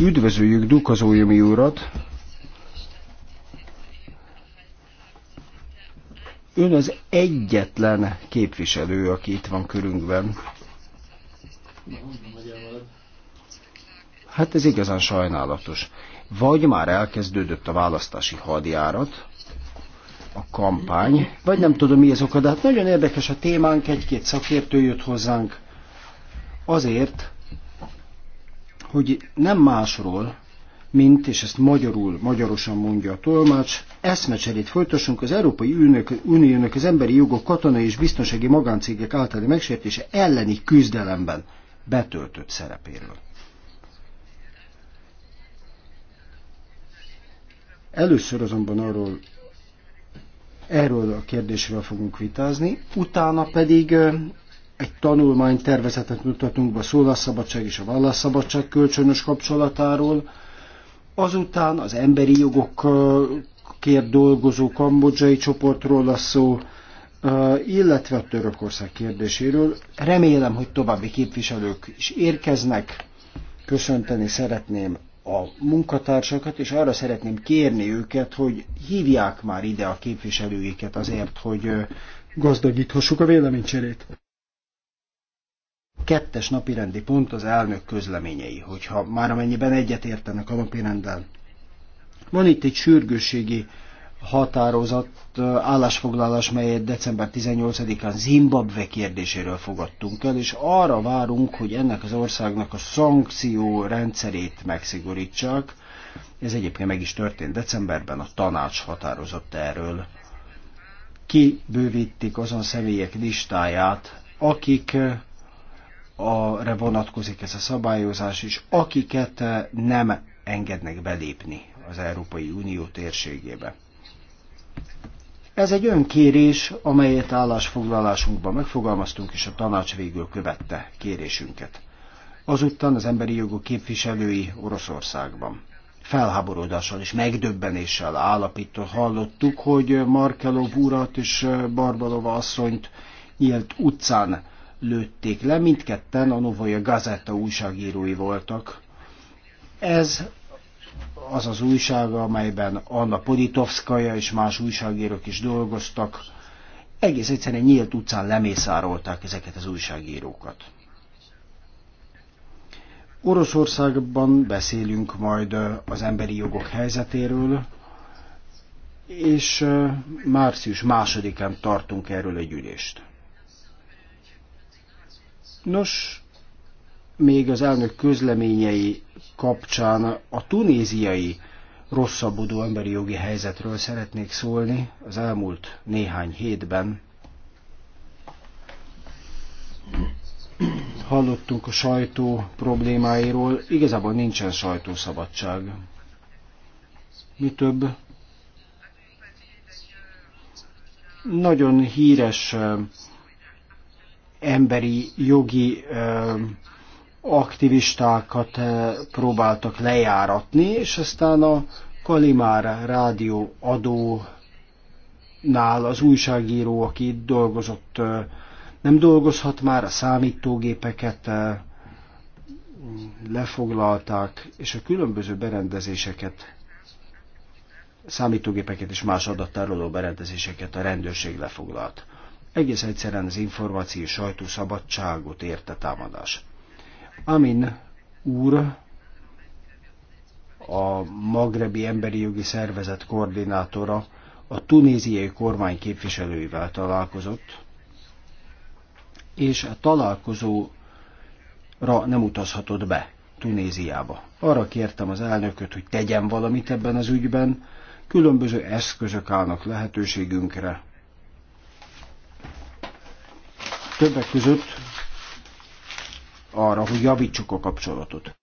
Üdvözöljük Duka Dukazolyomi urat! Ön az egyetlen képviselő, aki itt van körünkben. Hát ez igazán sajnálatos. Vagy már elkezdődött a választási hadjárat, a kampány, vagy nem tudom mi ez oka, de hát nagyon érdekes a témánk, egy-két szakértő jött hozzánk, Azért, hogy nem másról, mint, és ezt magyarul, magyarosan mondja a tolmács, eszmecserét folytassunk az Európai Uniónak az emberi jogok katonai és biztonsági magáncégek általi megsértése elleni küzdelemben betöltött szerepéről. Először azonban arról, erről a kérdésről fogunk vitázni, utána pedig egy tanulmánytervezetet mutatunk be a szólásszabadság és a vallásszabadság kölcsönös kapcsolatáról, azután az emberi jogokért dolgozó kambodzsai csoportról lesz szó, illetve a Törökország kérdéséről. Remélem, hogy további képviselők is érkeznek. Köszönteni szeretném a munkatársakat, és arra szeretném kérni őket, hogy hívják már ide a képviselőiket azért, hogy gazdagíthassuk a véleménycserét kettes napirendi pont az elnök közleményei, hogyha már amennyiben egyet értenek a napirenddel. Van itt egy sürgősségi határozat, állásfoglalás, melyet december 18-án Zimbabwe kérdéséről fogadtunk el, és arra várunk, hogy ennek az országnak a szankció rendszerét megszigorítsák. Ez egyébként meg is történt decemberben, a tanács határozott erről. Kibővítik azon személyek listáját, akik arra vonatkozik ez a szabályozás, is, akiket eh, nem engednek belépni az Európai Unió térségébe. Ez egy önkérés, amelyet állásfoglalásunkban megfogalmaztunk, és a tanács végül követte kérésünket. Azután az emberi jogok képviselői Oroszországban. Felháborodással és megdöbbenéssel állapító hallottuk, hogy Markelov urat és Barbalova asszonyt nyílt utcán lőtték le, mindketten a Novoja Gazeta újságírói voltak. Ez az az újság, amelyben Anna Politovskaja és más újságírók is dolgoztak. Egész egyszerűen nyílt utcán lemészárolták ezeket az újságírókat. Oroszországban beszélünk majd az emberi jogok helyzetéről, és március másodikán tartunk erről egy ülést. Nos, még az elnök közleményei kapcsán a tunéziai rosszabbodó emberi jogi helyzetről szeretnék szólni az elmúlt néhány hétben. Hallottunk a sajtó problémáiról, igazából nincsen sajtószabadság. Mi több, nagyon híres emberi jogi aktivistákat próbáltak lejáratni, és aztán a Kalimár rádió adónál az újságíró, aki itt dolgozott, nem dolgozhat már, a számítógépeket lefoglalták, és a különböző berendezéseket, számítógépeket és más adattároló berendezéseket a rendőrség lefoglalt. Egész egyszerűen az információ szabadságot érte támadás. Amin úr a magrebi emberi jogi szervezet koordinátora a tunéziai kormány képviselőivel találkozott, és a találkozóra nem utazhatott be Tunéziába. Arra kértem az elnököt, hogy tegyen valamit ebben az ügyben, különböző eszközök állnak lehetőségünkre, Többek között arra, hogy javítsuk a kapcsolatot.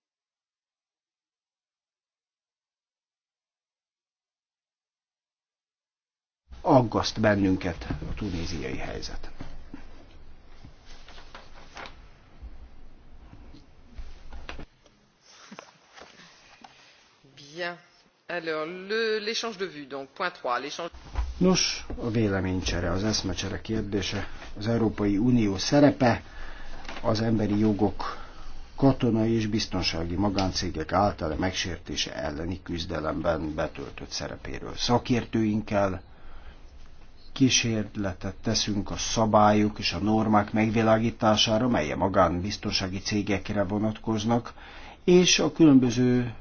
Aggaszt bennünket a tunéziai helyzet. Bien. Alors, l'échange de vues, donc point 3, l'échange... Nos, a véleménycsere, az eszmecsere kérdése, az Európai Unió szerepe, az emberi jogok katonai és biztonsági magáncégek által megsértése elleni küzdelemben betöltött szerepéről. Szakértőinkkel kísérletet teszünk a szabályok és a normák megvilágítására, mely a magánbiztonsági cégekre vonatkoznak, és a különböző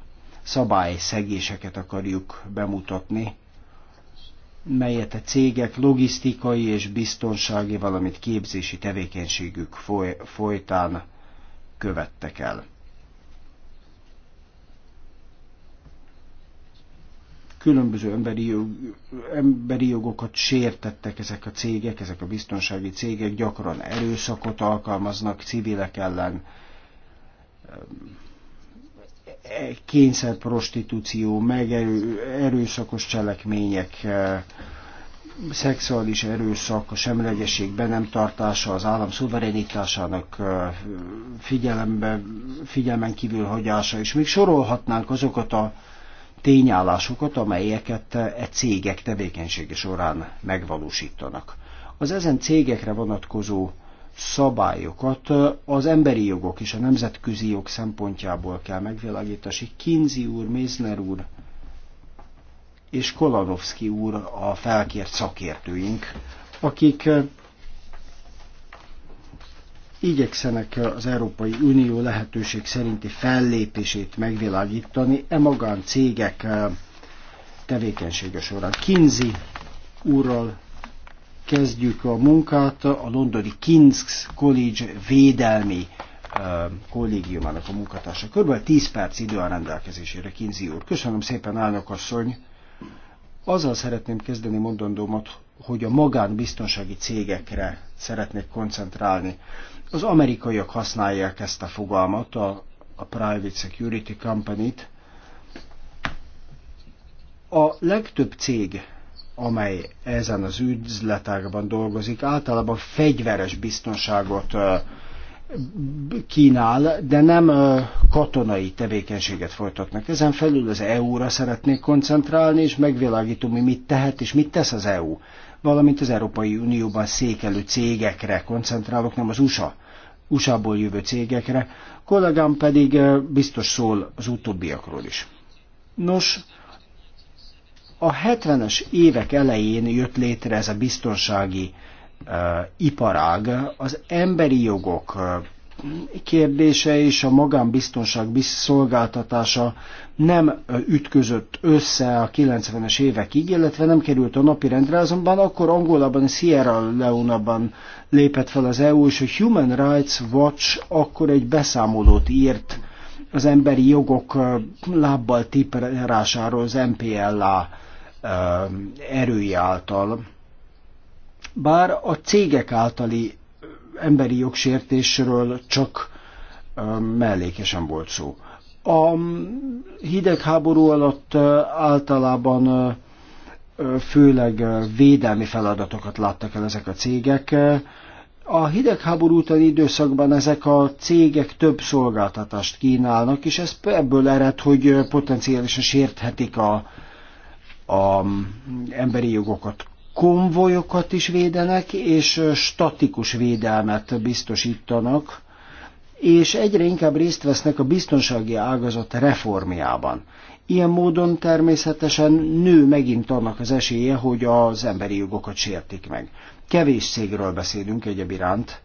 szabályszegéseket akarjuk bemutatni, melyet a cégek logisztikai és biztonsági, valamint képzési tevékenységük foly- folytán követtek el. Különböző emberi, jog, emberi jogokat sértettek ezek a cégek, ezek a biztonsági cégek gyakran erőszakot alkalmaznak civilek ellen, kényszerprostitúció, megerő, erőszakos cselekmények, e, szexuális erőszak, a semlegesség be nem tartása, az állam szuverenitásának e, figyelembe, figyelmen kívül hagyása, és még sorolhatnánk azokat a tényállásokat, amelyeket e cégek tevékenysége során megvalósítanak. Az ezen cégekre vonatkozó szabályokat az emberi jogok és a nemzetközi jog szempontjából kell megvilágítani. Kinzi úr, Mézner úr és Kolanovszki úr a felkért szakértőink, akik igyekszenek az Európai Unió lehetőség szerinti fellépését megvilágítani e magán cégek tevékenysége során. Kinzi úrral kezdjük a munkát a londoni King's College védelmi kollégiumának a munkatársa. Körülbelül 10 perc idő a rendelkezésére, Kinzi úr. Köszönöm szépen, állnak asszony. Azzal szeretném kezdeni mondandómat, hogy a magánbiztonsági cégekre szeretnék koncentrálni. Az amerikaiak használják ezt a fogalmat, a, a Private Security Company-t. A legtöbb cég, amely ezen az üzletágban dolgozik, általában fegyveres biztonságot kínál, de nem katonai tevékenységet folytatnak. Ezen felül az EU-ra szeretnék koncentrálni, és megvilágítom, hogy mit tehet és mit tesz az EU, valamint az Európai Unióban székelő cégekre koncentrálok, nem az USA, USA-ból jövő cégekre. Kollégám pedig biztos szól az utóbbiakról is. Nos, a 70-es évek elején jött létre ez a biztonsági uh, iparág, az emberi jogok uh, kérdése és a magánbiztonság szolgáltatása nem ütközött össze a 90-es évekig, illetve nem került a rendre, azonban akkor Angolában, Sierra Leone-ban lépett fel az EU, és a Human Rights Watch akkor egy beszámolót írt az emberi jogok lábbal tiprásáról az MPLA Um, erői által, bár a cégek általi emberi jogsértésről csak um, mellékesen volt szó. A um, hidegháború alatt általában főleg védelmi feladatokat láttak el ezek a cégek. A hidegháború utáni időszakban ezek a cégek több szolgáltatást kínálnak, és ez ebből ered, hogy potenciálisan sérthetik a a emberi jogokat konvojokat is védenek, és statikus védelmet biztosítanak, és egyre inkább részt vesznek a biztonsági ágazat reformjában. Ilyen módon természetesen nő megint annak az esélye, hogy az emberi jogokat sértik meg. Kevés cégről beszélünk egyéb iránt.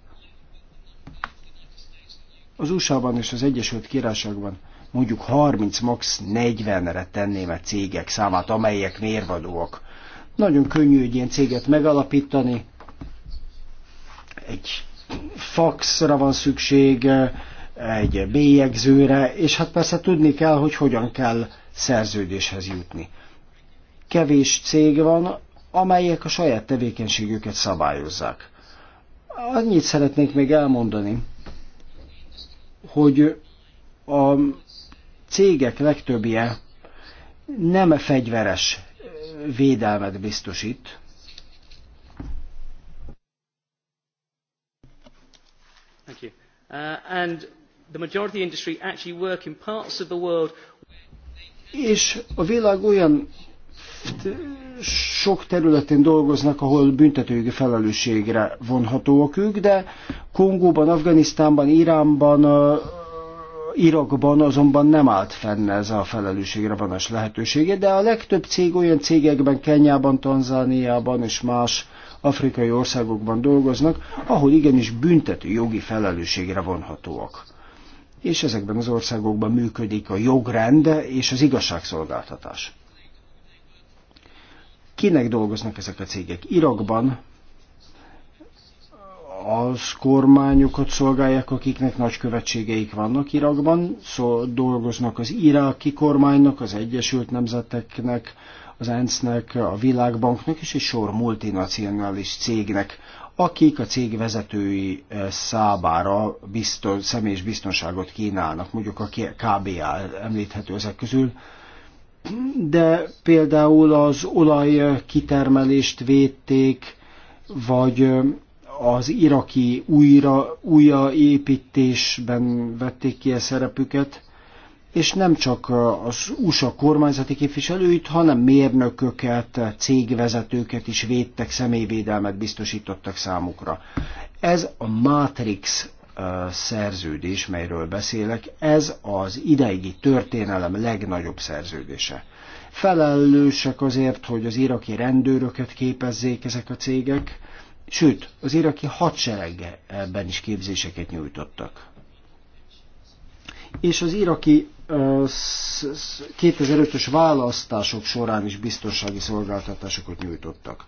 Az USA-ban és az Egyesült Királyságban mondjuk 30 max 40-re tenném a cégek számát, amelyek mérvadóak. Nagyon könnyű egy ilyen céget megalapítani, egy faxra van szükség, egy bélyegzőre, és hát persze tudni kell, hogy hogyan kell szerződéshez jutni. Kevés cég van, amelyek a saját tevékenységüket szabályozzák. Annyit szeretnék még elmondani, hogy a cégek legtöbbje nem fegyveres védelmet biztosít. Thank you. Uh, and the majority industry actually work in parts of the world. És a világ olyan sok területén dolgoznak, ahol büntetőjogi felelősségre vonhatóak ők, de Kongóban, Afganisztánban, Iránban, Irakban azonban nem állt fenn ez a felelősségre vonás lehetősége, de a legtöbb cég olyan cégekben, Kenyában, Tanzániában és más afrikai országokban dolgoznak, ahol igenis büntető jogi felelősségre vonhatóak. És ezekben az országokban működik a jogrend és az igazságszolgáltatás. Kinek dolgoznak ezek a cégek? Irakban az kormányokat szolgálják, akiknek nagy követségeik vannak Irakban, szó, dolgoznak az iráki kormánynak, az Egyesült Nemzeteknek, az ENSZ-nek, a Világbanknak és egy sor multinacionális cégnek, akik a cég vezetői eh, szábára biztos, személyes biztonságot kínálnak, mondjuk a KBA említhető ezek közül, de például az olaj eh, kitermelést védték, vagy eh, az iraki újra, újraépítésben vették ki a szerepüket, és nem csak az USA kormányzati képviselőit, hanem mérnököket, cégvezetőket is védtek, személyvédelmet biztosítottak számukra. Ez a Matrix szerződés, melyről beszélek, ez az ideigi történelem legnagyobb szerződése. Felelősek azért, hogy az iraki rendőröket képezzék ezek a cégek, Sőt, az iraki hadseregben is képzéseket nyújtottak. És az iraki 2005-ös választások során is biztonsági szolgáltatásokat nyújtottak.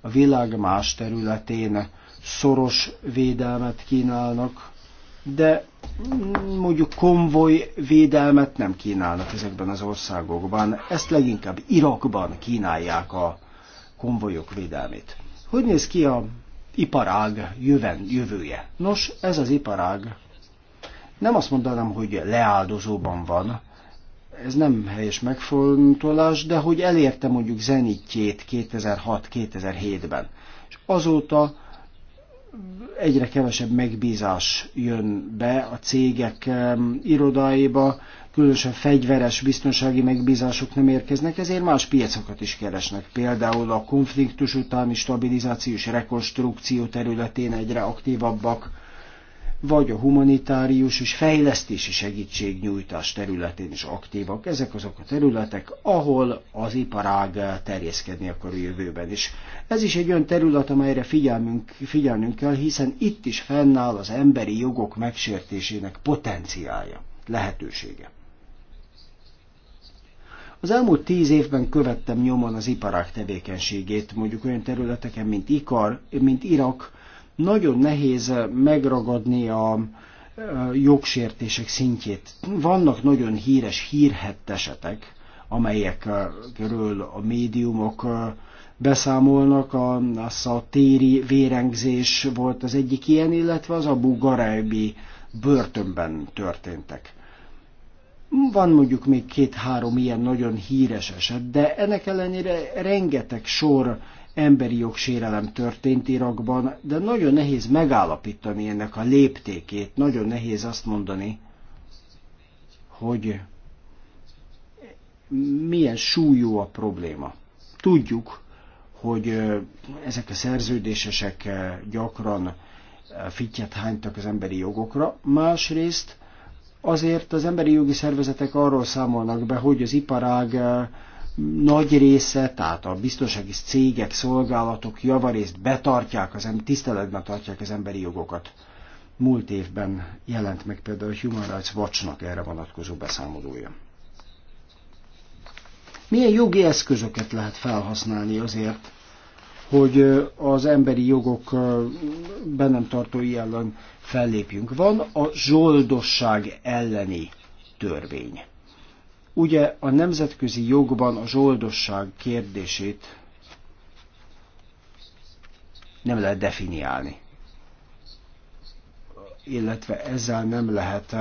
A világ más területén szoros védelmet kínálnak, de mondjuk konvoj védelmet nem kínálnak ezekben az országokban. Ezt leginkább Irakban kínálják a konvojok védelmét. Hogy néz ki a iparág jöven, jövője? Nos, ez az iparág nem azt mondanám, hogy leáldozóban van, ez nem helyes megfontolás, de hogy elérte mondjuk zenitjét 2006-2007-ben. És azóta egyre kevesebb megbízás jön be a cégek irodáiba, különösen fegyveres biztonsági megbízások nem érkeznek, ezért más piacokat is keresnek. Például a konfliktus utáni stabilizációs rekonstrukció területén egyre aktívabbak, vagy a humanitárius és fejlesztési segítségnyújtás területén is aktívak. Ezek azok a területek, ahol az iparág terjeszkedni akar a jövőben is. Ez is egy olyan terület, amelyre figyelmünk, figyelnünk kell, hiszen itt is fennáll az emberi jogok megsértésének potenciálja, lehetősége. Az elmúlt tíz évben követtem nyomon az iparák tevékenységét, mondjuk olyan területeken, mint Ikar, mint Irak. Nagyon nehéz megragadni a e, jogsértések szintjét. Vannak nagyon híres, hírhett esetek, amelyekről a médiumok e, beszámolnak, a, az a téri vérengzés volt az egyik ilyen, illetve az Abu Garaibi börtönben történtek. Van mondjuk még két-három ilyen nagyon híres eset, de ennek ellenére rengeteg sor emberi jogsérelem történt Irakban, de nagyon nehéz megállapítani ennek a léptékét, nagyon nehéz azt mondani, hogy milyen súlyú a probléma. Tudjuk, hogy ezek a szerződésesek gyakran fittyet hánytak az emberi jogokra, másrészt Azért az emberi jogi szervezetek arról számolnak be, hogy az iparág eh, nagy része, tehát a biztonsági cégek, szolgálatok javarészt betartják, az, tiszteletben tartják az emberi jogokat. Múlt évben jelent meg például a Human Rights Watchnak erre vonatkozó beszámolója. Milyen jogi eszközöket lehet felhasználni azért, hogy az emberi jogok be nem tartói ellen fellépjünk. Van a zsoldosság elleni törvény. Ugye a nemzetközi jogban a zsoldosság kérdését nem lehet definiálni, illetve ezzel nem lehet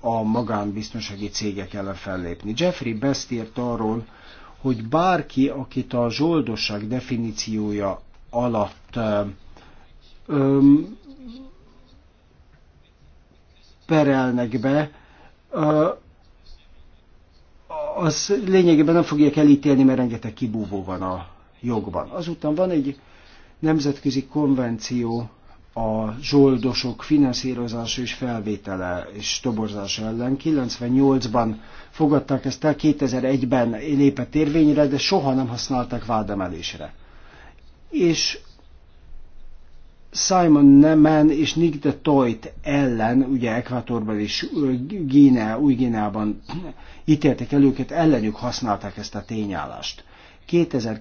a magánbiztonsági cégek ellen fellépni. Jeffrey Best írt arról, hogy bárki, akit a zsoldosság definíciója alatt öm, perelnek be, ö, az lényegében nem fogják elítélni, mert rengeteg kibúvó van a jogban. Azután van egy nemzetközi konvenció a zsoldosok finanszírozása és felvétele és toborzása ellen. 98-ban fogadták ezt el, 2001-ben lépett érvényre, de soha nem használták vádemelésre. És Simon Neman és Nick de Toit ellen, ugye Ekvátorban és Gíne, új Gíneában ítéltek el őket, ellenük használták ezt a tényállást. 2000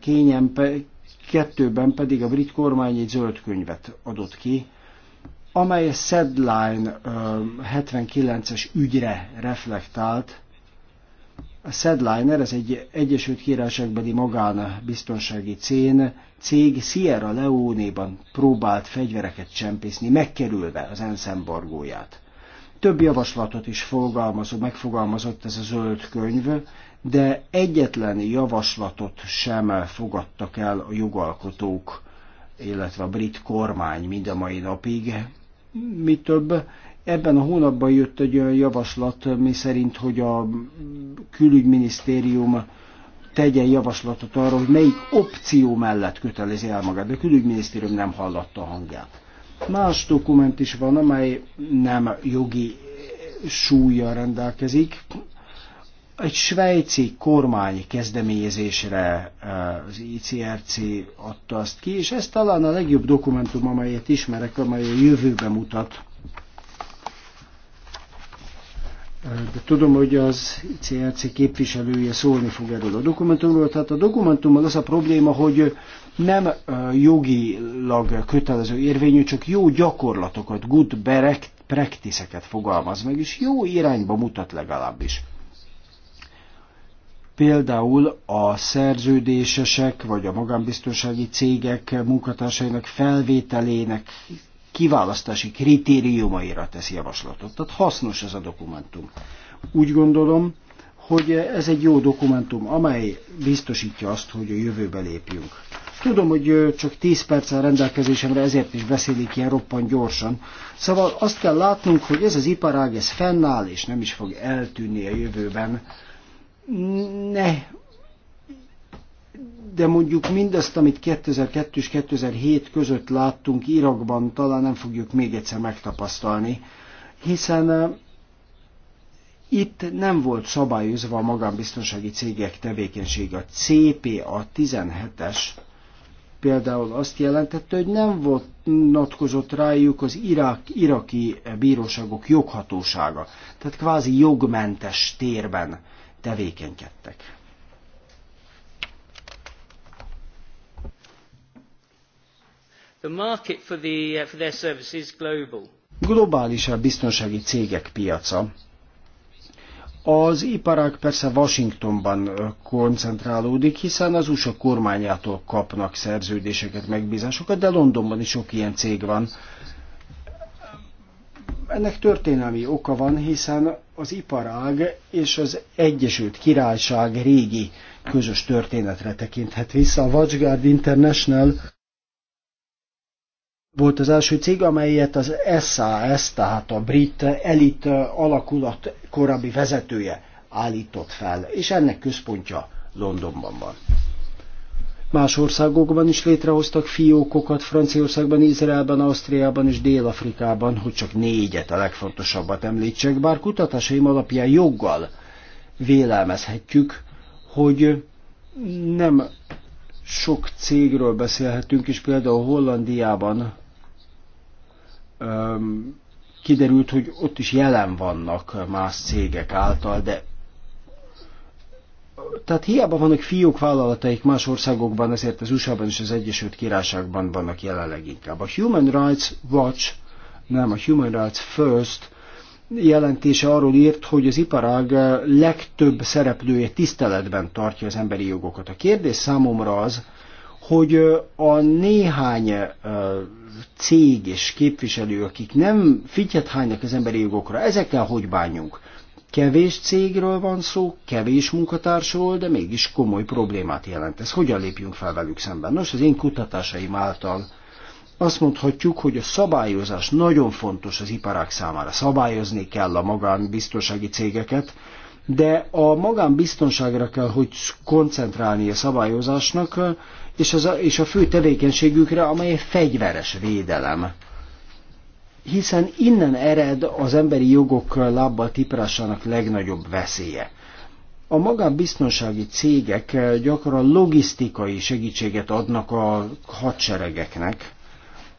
2002-ben pedig a brit kormány egy zöld könyvet adott ki, amely a Sedline 79-es ügyre reflektált. A Sedliner, ez egy Egyesült Királyságbeli magánbiztonsági cén, cég Sierra Leone-ban próbált fegyvereket csempészni, megkerülve az ENSZ embargóját. Több javaslatot is fogalmazott, megfogalmazott ez a zöld könyv, de egyetlen javaslatot sem fogadtak el a jogalkotók, illetve a brit kormány mind a mai napig. Mi több, ebben a hónapban jött egy olyan javaslat, mi szerint, hogy a külügyminisztérium tegyen javaslatot arra, hogy melyik opció mellett kötelezi el magát, de a külügyminisztérium nem hallatta a hangját. Más dokument is van, amely nem jogi súlya rendelkezik, egy svájci kormány kezdeményezésre eh, az ICRC adta azt ki, és ez talán a legjobb dokumentum, amelyet ismerek, amely a jövőbe mutat. Eh, de tudom, hogy az ICRC képviselője szólni fog erről a dokumentumról. Tehát a dokumentummal az a probléma, hogy nem eh, jogilag kötelező érvényű, csak jó gyakorlatokat, good practice-eket fogalmaz meg, és jó irányba mutat legalábbis például a szerződésesek vagy a magánbiztonsági cégek munkatársainak felvételének kiválasztási kritériumaira tesz javaslatot. Tehát hasznos ez a dokumentum. Úgy gondolom, hogy ez egy jó dokumentum, amely biztosítja azt, hogy a jövőbe lépjünk. Tudom, hogy csak 10 perccel rendelkezésemre ezért is beszélik ilyen roppan gyorsan. Szóval azt kell látnunk, hogy ez az iparág, ez fennáll, és nem is fog eltűnni a jövőben ne, de mondjuk mindazt, amit 2002 és 2007 között láttunk Irakban, talán nem fogjuk még egyszer megtapasztalni, hiszen itt nem volt szabályozva a magánbiztonsági cégek tevékenysége. A CPA 17-es például azt jelentette, hogy nem volt natkozott rájuk az irak, iraki bíróságok joghatósága. Tehát kvázi jogmentes térben tevékenykedtek. The market for, the, uh, for their services global. Globális a biztonsági cégek piaca. Az iparág persze Washingtonban uh, koncentrálódik, hiszen az USA kormányától kapnak szerződéseket, megbízásokat, de Londonban is sok ilyen cég van. Ennek történelmi oka van, hiszen az iparág és az Egyesült Királyság régi közös történetre tekinthet vissza. A Watchguard International volt az első cég, amelyet az SAS, tehát a brit elit alakulat korábbi vezetője állított fel, és ennek központja Londonban van. Más országokban is létrehoztak fiókokat, Franciaországban, Izraelben, Ausztriában és Dél-Afrikában, hogy csak négyet a legfontosabbat említsek, bár kutatásaim alapján joggal vélelmezhetjük, hogy nem sok cégről beszélhetünk, és például Hollandiában kiderült, hogy ott is jelen vannak más cégek által, de tehát hiába vannak fiók vállalataik más országokban, ezért az USA-ban és az Egyesült Királyságban vannak jelenleg inkább. A Human Rights Watch, nem a Human Rights First jelentése arról írt, hogy az iparág legtöbb szereplője tiszteletben tartja az emberi jogokat. A kérdés számomra az, hogy a néhány cég és képviselő, akik nem figyelhánynak az emberi jogokra, ezekkel hogy bánjunk? Kevés cégről van szó, kevés munkatársról, de mégis komoly problémát jelent. Ez hogyan lépjünk fel velük szemben? Nos, az én kutatásaim által azt mondhatjuk, hogy a szabályozás nagyon fontos az iparák számára. Szabályozni kell a magánbiztonsági cégeket, de a magánbiztonságra kell, hogy koncentrálni a szabályozásnak, és, az a, és a fő tevékenységükre, amely fegyveres védelem hiszen innen ered az emberi jogok lábbal tiprásának legnagyobb veszélye. A magánbiztonsági cégek gyakran logisztikai segítséget adnak a hadseregeknek.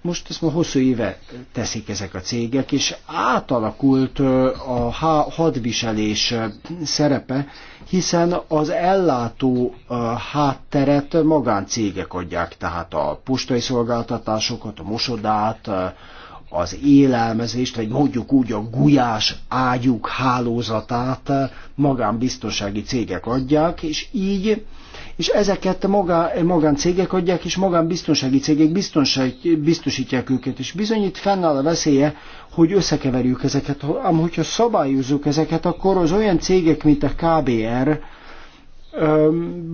Most ezt ma hosszú éve teszik ezek a cégek, és átalakult a hadviselés szerepe, hiszen az ellátó hátteret magáncégek adják, tehát a postai szolgáltatásokat, a mosodát, az élelmezést, vagy mondjuk úgy a gulyás ágyuk hálózatát magánbiztonsági cégek adják, és így és ezeket magá, magáncégek adják, és magánbiztonsági cégek biztonság, biztosítják őket, és bizony itt fennáll a veszélye, hogy összekeverjük ezeket. Ám hogyha szabályozzuk ezeket, akkor az olyan cégek, mint a KBR,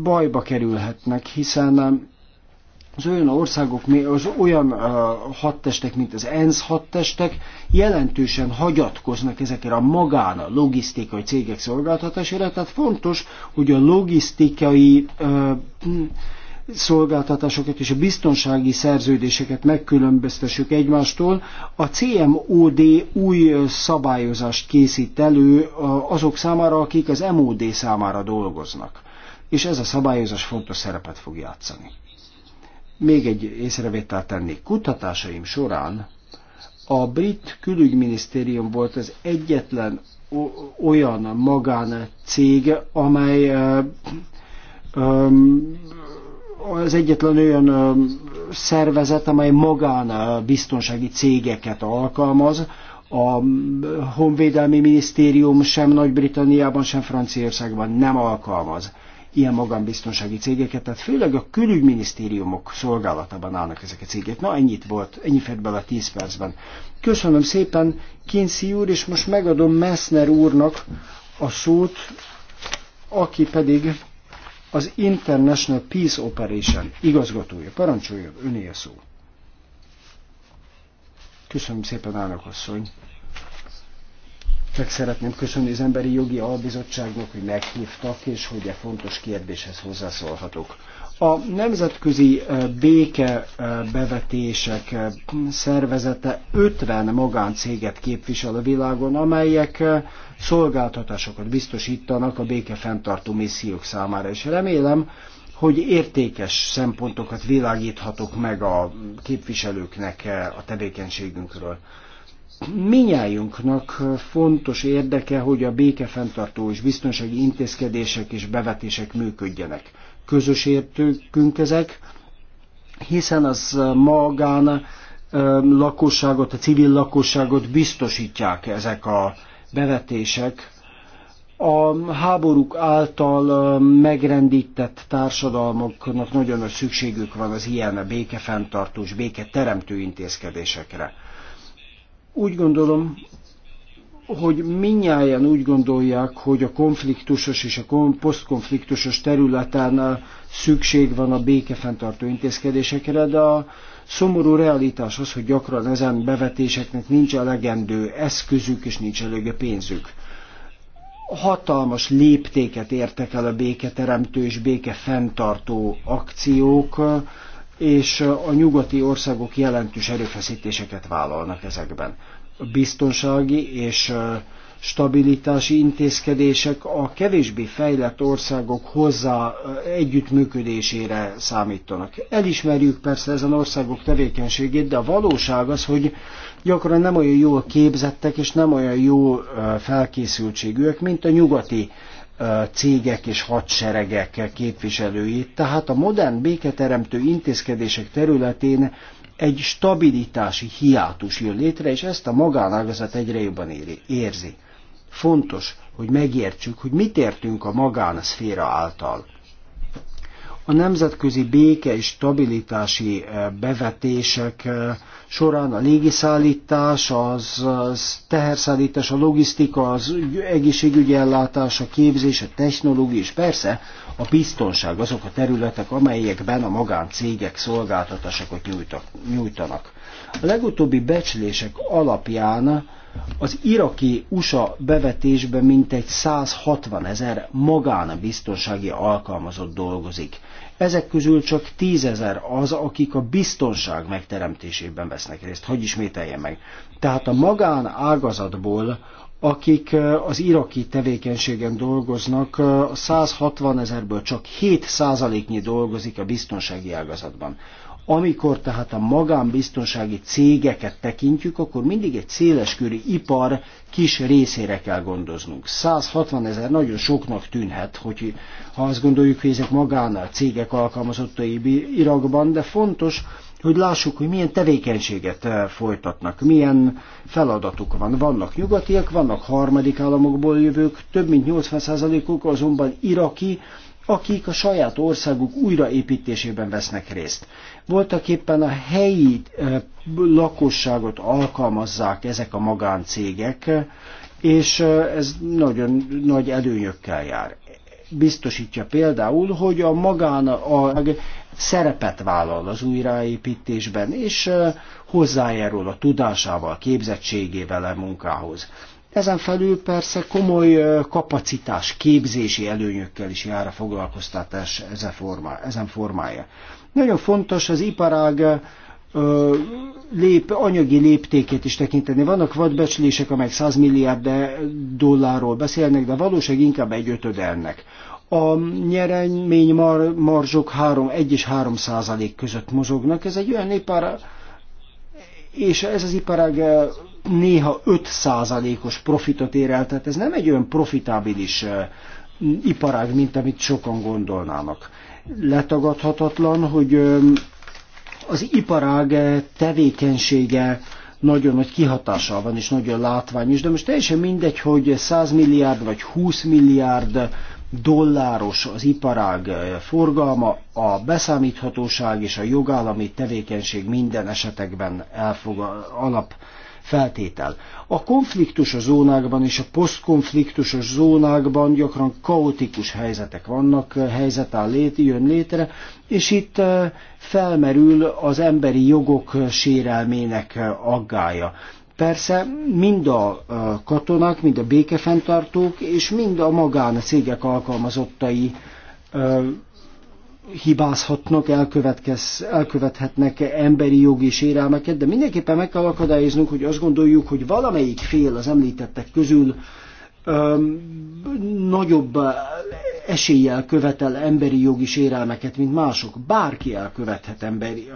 bajba kerülhetnek, hiszen az olyan országok, az olyan hadtestek, mint az ENSZ hadtestek jelentősen hagyatkoznak ezekre a magán a logisztikai cégek szolgáltatására, tehát fontos, hogy a logisztikai ö, szolgáltatásokat és a biztonsági szerződéseket megkülönböztessük egymástól. A CMOD új szabályozást készít elő azok számára, akik az MOD számára dolgoznak. És ez a szabályozás fontos szerepet fog játszani. Még egy észrevételt tennék. Kutatásaim során a brit külügyminisztérium volt az egyetlen olyan magán cég, amely az egyetlen olyan szervezet, amely magán biztonsági cégeket alkalmaz. A Honvédelmi Minisztérium sem Nagy-Britanniában, sem Franciaországban nem alkalmaz ilyen magánbiztonsági cégeket, tehát főleg a külügyminisztériumok szolgálatában állnak ezek a cégek. Na, ennyit volt, ennyi fért bele a 10 percben. Köszönöm szépen, Kinszi úr, és most megadom Messner úrnak a szót, aki pedig az International Peace Operation igazgatója. Parancsolja, öné a szó. Köszönöm szépen, állnak asszony. Csak szeretném köszönni az Emberi Jogi Albizottságnak, hogy meghívtak, és hogy e fontos kérdéshez hozzászólhatok. A nemzetközi e, béke e, bevetések e, szervezete 50 magáncéget képvisel a világon, amelyek szolgáltatásokat biztosítanak a béke fenntartó missziók számára, és remélem, hogy értékes szempontokat világíthatok meg a képviselőknek a tevékenységünkről minnyájunknak fontos érdeke, hogy a békefenntartó és biztonsági intézkedések és bevetések működjenek. Közös értőkünk ezek, hiszen az magán lakosságot, a civil lakosságot biztosítják ezek a bevetések. A háborúk által megrendített társadalmaknak nagyon nagy szükségük van az ilyen békefenntartó és béketeremtő intézkedésekre úgy gondolom, hogy minnyáján úgy gondolják, hogy a konfliktusos és a posztkonfliktusos területen szükség van a békefenntartó intézkedésekre, de a szomorú realitás az, hogy gyakran ezen bevetéseknek nincs elegendő eszközük és nincs elég pénzük. Hatalmas léptéket értek el a béketeremtő és békefenntartó akciók, és a nyugati országok jelentős erőfeszítéseket vállalnak ezekben. A biztonsági és stabilitási intézkedések a kevésbé fejlett országok hozzá együttműködésére számítanak. Elismerjük persze ezen országok tevékenységét, de a valóság az, hogy gyakran nem olyan jól képzettek és nem olyan jó felkészültségűek, mint a nyugati cégek és hadseregek képviselőit. Tehát a modern béketeremtő intézkedések területén egy stabilitási hiátus jön létre, és ezt a magánágazat egyre jobban éri, érzi. Fontos, hogy megértsük, hogy mit értünk a magánszféra által. A nemzetközi béke és stabilitási bevetések során a légiszállítás, az, az teherszállítás, a logisztika, az egészségügyi ellátás, a képzés, a technológia, és persze a biztonság azok a területek, amelyekben a magáncégek szolgáltatásokat nyújtak, nyújtanak. A legutóbbi becslések alapján az iraki USA bevetésben mintegy 160 ezer magánbiztonsági alkalmazott dolgozik. Ezek közül csak tízezer az, akik a biztonság megteremtésében vesznek részt. Hogy ismételjem meg? Tehát a magán ágazatból akik az iraki tevékenységen dolgoznak, 160 ezerből csak 7 százaléknyi dolgozik a biztonsági ágazatban. Amikor tehát a magánbiztonsági cégeket tekintjük, akkor mindig egy széleskörű ipar kis részére kell gondoznunk. 160 ezer nagyon soknak tűnhet, hogy ha azt gondoljuk, hogy ezek magán a cégek alkalmazottai Irakban, de fontos, hogy lássuk, hogy milyen tevékenységet eh, folytatnak, milyen feladatuk van. Vannak nyugatiak, vannak harmadik államokból jövők, több mint 80%-uk azonban iraki, akik a saját országuk újraépítésében vesznek részt. Voltak éppen a helyi lakosságot alkalmazzák ezek a magáncégek, és ez nagyon nagy előnyökkel jár. Biztosítja például, hogy a magán a szerepet vállal az újraépítésben, és hozzájárul a tudásával, képzettségével a munkához. Ezen felül persze komoly kapacitás, képzési előnyökkel is jár a foglalkoztatás ezen, formá, ezen formája. Nagyon fontos az iparág ö, lép, anyagi léptékét is tekinteni. Vannak vadbecslések, amelyek 100 milliárd dollárról beszélnek, de valóság inkább egy ötöd ennek. A nyeremény mar, marzsok 3, 1 és 3 százalék között mozognak. Ez egy olyan ipar, és ez az iparág néha 5%-os profitot ér el, tehát ez nem egy olyan profitábilis eh, iparág, mint amit sokan gondolnának. Letagadhatatlan, hogy eh, az iparág eh, tevékenysége nagyon nagy kihatással van, és nagyon látványos, de most teljesen mindegy, hogy 100 milliárd vagy 20 milliárd dolláros az iparág forgalma, a beszámíthatóság és a jogállami tevékenység minden esetekben elfog, alap feltétel. A konfliktus zónákban és a posztkonfliktusos zónákban gyakran kaotikus helyzetek vannak, helyzet áll lét, jön létre, és itt eh, felmerül az emberi jogok sérelmének aggája. Persze mind a eh, katonák, mind a békefenntartók és mind a magán cégek alkalmazottai eh, hibázhatnak, elkövethetnek emberi jogi sérelmeket, de mindenképpen meg kell akadályoznunk, hogy azt gondoljuk, hogy valamelyik fél az említettek közül öm, nagyobb eséllyel követel emberi jogi sérelmeket, mint mások. Bárki elkövethet emberi,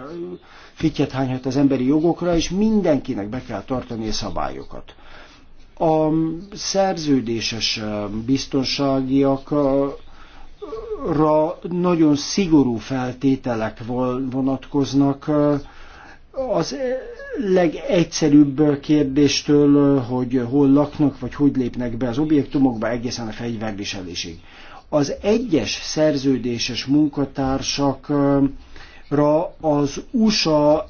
fityet hányhat az emberi jogokra, és mindenkinek be kell tartani a szabályokat. A szerződéses biztonságiak ra nagyon szigorú feltételek vonatkoznak. Az legegyszerűbb kérdéstől, hogy hol laknak, vagy hogy lépnek be az objektumokba, egészen a fegyverviselésig. Az egyes szerződéses munkatársakra az USA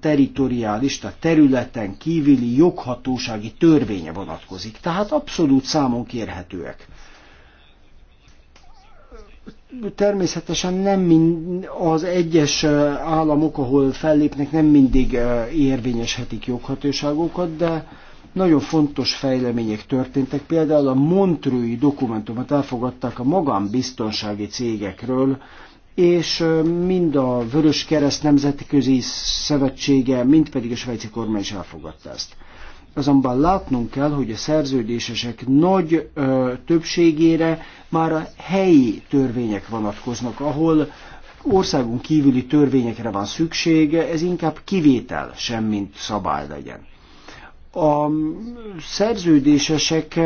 teritoriális, tehát területen kívüli joghatósági törvénye vonatkozik, tehát abszolút számon kérhetőek természetesen nem mind, az egyes államok, ahol fellépnek, nem mindig érvényeshetik joghatóságokat, de nagyon fontos fejlemények történtek. Például a Montrői dokumentumot elfogadták a magánbiztonsági cégekről, és mind a Vörös Kereszt Nemzetközi Szövetsége, mind pedig a svájci kormány is elfogadta ezt. Azonban látnunk kell, hogy a szerződésesek nagy ö, többségére már a helyi törvények vonatkoznak, ahol országon kívüli törvényekre van szüksége. ez inkább kivétel sem, mint szabály legyen. A mm, szerződésesek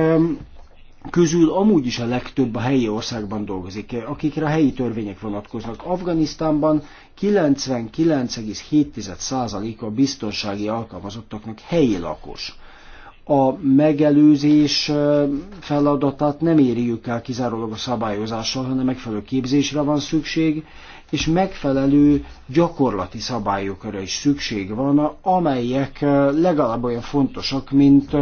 közül amúgy is a legtöbb a helyi országban dolgozik, akikre a helyi törvények vonatkoznak. Afganisztánban 99,7%-a biztonsági alkalmazottaknak helyi lakos. A megelőzés feladatát nem érjük el kizárólag a szabályozással, hanem megfelelő képzésre van szükség, és megfelelő gyakorlati szabályokra is szükség van, amelyek legalább olyan fontosak, mint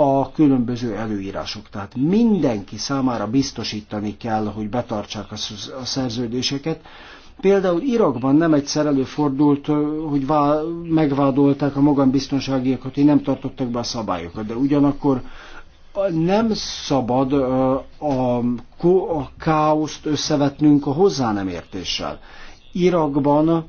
a különböző előírások. Tehát mindenki számára biztosítani kell, hogy betartsák a szerződéseket. Például Irakban nem egyszer előfordult, hogy vá- megvádolták a magánbiztonságiakat, hogy nem tartottak be a szabályokat, de ugyanakkor nem szabad a, a káoszt összevetnünk a hozzá nem értéssel. Irakban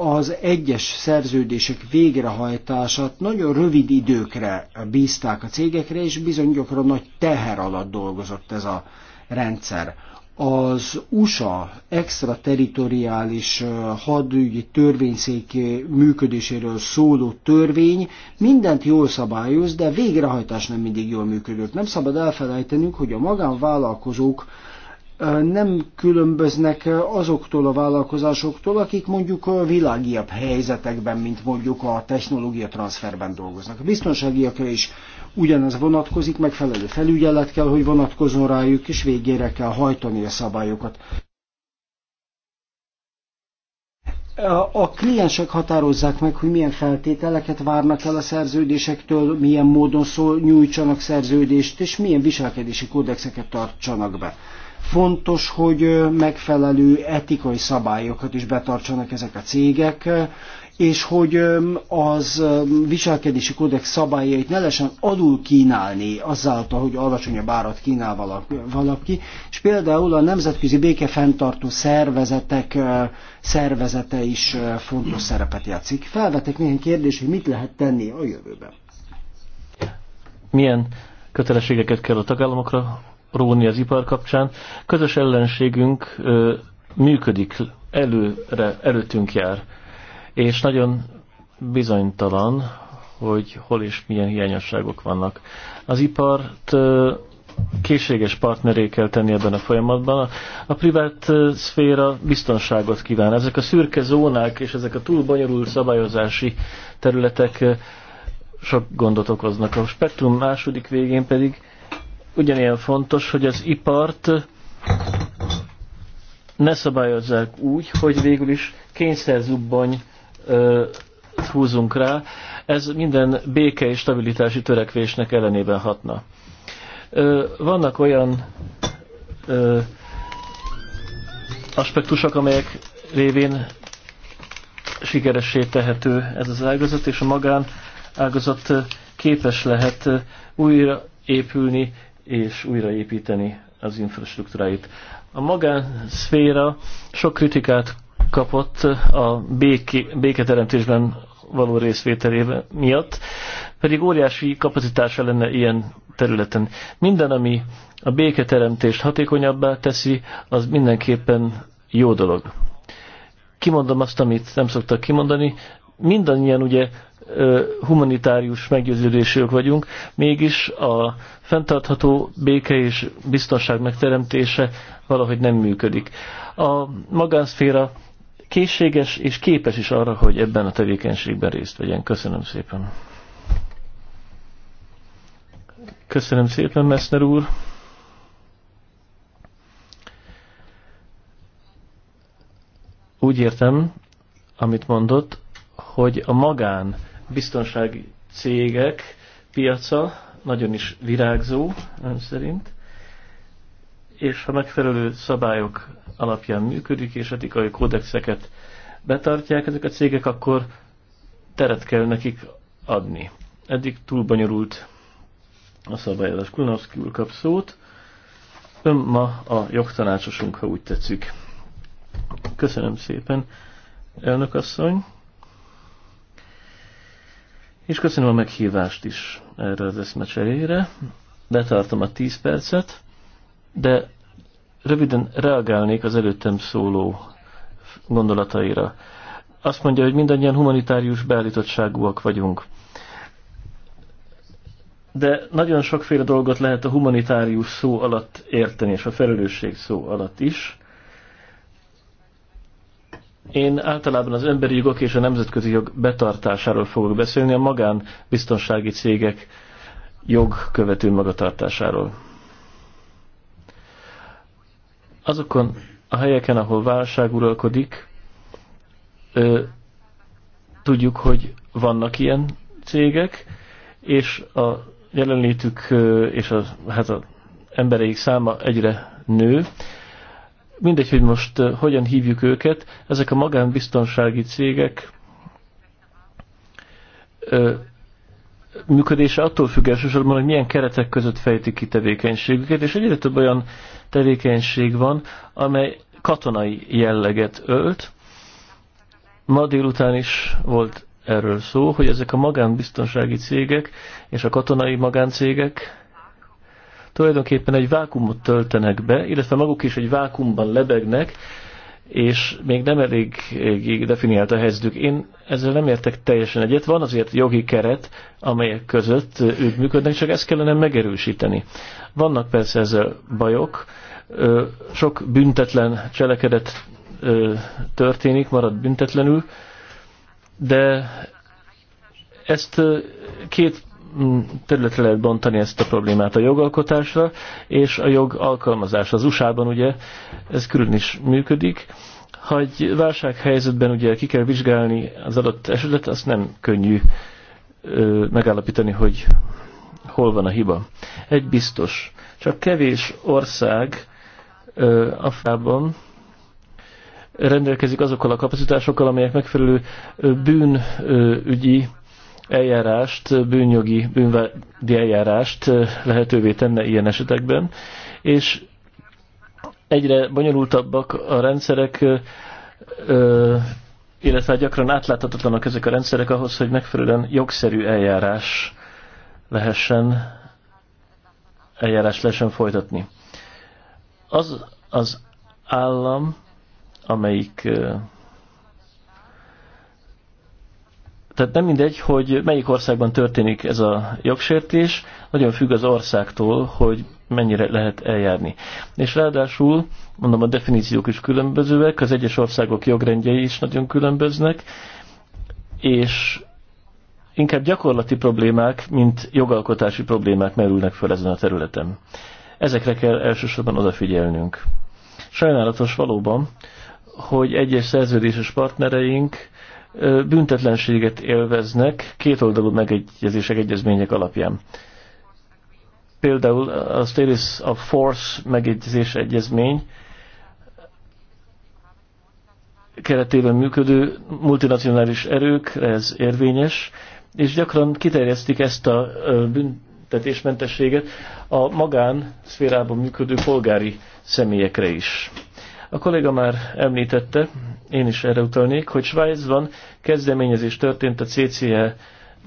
az egyes szerződések végrehajtását nagyon rövid időkre bízták a cégekre, és bizony gyakran nagy teher alatt dolgozott ez a rendszer. Az USA extraterritoriális hadügyi törvényszék működéséről szóló törvény mindent jól szabályoz, de végrehajtás nem mindig jól működött. Nem szabad elfelejtenünk, hogy a magánvállalkozók nem különböznek azoktól a vállalkozásoktól, akik mondjuk a világiabb helyzetekben, mint mondjuk a technológia transferben dolgoznak. A biztonságiakra is ugyanez vonatkozik, megfelelő felügyelet kell, hogy vonatkozzon rájuk, és végére kell hajtani a szabályokat. A kliensek határozzák meg, hogy milyen feltételeket várnak el a szerződésektől, milyen módon szól, nyújtsanak szerződést, és milyen viselkedési kódexeket tartsanak be. Fontos, hogy megfelelő etikai szabályokat is betartsanak ezek a cégek, és hogy az viselkedési kódex szabályait ne lesen alul kínálni azáltal, hogy alacsonyabb árat kínál valaki, és például a nemzetközi békefenntartó szervezetek szervezete is fontos szerepet játszik. Felvetek néhány kérdést, hogy mit lehet tenni a jövőben. Milyen kötelességeket kell a tagállamokra róni az ipar kapcsán. Közös ellenségünk működik, előre, előttünk jár, és nagyon bizonytalan, hogy hol és milyen hiányosságok vannak. Az ipart készséges partneré kell tenni ebben a folyamatban. A privát szféra biztonságot kíván. Ezek a szürke zónák és ezek a túl bonyolult szabályozási területek sok gondot okoznak. A spektrum második végén pedig ugyanilyen fontos, hogy az ipart ne szabályozzák úgy, hogy végül is kényszerzubbony húzunk rá. Ez minden béke és stabilitási törekvésnek ellenében hatna. Ö, vannak olyan ö, aspektusok, amelyek révén sikeressé tehető ez az ágazat, és a magán ágazat képes lehet újra épülni, és újraépíteni az infrastruktúráit. A magánszféra sok kritikát kapott a béké, béketeremtésben való részvételébe miatt, pedig óriási kapacitása lenne ilyen területen. Minden, ami a béketeremtést hatékonyabbá teszi, az mindenképpen jó dolog. Kimondom azt, amit nem szoktak kimondani, mindannyian ugye humanitárius meggyőződésűek vagyunk, mégis a fenntartható béke és biztonság megteremtése valahogy nem működik. A magánszféra készséges és képes is arra, hogy ebben a tevékenységben részt vegyen. Köszönöm szépen. Köszönöm szépen, Messner úr. Úgy értem, amit mondott, hogy a magán biztonsági cégek piaca nagyon is virágzó, ön szerint, és ha megfelelő szabályok alapján működik, és etikai kódexeket betartják ezek a cégek, akkor teret kell nekik adni. Eddig túl bonyolult a szabályozás. Kulnowski úr kap szót. Ön ma a jogtanácsosunk, ha úgy tetszik. Köszönöm szépen, elnök asszony. És köszönöm a meghívást is erre az eszmecserére. Betartom a 10 percet, de röviden reagálnék az előttem szóló gondolataira. Azt mondja, hogy mindannyian humanitárius beállítottságúak vagyunk. De nagyon sokféle dolgot lehet a humanitárius szó alatt érteni, és a felelősség szó alatt is. Én általában az emberi jogok és a nemzetközi jog betartásáról fogok beszélni, a magánbiztonsági cégek jogkövető magatartásáról. Azokon a helyeken, ahol válság uralkodik, ö, tudjuk, hogy vannak ilyen cégek, és a jelenlétük ö, és a, hát embereik száma egyre nő, mindegy, hogy most eh, hogyan hívjuk őket, ezek a magánbiztonsági cégek eh, működése attól függ elsősorban, hogy milyen keretek között fejtik ki tevékenységüket, és egyre több olyan tevékenység van, amely katonai jelleget ölt. Ma délután is volt erről szó, hogy ezek a magánbiztonsági cégek és a katonai magáncégek tulajdonképpen egy vákumot töltenek be, illetve maguk is egy vákumban lebegnek, és még nem elég definiált a helyzetük. Én ezzel nem értek teljesen egyet. Van azért jogi keret, amelyek között ők működnek, csak ezt kellene megerősíteni. Vannak persze ezzel bajok, sok büntetlen cselekedet történik, marad büntetlenül, de ezt két területre lehet bontani ezt a problémát a jogalkotásra, és a jog alkalmazás. Az USA-ban ugye ez külön is működik. Ha egy válsághelyzetben ugye ki kell vizsgálni az adott esetet, azt nem könnyű ö, megállapítani, hogy hol van a hiba. Egy biztos, csak kevés ország ö, Afrikában rendelkezik azokkal a kapacitásokkal, amelyek megfelelő bűnügyi eljárást, bűnjogi, bűnvádi eljárást eh, lehetővé tenne ilyen esetekben, és egyre bonyolultabbak a rendszerek, eh, eh, illetve gyakran átláthatatlanak ezek a rendszerek ahhoz, hogy megfelelően jogszerű eljárás lehessen eljárás lehessen folytatni. Az az állam, amelyik Tehát nem mindegy, hogy melyik országban történik ez a jogsértés, nagyon függ az országtól, hogy mennyire lehet eljárni. És ráadásul, mondom, a definíciók is különbözőek, az egyes országok jogrendjei is nagyon különböznek, és inkább gyakorlati problémák, mint jogalkotási problémák merülnek fel ezen a területen. Ezekre kell elsősorban odafigyelnünk. Sajnálatos valóban, hogy egyes szerződéses partnereink büntetlenséget élveznek kétoldalú megegyezések, egyezmények alapján. Például a Status of Force megegyezés egyezmény keretében működő multinacionális erők ez érvényes, és gyakran kiterjesztik ezt a büntetésmentességet a magán szférában működő polgári személyekre is. A kolléga már említette én is erre utalnék, hogy Svájcban kezdeményezés történt a CCE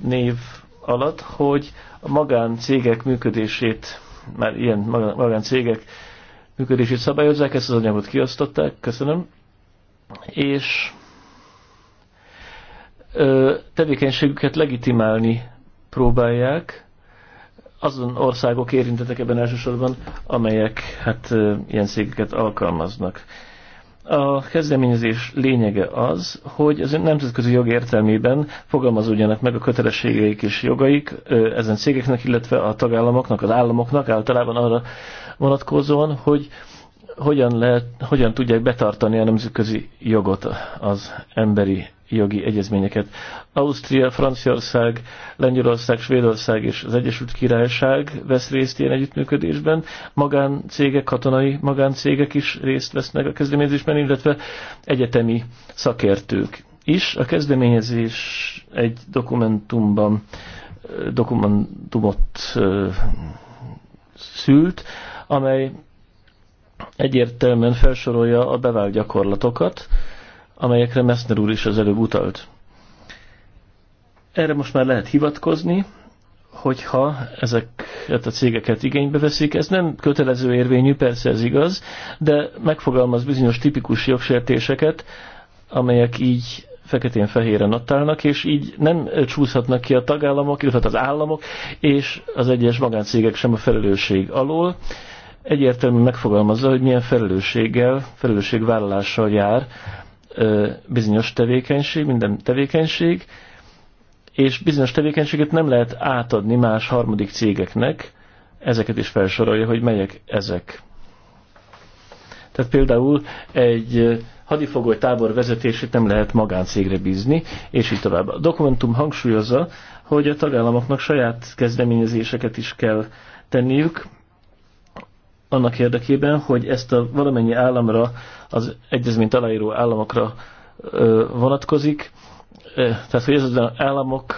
név alatt, hogy a magáncégek működését, már ilyen magáncégek működését szabályozzák, ezt az anyagot kiosztották, köszönöm, és ö, tevékenységüket legitimálni próbálják, azon országok érintettek ebben elsősorban, amelyek hát ö, ilyen székeket alkalmaznak. A kezdeményezés lényege az, hogy az nemzetközi jog értelmében fogalmazódjanak meg a kötelességeik és jogaik ezen cégeknek, illetve a tagállamoknak, az államoknak általában arra vonatkozóan, hogy hogyan, lehet, hogyan tudják betartani a nemzetközi jogot az emberi jogi egyezményeket. Ausztria, Franciaország, Lengyelország, Svédország és az Egyesült Királyság vesz részt ilyen együttműködésben. Magáncégek, katonai magáncégek is részt vesznek a kezdeményezésben, illetve egyetemi szakértők is. A kezdeményezés egy dokumentumban dokumentumot szült, amely egyértelműen felsorolja a bevált gyakorlatokat, amelyekre Messner úr is az előbb utalt. Erre most már lehet hivatkozni, hogyha ezeket a cégeket igénybe veszik. Ez nem kötelező érvényű, persze ez igaz, de megfogalmaz bizonyos tipikus jogsértéseket, amelyek így feketén-fehéren ott állnak, és így nem csúszhatnak ki a tagállamok, illetve hát az államok, és az egyes magáncégek sem a felelősség alól. Egyértelműen megfogalmazza, hogy milyen felelősséggel, felelősségvállalással jár bizonyos tevékenység, minden tevékenység, és bizonyos tevékenységet nem lehet átadni más harmadik cégeknek, ezeket is felsorolja, hogy melyek ezek. Tehát például egy hadifogoly tábor vezetését nem lehet magáncégre bízni, és így tovább. A dokumentum hangsúlyozza, hogy a tagállamoknak saját kezdeményezéseket is kell tenniük, annak érdekében, hogy ezt a valamennyi államra, az egyezményt aláíró államokra vonatkozik, tehát hogy ez az államok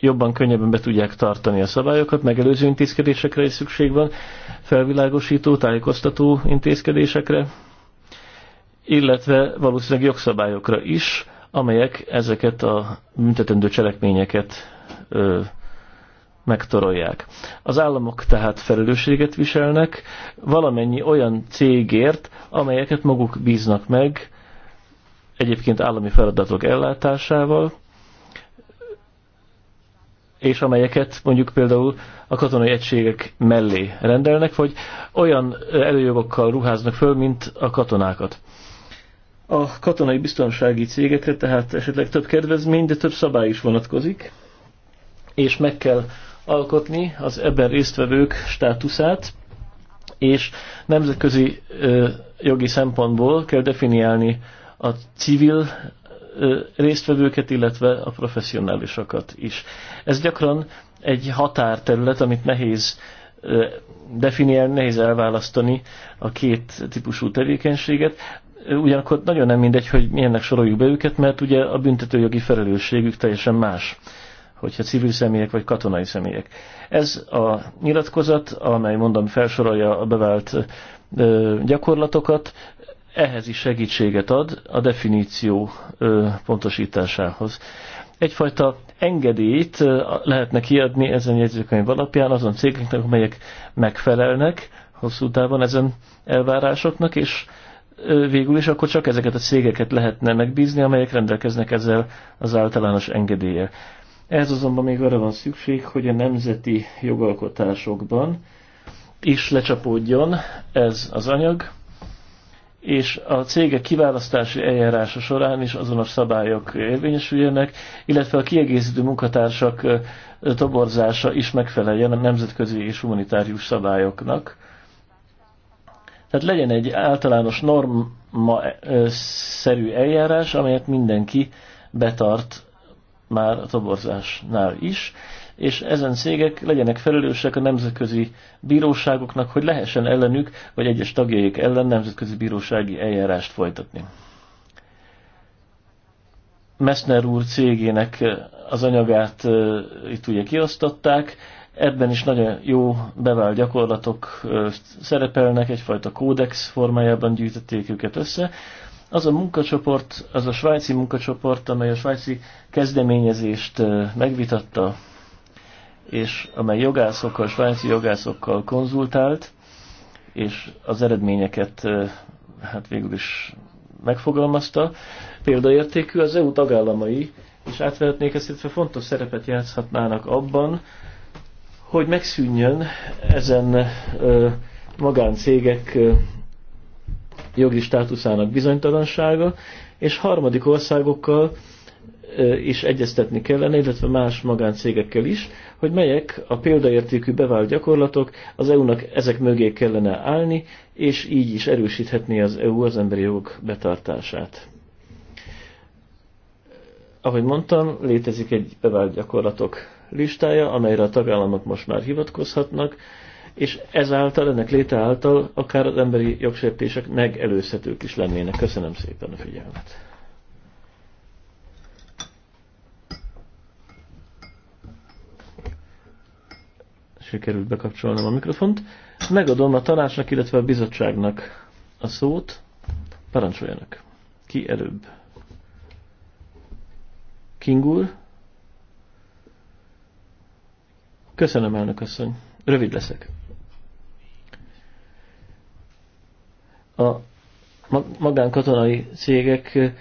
jobban, könnyebben be tudják tartani a szabályokat, megelőző intézkedésekre is szükség van, felvilágosító, tájékoztató intézkedésekre, illetve valószínűleg jogszabályokra is, amelyek ezeket a büntetendő cselekményeket ö, megtorolják. Az államok tehát felelősséget viselnek valamennyi olyan cégért, amelyeket maguk bíznak meg, egyébként állami feladatok ellátásával, és amelyeket mondjuk például a katonai egységek mellé rendelnek, vagy olyan előjogokkal ruháznak föl, mint a katonákat. A katonai biztonsági cégekre tehát esetleg több kedvezmény, de több szabály is vonatkozik, és meg kell alkotni az ebben résztvevők státuszát, és nemzetközi ö, jogi szempontból kell definiálni a civil ö, résztvevőket, illetve a professzionálisokat is. Ez gyakran egy határterület, amit nehéz ö, definiálni, nehéz elválasztani a két típusú tevékenységet. Ugyanakkor nagyon nem mindegy, hogy milyennek soroljuk be őket, mert ugye a büntetőjogi felelősségük teljesen más hogyha civil személyek vagy katonai személyek. Ez a nyilatkozat, amely mondom felsorolja a bevált ö, gyakorlatokat, ehhez is segítséget ad a definíció ö, pontosításához. Egyfajta engedélyt ö, lehetne kiadni ezen jegyzőkönyv alapján azon cégeknek, amelyek megfelelnek hosszú távon ezen elvárásoknak, és végül is akkor csak ezeket a cégeket lehetne megbízni, amelyek rendelkeznek ezzel az általános engedéllyel. Ez azonban még arra van szükség, hogy a nemzeti jogalkotásokban is lecsapódjon ez az anyag, és a cégek kiválasztási eljárása során is azonos szabályok érvényesüljenek, illetve a kiegészítő munkatársak toborzása is megfeleljen a nemzetközi és humanitárius szabályoknak. Tehát legyen egy általános norma szerű eljárás, amelyet mindenki betart már a toborzásnál is, és ezen cégek legyenek felelősek a nemzetközi bíróságoknak, hogy lehessen ellenük, vagy egyes tagjaik ellen nemzetközi bírósági eljárást folytatni. Messner úr cégének eh, az anyagát eh, itt ugye kiosztották, ebben is nagyon jó bevált gyakorlatok eh, szerepelnek, egyfajta kódex formájában gyűjtötték őket össze, az a munkacsoport, az a svájci munkacsoport, amely a svájci kezdeményezést megvitatta, és amely jogászokkal, svájci jogászokkal konzultált, és az eredményeket hát végül is megfogalmazta. Példaértékű az EU tagállamai, és átvehetnék ezt, illetve fontos szerepet játszhatnának abban, hogy megszűnjön ezen magáncégek jogi státuszának bizonytalansága, és harmadik országokkal is egyeztetni kellene, illetve más magáncégekkel is, hogy melyek a példaértékű bevált gyakorlatok, az EU-nak ezek mögé kellene állni, és így is erősíthetni az EU az emberi jogok betartását. Ahogy mondtam, létezik egy bevált gyakorlatok listája, amelyre a tagállamok most már hivatkozhatnak, és ezáltal, ennek léte által akár az emberi jogsértések megelőzhetők is lennének. Köszönöm szépen a figyelmet. Sikerült bekapcsolnom a mikrofont. Megadom a tanácsnak, illetve a bizottságnak a szót. Parancsoljanak. Ki előbb? úr? Köszönöm, elnök asszony. Rövid leszek. a magánkatonai cégek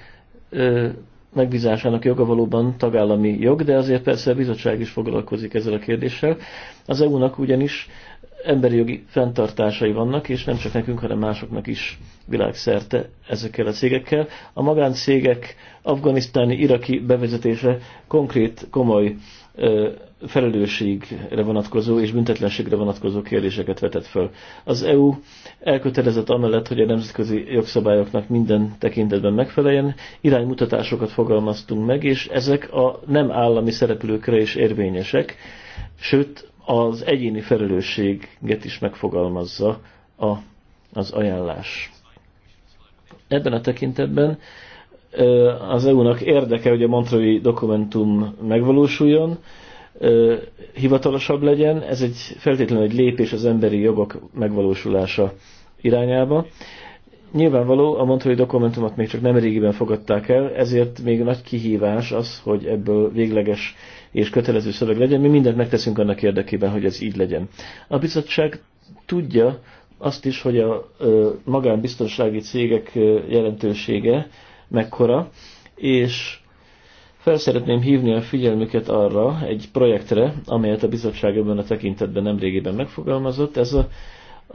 megbízásának joga valóban tagállami jog, de azért persze a bizottság is foglalkozik ezzel a kérdéssel. Az EU-nak ugyanis emberi jogi fenntartásai vannak, és nem csak nekünk, hanem másoknak is világszerte ezekkel a cégekkel. A magáncégek afganisztáni, iraki bevezetése konkrét, komoly felelősségre vonatkozó és büntetlenségre vonatkozó kérdéseket vetett föl. Az EU elkötelezett amellett, hogy a nemzetközi jogszabályoknak minden tekintetben megfeleljen, iránymutatásokat fogalmaztunk meg, és ezek a nem állami szereplőkre is érvényesek, sőt az egyéni felelősséget is megfogalmazza a, az ajánlás. Ebben a tekintetben az EU-nak érdeke, hogy a Montreux dokumentum megvalósuljon, hivatalosabb legyen. Ez egy feltétlenül egy lépés az emberi jogok megvalósulása irányába. Nyilvánvaló, a Montreux dokumentumot még csak nem régiben fogadták el, ezért még nagy kihívás az, hogy ebből végleges és kötelező szöveg legyen. Mi mindent megteszünk annak érdekében, hogy ez így legyen. A bizottság tudja azt is, hogy a magánbiztonsági cégek jelentősége mekkora, és fel szeretném hívni a figyelmüket arra egy projektre, amelyet a bizottság ebben a tekintetben nemrégiben megfogalmazott. Ez a,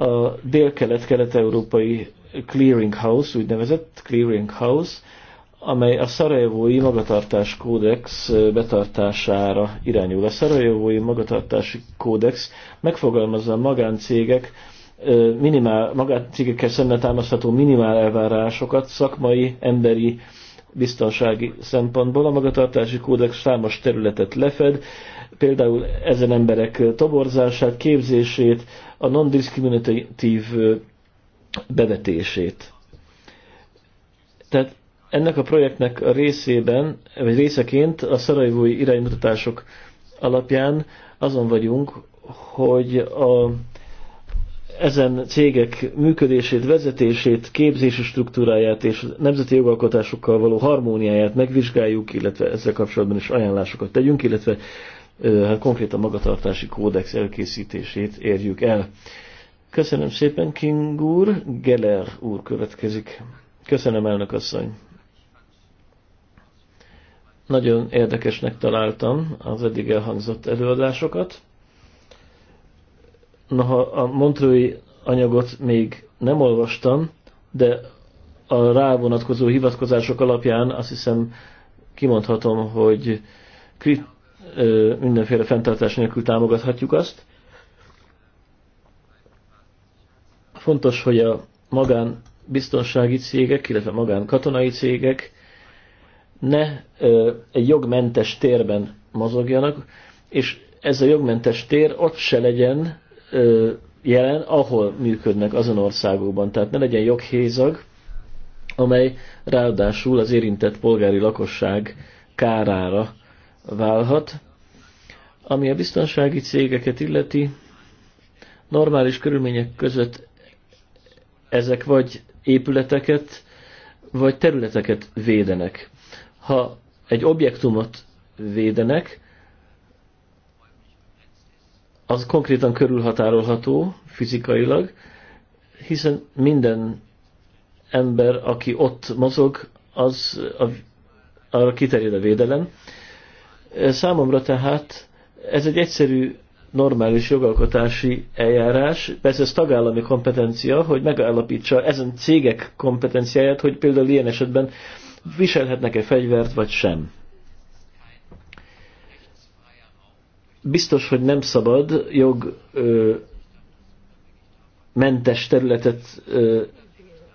a dél-kelet-kelet-európai Clearing House, úgynevezett Clearing House, amely a Szarajevói Magatartás Kódex betartására irányul. A Szarajevói Magatartási Kódex megfogalmazza a magáncégek minimál, magáncégekkel szemben támasztható minimál elvárásokat, szakmai, emberi biztonsági szempontból. A magatartási kódex számos területet lefed, például ezen emberek toborzását, képzését, a non diskriminatív bevetését. Tehát ennek a projektnek a részében, vagy részeként a szarajvói iránymutatások alapján azon vagyunk, hogy a ezen cégek működését, vezetését, képzési struktúráját és nemzeti jogalkotásokkal való harmóniáját megvizsgáljuk, illetve ezzel kapcsolatban is ajánlásokat tegyünk, illetve hát konkrétan magatartási kódex elkészítését érjük el. Köszönöm szépen, King úr. Geller úr következik. Köszönöm, elnök asszony. Nagyon érdekesnek találtam az eddig elhangzott előadásokat. Noha a Montrői anyagot még nem olvastam, de a rá vonatkozó hivatkozások alapján azt hiszem kimondhatom, hogy krit, ö, mindenféle fenntartás nélkül támogathatjuk azt. Fontos, hogy a magán biztonsági cégek, illetve magán katonai cégek ne ö, egy jogmentes térben mozogjanak, és ez a jogmentes tér ott se legyen, jelen, ahol működnek azon országokban. Tehát ne legyen joghézag, amely ráadásul az érintett polgári lakosság kárára válhat. Ami a biztonsági cégeket illeti, normális körülmények között ezek vagy épületeket, vagy területeket védenek. Ha egy objektumot védenek, az konkrétan körülhatárolható fizikailag, hiszen minden ember, aki ott mozog, az a, arra kiterjed a védelem. Számomra tehát ez egy egyszerű, normális jogalkotási eljárás, persze ez tagállami kompetencia, hogy megállapítsa ezen cégek kompetenciáját, hogy például ilyen esetben viselhetnek-e fegyvert vagy sem. biztos, hogy nem szabad jog mentes területet, ö,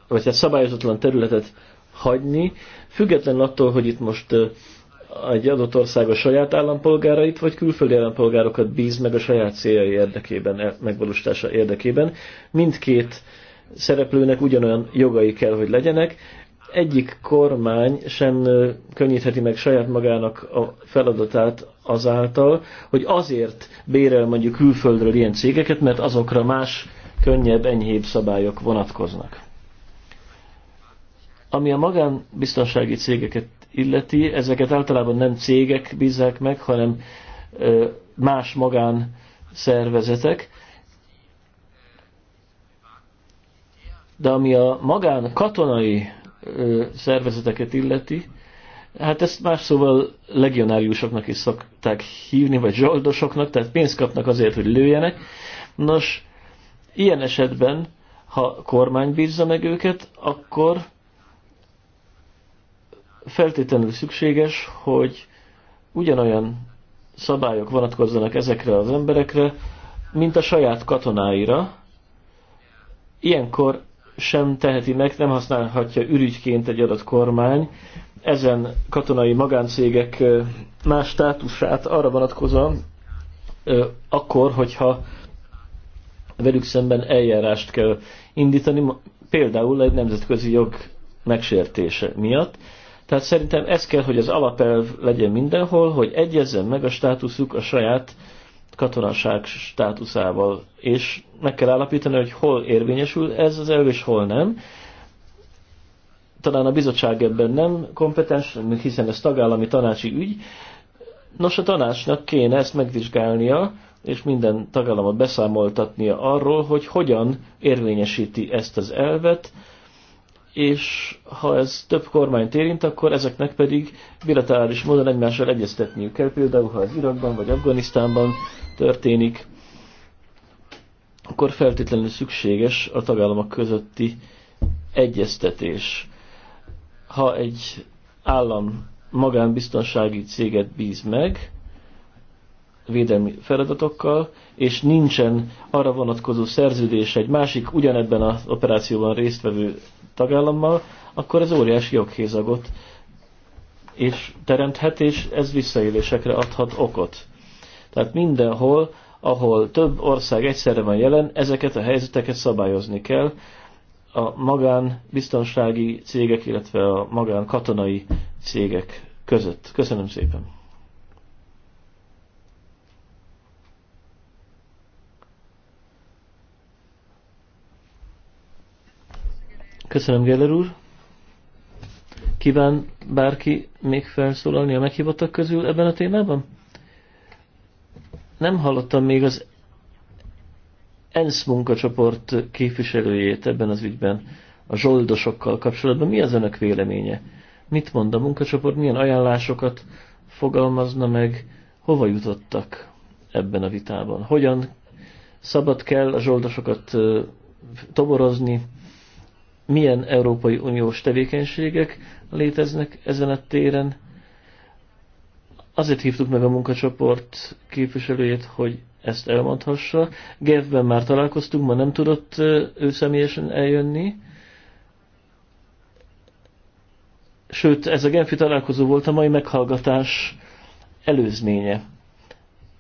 vagy hát szabályozatlan területet hagyni, független attól, hogy itt most ö, egy adott ország a saját állampolgárait, vagy külföldi állampolgárokat bíz meg a saját céljai érdekében, e, megvalósítása érdekében. Mindkét szereplőnek ugyanolyan jogai kell, hogy legyenek. Egyik kormány sem könnyítheti meg saját magának a feladatát azáltal, hogy azért bérel mondjuk külföldről ilyen cégeket, mert azokra más, könnyebb, enyhébb szabályok vonatkoznak. Ami a magánbiztonsági cégeket illeti, ezeket általában nem cégek bízzák meg, hanem más magán szervezetek. De ami a magán katonai szervezeteket illeti, Hát ezt más szóval legionáriusoknak is szokták hívni, vagy zsoldosoknak, tehát pénzt kapnak azért, hogy lőjenek. Nos, ilyen esetben, ha kormány bízza meg őket, akkor feltétlenül szükséges, hogy ugyanolyan szabályok vonatkozzanak ezekre az emberekre, mint a saját katonáira. Ilyenkor sem teheti meg, nem használhatja ürügyként egy adott kormány ezen katonai magáncégek más státusát arra vonatkozóan, akkor, hogyha velük szemben eljárást kell indítani, például egy nemzetközi jog megsértése miatt. Tehát szerintem ez kell, hogy az alapelv legyen mindenhol, hogy egyezzen meg a státuszuk a saját katonaság státuszával, és meg kell állapítani, hogy hol érvényesül ez az elv, és hol nem, talán a bizottság ebben nem kompetens, hiszen ez tagállami tanácsi ügy. Nos, a tanácsnak kéne ezt megvizsgálnia, és minden tagállamot beszámoltatnia arról, hogy hogyan érvényesíti ezt az elvet, és ha ez több kormányt érint, akkor ezeknek pedig bilaterális módon egymással egyeztetniük kell, például ha az Irakban vagy Afganisztánban történik, akkor feltétlenül szükséges a tagállamok közötti egyeztetés ha egy állam magánbiztonsági céget bíz meg, védelmi feladatokkal, és nincsen arra vonatkozó szerződés egy másik ugyanebben az operációban résztvevő tagállammal, akkor ez óriási joghézagot és teremthet, és ez visszaélésekre adhat okot. Tehát mindenhol, ahol több ország egyszerre van jelen, ezeket a helyzeteket szabályozni kell, a magán biztonsági cégek, illetve a magán katonai cégek között. Köszönöm szépen! Köszönöm, Geller úr! Kíván bárki még felszólalni a meghívottak közül ebben a témában? Nem hallottam még az ENSZ munkacsoport képviselőjét ebben az ügyben, a zsoldosokkal kapcsolatban. Mi az önök véleménye? Mit mond a munkacsoport? Milyen ajánlásokat fogalmazna meg? Hova jutottak ebben a vitában? Hogyan szabad kell a zsoldosokat toborozni? Milyen Európai Uniós tevékenységek léteznek ezen a téren? Azért hívtuk meg a munkacsoport képviselőjét, hogy ezt elmondhassa. Gevben már találkoztunk, ma nem tudott ő személyesen eljönni. Sőt, ez a Genfi találkozó volt a mai meghallgatás előzménye.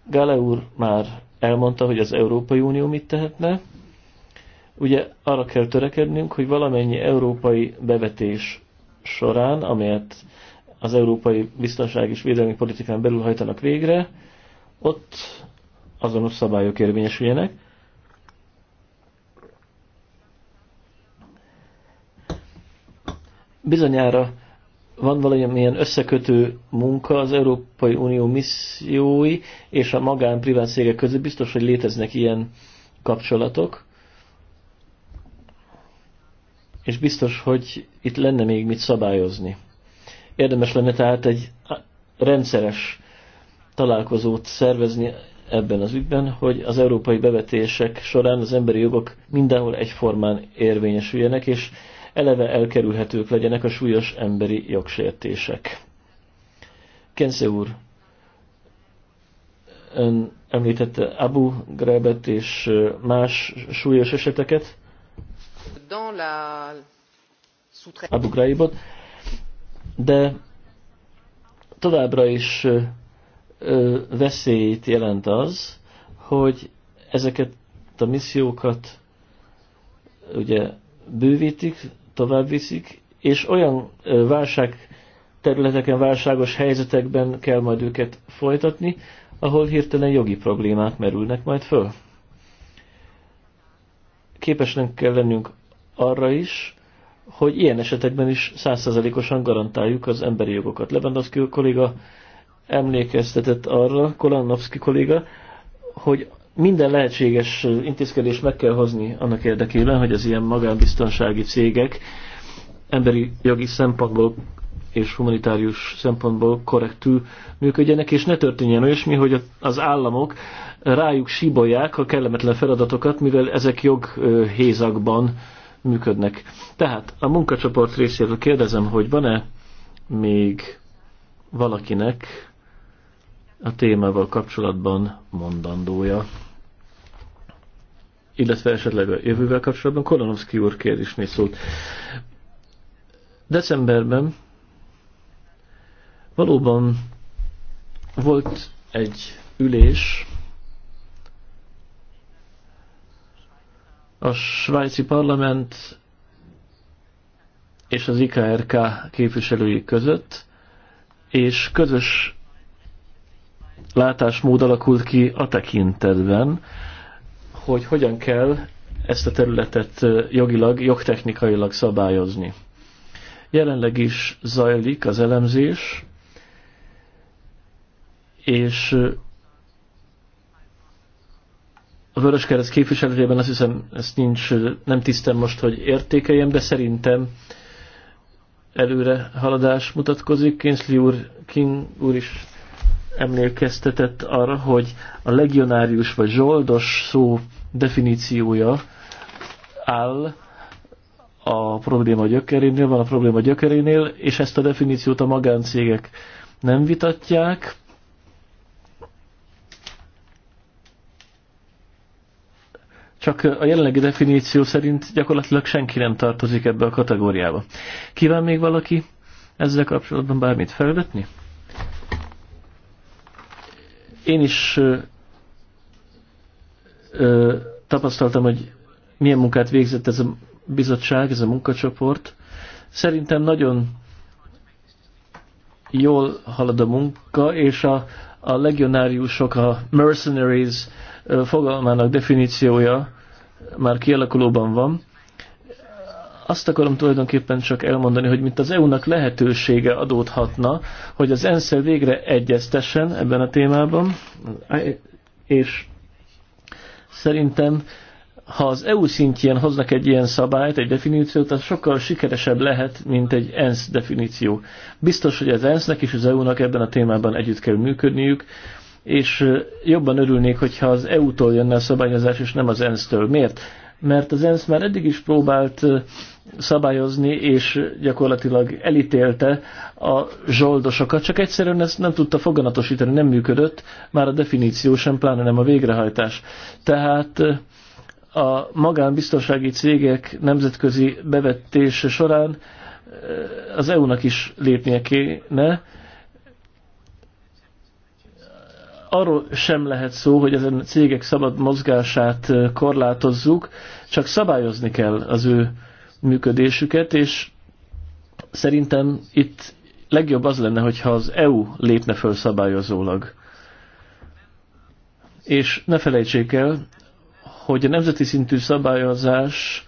Gale úr már elmondta, hogy az Európai Unió mit tehetne. Ugye arra kell törekednünk, hogy valamennyi európai bevetés során, amelyet az európai biztonság és védelmi politikán belül hajtanak végre, ott azonos szabályok érvényesüljenek. Bizonyára van valamilyen összekötő munka az Európai Unió missziói és a magán-privát cégek között. Biztos, hogy léteznek ilyen kapcsolatok. És biztos, hogy itt lenne még mit szabályozni. Érdemes lenne tehát egy rendszeres találkozót szervezni ebben az ügyben, hogy az európai bevetések során az emberi jogok mindenhol egyformán érvényesüljenek, és eleve elkerülhetők legyenek a súlyos emberi jogsértések. Kenze úr, ön említette Abu Grebet és más súlyos eseteket. Abu Ghraibot, de továbbra is veszélyét veszélyt jelent az, hogy ezeket a missziókat ugye bővítik, tovább viszik, és olyan válság területeken, válságos helyzetekben kell majd őket folytatni, ahol hirtelen jogi problémák merülnek majd föl. Képesnek kell lennünk arra is, hogy ilyen esetekben is százszerzalékosan garantáljuk az emberi jogokat. Lewandowski kolléga emlékeztetett arra Kolannowski kolléga, hogy minden lehetséges intézkedést meg kell hozni annak érdekében, hogy az ilyen magánbiztonsági cégek emberi jogi szempontból és humanitárius szempontból korrektül működjenek, és ne történjen olyasmi, hogy az államok rájuk síbolják a kellemetlen feladatokat, mivel ezek joghézakban működnek. Tehát a munkacsoport részéről kérdezem, hogy van-e még valakinek a témával kapcsolatban mondandója, illetve esetleg a jövővel kapcsolatban Kolonovszki úr kér is ismét szót. Decemberben valóban volt egy ülés a svájci parlament és az IKRK képviselői között, és közös látásmód alakult ki a tekintetben, hogy hogyan kell ezt a területet jogilag, jogtechnikailag szabályozni. Jelenleg is zajlik az elemzés, és a Vöröskereszt képviseletében azt hiszem, ezt nincs, nem tisztem most, hogy értékeljem, de szerintem előre haladás mutatkozik. Kinsley úr, King úr is emlékeztetett arra, hogy a legionárius vagy zsoldos szó definíciója áll a probléma gyökerénél, van a probléma gyökerénél, és ezt a definíciót a magáncégek nem vitatják. Csak a jelenlegi definíció szerint gyakorlatilag senki nem tartozik ebbe a kategóriába. Kíván még valaki ezzel kapcsolatban bármit felvetni? Én is ö, ö, tapasztaltam, hogy milyen munkát végzett ez a bizottság, ez a munkacsoport. Szerintem nagyon jól halad a munka, és a, a legionáriusok, a mercenaries fogalmának definíciója már kialakulóban van azt akarom tulajdonképpen csak elmondani, hogy mint az EU-nak lehetősége adódhatna, hogy az ensz végre egyeztessen ebben a témában, és szerintem ha az EU szintjén hoznak egy ilyen szabályt, egy definíciót, az sokkal sikeresebb lehet, mint egy ENSZ definíció. Biztos, hogy az ENSZ-nek és az EU-nak ebben a témában együtt kell működniük, és jobban örülnék, hogyha az EU-tól jönne a szabályozás, és nem az ENSZ-től. Miért? mert az ENSZ már eddig is próbált szabályozni, és gyakorlatilag elítélte a zsoldosokat, csak egyszerűen ezt nem tudta foganatosítani, nem működött, már a definíció sem, pláne nem a végrehajtás. Tehát a magánbiztonsági cégek nemzetközi bevetése során az EU-nak is lépnie kéne, arról sem lehet szó, hogy ezen a cégek szabad mozgását korlátozzuk, csak szabályozni kell az ő működésüket, és szerintem itt legjobb az lenne, hogyha az EU lépne föl szabályozólag. És ne felejtsék el, hogy a nemzeti szintű szabályozás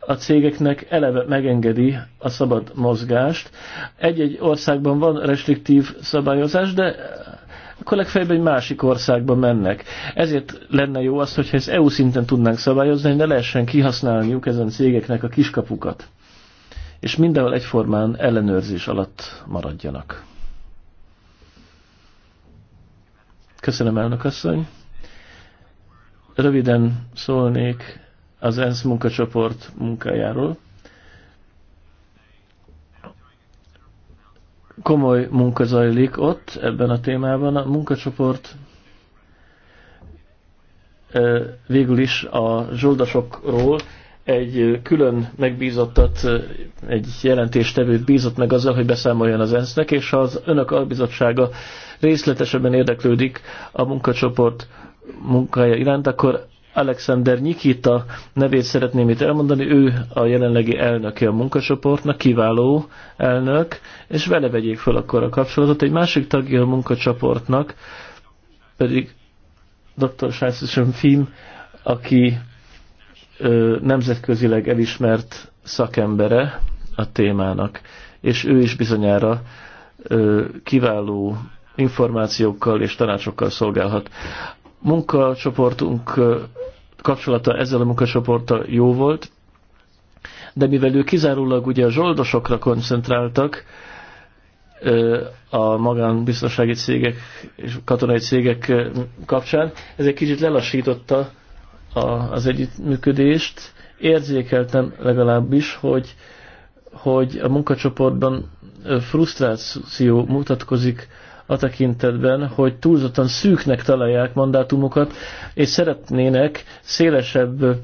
a cégeknek eleve megengedi a szabad mozgást. Egy-egy országban van restriktív szabályozás, de akkor legfeljebb egy másik országba mennek. Ezért lenne jó az, hogyha ezt EU szinten tudnánk szabályozni, hogy ne lehessen kihasználniuk ezen cégeknek a kiskapukat. És mindenhol egyformán ellenőrzés alatt maradjanak. Köszönöm, elnök asszony. Röviden szólnék az ENSZ munkacsoport munkájáról. komoly munka zajlik ott ebben a témában. A munkacsoport végül is a zsoldasokról egy külön megbízottat, egy jelentéstevőt bízott meg azzal, hogy beszámoljon az ENSZ-nek, és az önök albizottsága részletesebben érdeklődik a munkacsoport munkája iránt, akkor Alexander Nikita nevét szeretném itt elmondani, ő a jelenlegi elnöke a munkacsoportnak, kiváló elnök, és vele vegyék fel akkor a kapcsolatot. Egy másik tagja a munkacsoportnak, pedig dr. Sájszösen Fim, aki ö, nemzetközileg elismert szakembere a témának, és ő is bizonyára ö, kiváló információkkal és tanácsokkal szolgálhat munkacsoportunk kapcsolata ezzel a munkacsoporttal jó volt, de mivel ők kizárólag ugye a zsoldosokra koncentráltak, a magánbiztonsági cégek és katonai cégek kapcsán, ez egy kicsit lelassította az együttműködést. Érzékeltem legalábbis, hogy, hogy a munkacsoportban frusztráció mutatkozik a tekintetben, hogy túlzottan szűknek találják mandátumokat, és szeretnének szélesebb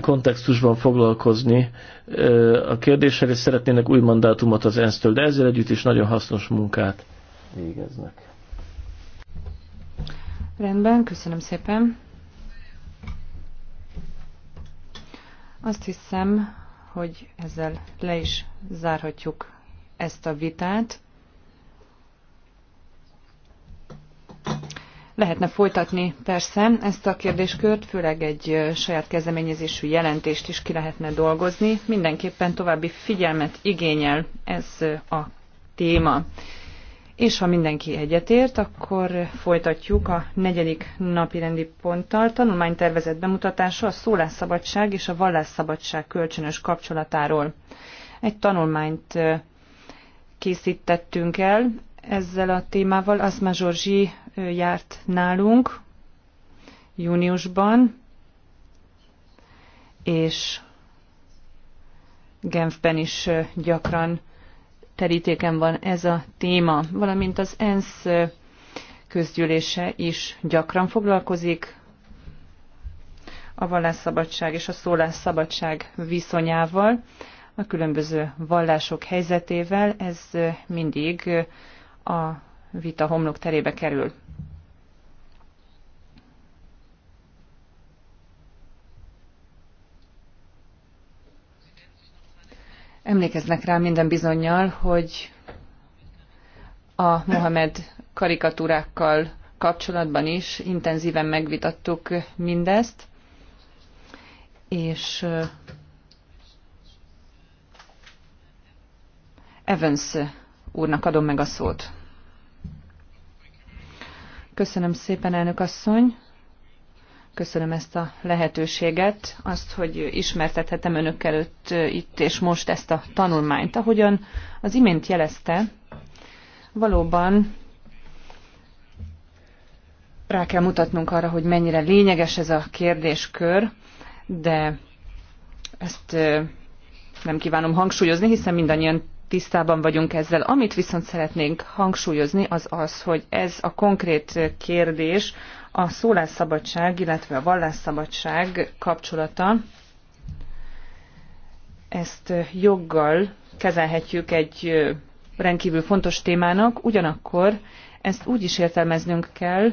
kontextusban foglalkozni a kérdéssel, és szeretnének új mandátumot az ENSZ-től, de ezzel együtt is nagyon hasznos munkát végeznek. Rendben, köszönöm szépen. Azt hiszem, hogy ezzel le is zárhatjuk ezt a vitát. Lehetne folytatni persze ezt a kérdéskört, főleg egy saját kezdeményezésű jelentést is ki lehetne dolgozni. Mindenképpen további figyelmet igényel ez a téma. És ha mindenki egyetért, akkor folytatjuk a negyedik napi rendi ponttal. Tanulmánytervezet bemutatása a szólásszabadság és a vallásszabadság kölcsönös kapcsolatáról. Egy tanulmányt készítettünk el, ezzel a témával. Aszma Zsorzsi járt nálunk júniusban, és Genfben is gyakran terítéken van ez a téma, valamint az ENSZ közgyűlése is gyakran foglalkozik a vallásszabadság és a szólásszabadság viszonyával, a különböző vallások helyzetével. Ez mindig a vita homlok terébe kerül. Emlékeznek rá minden bizonyal, hogy a Mohamed karikatúrákkal kapcsolatban is intenzíven megvitattuk mindezt, és Evans úrnak adom meg a szót. Köszönöm szépen, elnök asszony. Köszönöm ezt a lehetőséget, azt, hogy ismertethetem önök előtt eh, itt és most ezt a tanulmányt. Ahogyan az imént jelezte, valóban rá kell mutatnunk arra, hogy mennyire lényeges ez a kérdéskör, de ezt eh, nem kívánom hangsúlyozni, hiszen mindannyian tisztában vagyunk ezzel. Amit viszont szeretnénk hangsúlyozni, az az, hogy ez a konkrét kérdés a szólásszabadság, illetve a vallásszabadság kapcsolata. Ezt joggal kezelhetjük egy rendkívül fontos témának, ugyanakkor ezt úgy is értelmeznünk kell,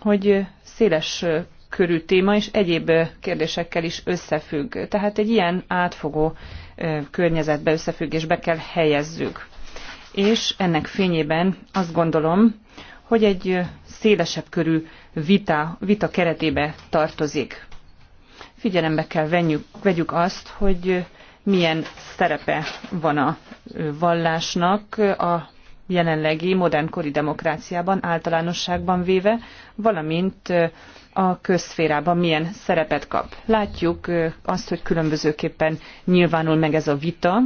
hogy széles körű téma és egyéb kérdésekkel is összefügg. Tehát egy ilyen átfogó környezetbe, összefüggésbe kell helyezzük. És ennek fényében azt gondolom, hogy egy szélesebb körű vita, vita keretébe tartozik. Figyelembe kell venjük, vegyük azt, hogy milyen szerepe van a vallásnak a jelenlegi modernkori demokráciában általánosságban véve, valamint a közszférában milyen szerepet kap. Látjuk azt, hogy különbözőképpen nyilvánul meg ez a vita,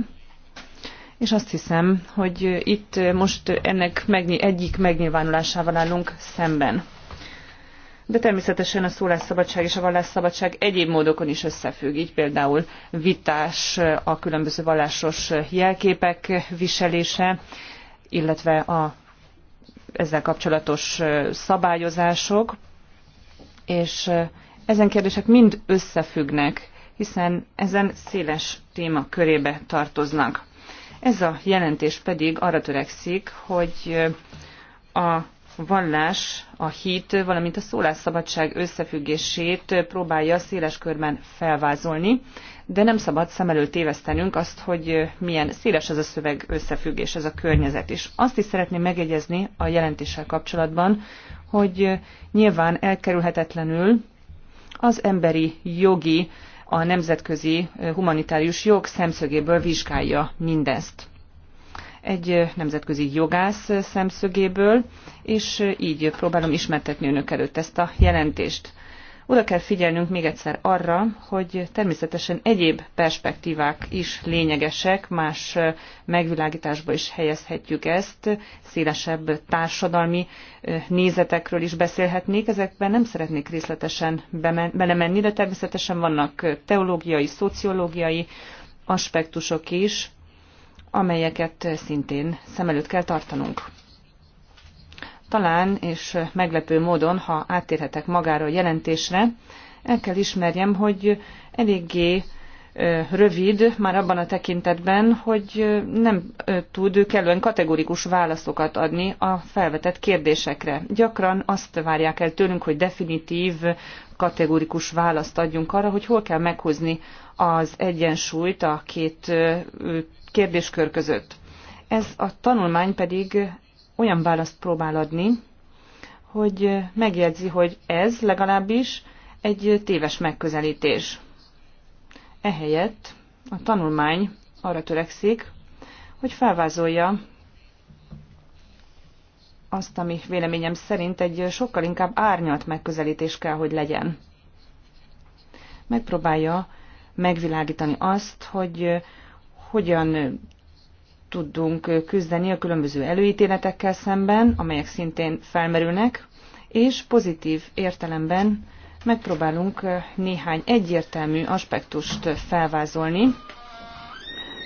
és azt hiszem, hogy itt most ennek megny- egyik megnyilvánulásával állunk szemben. De természetesen a szólásszabadság és a vallásszabadság egyéb módokon is összefügg, így például vitás a különböző vallásos jelképek viselése, illetve a ezzel kapcsolatos szabályozások, és ezen kérdések mind összefüggnek, hiszen ezen széles téma körébe tartoznak. Ez a jelentés pedig arra törekszik, hogy a vallás, a hit, valamint a szólásszabadság összefüggését próbálja széles körben felvázolni, de nem szabad szem előtt tévesztenünk azt, hogy milyen széles ez a szöveg összefüggés, ez a környezet is. Azt is szeretném megjegyezni a jelentéssel kapcsolatban, hogy nyilván elkerülhetetlenül az emberi jogi, a nemzetközi humanitárius jog szemszögéből vizsgálja mindezt egy nemzetközi jogász szemszögéből, és így próbálom ismertetni önök előtt ezt a jelentést. Oda kell figyelnünk még egyszer arra, hogy természetesen egyéb perspektívák is lényegesek, más megvilágításba is helyezhetjük ezt, szélesebb társadalmi nézetekről is beszélhetnék, ezekben nem szeretnék részletesen belemenni, de természetesen vannak teológiai, szociológiai aspektusok is, amelyeket szintén szem előtt kell tartanunk. Talán és meglepő módon, ha áttérhetek magára a jelentésre, el kell ismerjem, hogy eléggé rövid, már abban a tekintetben, hogy nem tud kellően kategorikus válaszokat adni a felvetett kérdésekre. Gyakran azt várják el tőlünk, hogy definitív, kategorikus választ adjunk arra, hogy hol kell meghozni az egyensúlyt a két kérdéskör között. Ez a tanulmány pedig olyan választ próbál adni, hogy megjegyzi, hogy ez legalábbis egy téves megközelítés. Ehelyett a tanulmány arra törekszik, hogy felvázolja azt, ami véleményem szerint egy sokkal inkább árnyalt megközelítés kell, hogy legyen. Megpróbálja megvilágítani azt, hogy hogyan tudunk küzdeni a különböző előítéletekkel szemben, amelyek szintén felmerülnek, és pozitív értelemben megpróbálunk eh, néhány egyértelmű aspektust felvázolni,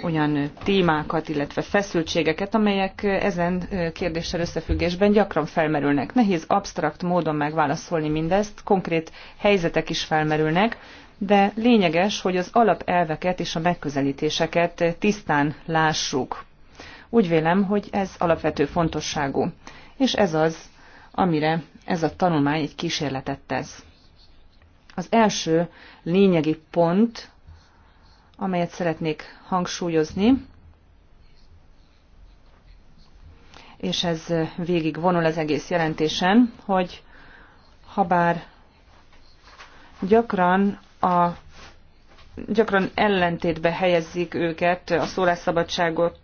olyan témákat, illetve feszültségeket, amelyek eh, ezen eh, kérdéssel összefüggésben gyakran felmerülnek. Nehéz absztrakt módon megválaszolni mindezt, konkrét helyzetek is felmerülnek, de lényeges, hogy az alapelveket és a megközelítéseket tisztán lássuk. Úgy vélem, hogy ez alapvető fontosságú, és ez az, amire ez a tanulmány egy kísérletet tesz. Az első lényegi pont, amelyet szeretnék hangsúlyozni, és ez végig vonul az egész jelentésen, hogy habár gyakran a gyakran ellentétbe helyezzik őket, a szólásszabadságot,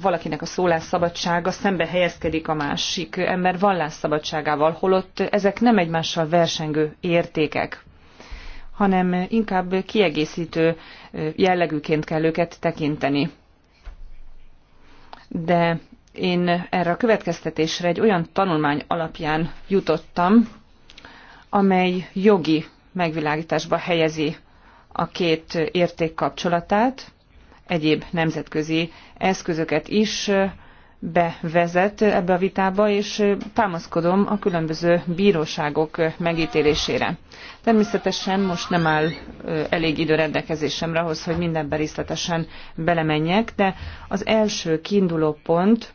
valakinek a szólásszabadsága szembe helyezkedik a másik ember vallásszabadságával, holott ezek nem egymással versengő értékek hanem inkább kiegészítő jellegűként kell őket tekinteni. De én erre a következtetésre egy olyan tanulmány alapján jutottam, amely jogi megvilágításba helyezi a két érték kapcsolatát, egyéb nemzetközi eszközöket is bevezet ebbe a vitába, és támaszkodom a különböző bíróságok megítélésére. Természetesen most nem áll elég idő rendelkezésemre ahhoz, hogy mindenben részletesen belemenjek, de az első kiinduló pont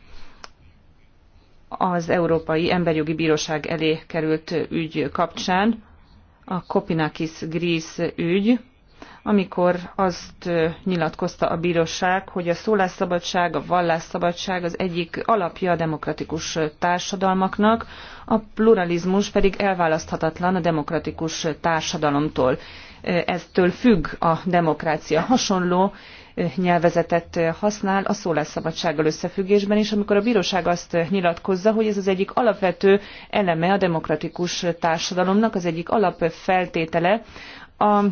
az Európai Emberjogi Bíróság elé került ügy kapcsán, a Kopinakis Gris ügy, amikor azt nyilatkozta a bíróság, hogy a szólásszabadság, a vallásszabadság az egyik alapja a demokratikus társadalmaknak, a pluralizmus pedig elválaszthatatlan a demokratikus társadalomtól. Eztől függ a demokrácia. Hasonló nyelvezetet használ a szólásszabadsággal összefüggésben is, amikor a bíróság azt nyilatkozza, hogy ez az egyik alapvető eleme a demokratikus társadalomnak, az egyik alapfeltétele a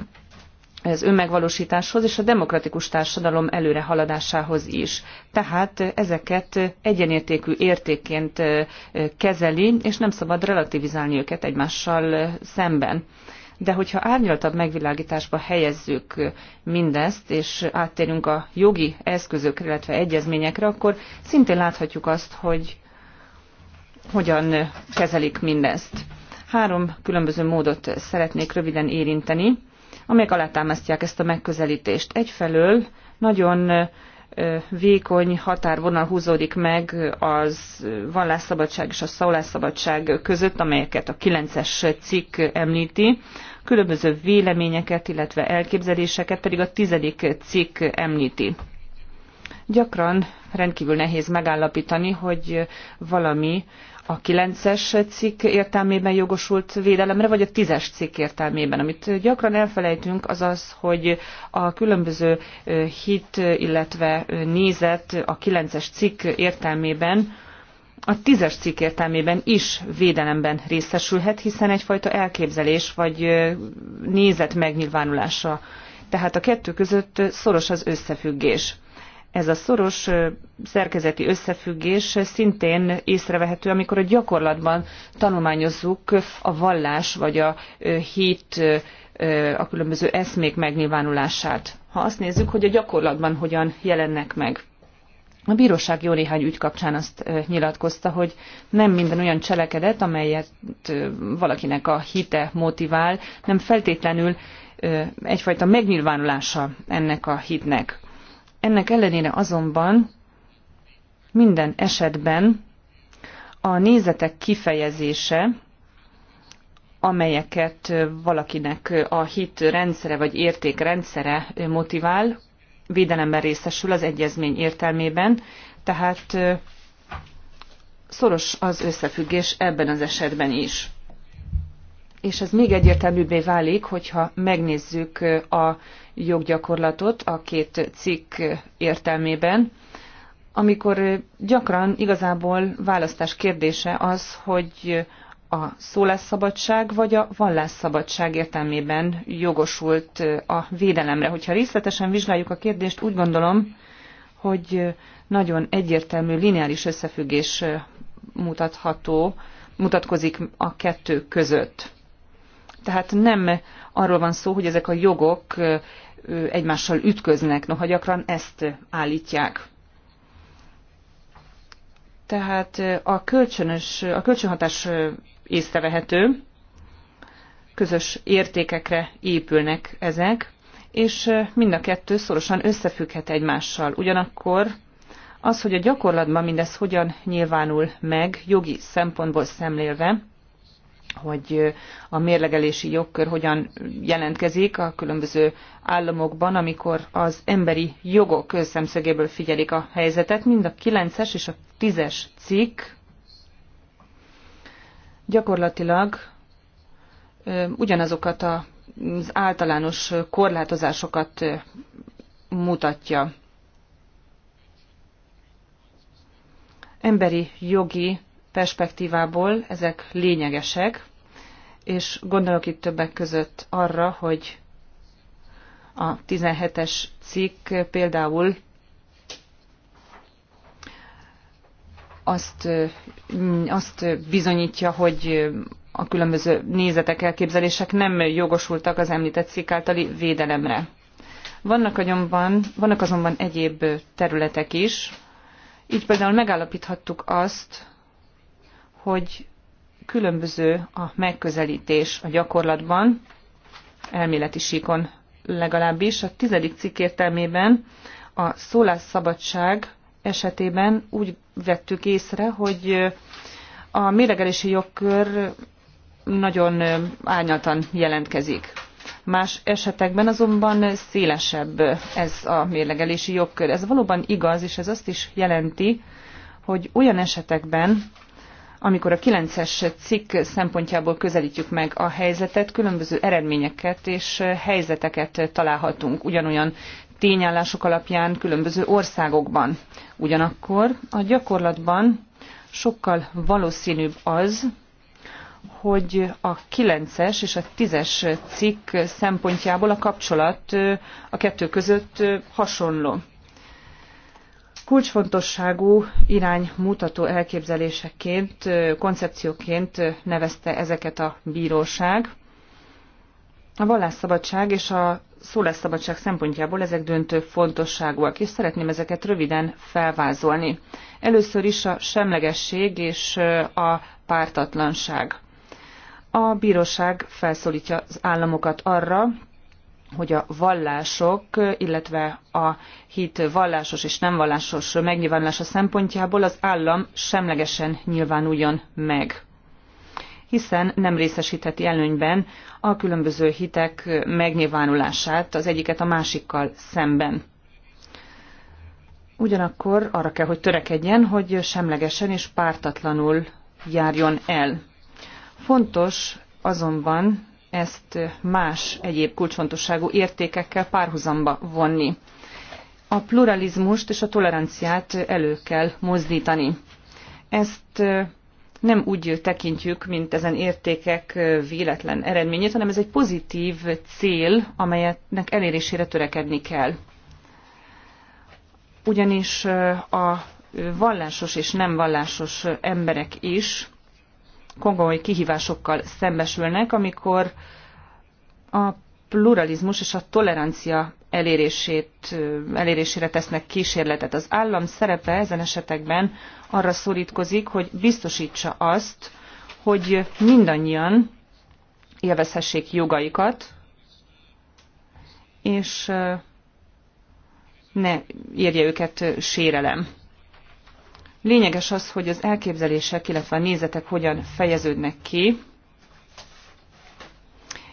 az önmegvalósításhoz és a demokratikus társadalom előrehaladásához is. Tehát ezeket egyenértékű értékként kezeli, és nem szabad relativizálni őket egymással szemben. De hogyha árnyaltabb megvilágításba helyezzük mindezt, és áttérünk a jogi eszközökre, illetve egyezményekre, akkor szintén láthatjuk azt, hogy hogyan kezelik mindezt. Három különböző módot szeretnék röviden érinteni amelyek alátámasztják ezt a megközelítést. Egyfelől nagyon vékony határvonal húzódik meg az vallásszabadság és a szólásszabadság között, amelyeket a 9-es cikk említi, különböző véleményeket, illetve elképzeléseket pedig a 10. cikk említi. Gyakran rendkívül nehéz megállapítani, hogy valami a 9-es cikk értelmében jogosult védelemre, vagy a 10-es cikk értelmében. Amit gyakran elfelejtünk, az az, hogy a különböző hit, illetve nézet a 9-es cikk értelmében a tízes cikk értelmében is védelemben részesülhet, hiszen egyfajta elképzelés vagy nézet megnyilvánulása. Tehát a kettő között szoros az összefüggés. Ez a szoros szerkezeti összefüggés szintén észrevehető, amikor a gyakorlatban tanulmányozzuk a vallás vagy a hit, a különböző eszmék megnyilvánulását. Ha azt nézzük, hogy a gyakorlatban hogyan jelennek meg. A bíróság jó néhány ügy kapcsán azt nyilatkozta, hogy nem minden olyan cselekedet, amelyet valakinek a hite motivál, nem feltétlenül egyfajta megnyilvánulása ennek a hitnek. Ennek ellenére azonban minden esetben a nézetek kifejezése, amelyeket valakinek a hit rendszere vagy rendszere motivál, védelemben részesül az egyezmény értelmében, tehát szoros az összefüggés ebben az esetben is és ez még egyértelműbbé válik, hogyha megnézzük a joggyakorlatot a két cikk értelmében, amikor gyakran igazából választás kérdése az, hogy a szólásszabadság vagy a vallásszabadság értelmében jogosult a védelemre. Hogyha részletesen vizsgáljuk a kérdést, úgy gondolom, hogy nagyon egyértelmű lineáris összefüggés mutatható, mutatkozik a kettő között. Tehát nem arról van szó, hogy ezek a jogok egymással ütköznek, noha gyakran ezt állítják. Tehát a, kölcsönös, a kölcsönhatás észrevehető, közös értékekre épülnek ezek, és mind a kettő szorosan összefügghet egymással. Ugyanakkor az, hogy a gyakorlatban mindez hogyan nyilvánul meg, jogi szempontból szemlélve, hogy a mérlegelési jogkör hogyan jelentkezik a különböző államokban, amikor az emberi jogok szemszögéből figyelik a helyzetet. Mind a 9-es és a 10-es cikk gyakorlatilag ugyanazokat az általános korlátozásokat mutatja. Emberi jogi perspektívából ezek lényegesek, és gondolok itt többek között arra, hogy a 17-es cikk például azt, azt bizonyítja, hogy a különböző nézetek, elképzelések nem jogosultak az említett cikk általi védelemre. Vannak, agyonban, vannak azonban egyéb területek is, így például megállapíthattuk azt, hogy különböző a megközelítés a gyakorlatban, elméleti síkon legalábbis. A tizedik cikk értelmében a szólásszabadság esetében úgy vettük észre, hogy a méregelési jogkör nagyon árnyaltan jelentkezik. Más esetekben azonban szélesebb ez a mérlegelési jogkör. Ez valóban igaz, és ez azt is jelenti, hogy olyan esetekben, amikor a 9-es cikk szempontjából közelítjük meg a helyzetet, különböző eredményeket és helyzeteket találhatunk ugyanolyan tényállások alapján különböző országokban. Ugyanakkor a gyakorlatban sokkal valószínűbb az, hogy a 9-es és a 10-es cikk szempontjából a kapcsolat a kettő között hasonló kulcsfontosságú iránymutató elképzeléseként, koncepcióként nevezte ezeket a bíróság. A vallásszabadság és a szólásszabadság szempontjából ezek döntő fontosságúak, és szeretném ezeket röviden felvázolni. Először is a semlegesség és a pártatlanság. A bíróság felszólítja az államokat arra, hogy a vallások, illetve a hit vallásos és nem vallásos megnyilvánulása szempontjából az állam semlegesen nyilvánuljon meg hiszen nem részesítheti előnyben a különböző hitek megnyilvánulását az egyiket a másikkal szemben. Ugyanakkor arra kell, hogy törekedjen, hogy semlegesen és pártatlanul járjon el. Fontos azonban ezt más egyéb kulcsfontosságú értékekkel párhuzamba vonni. A pluralizmust és a toleranciát elő kell mozdítani. Ezt nem úgy tekintjük, mint ezen értékek véletlen eredményét, hanem ez egy pozitív cél, amelyetnek elérésére törekedni kell. Ugyanis a vallásos és nem vallásos emberek is kongói kihívásokkal szembesülnek, amikor a pluralizmus és a tolerancia elérését, elérésére tesznek kísérletet. Az állam szerepe ezen esetekben arra szorítkozik, hogy biztosítsa azt, hogy mindannyian élvezhessék jogaikat, és ne érje őket sérelem. Lényeges az, hogy az elképzelések, illetve a nézetek hogyan fejeződnek ki,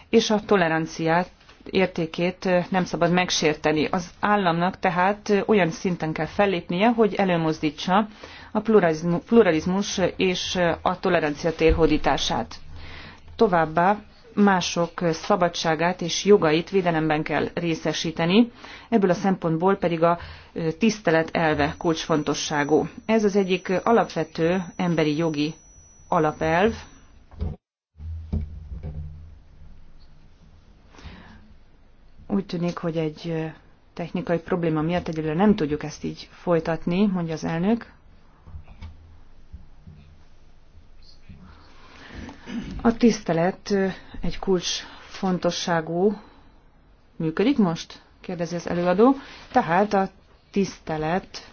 és a toleranciát értékét nem szabad megsérteni. Az államnak tehát olyan szinten kell fellépnie, hogy előmozdítsa a pluralizmus és a tolerancia térhódítását. Továbbá mások szabadságát és jogait védelemben kell részesíteni, ebből a szempontból pedig a tisztelet elve kulcsfontosságú. Ez az egyik alapvető emberi jogi alapelv, úgy tűnik, hogy egy technikai probléma miatt egyelőre nem tudjuk ezt így folytatni, mondja az elnök. A tisztelet egy kulcs fontosságú működik most? kérdezi az előadó. Tehát a tisztelet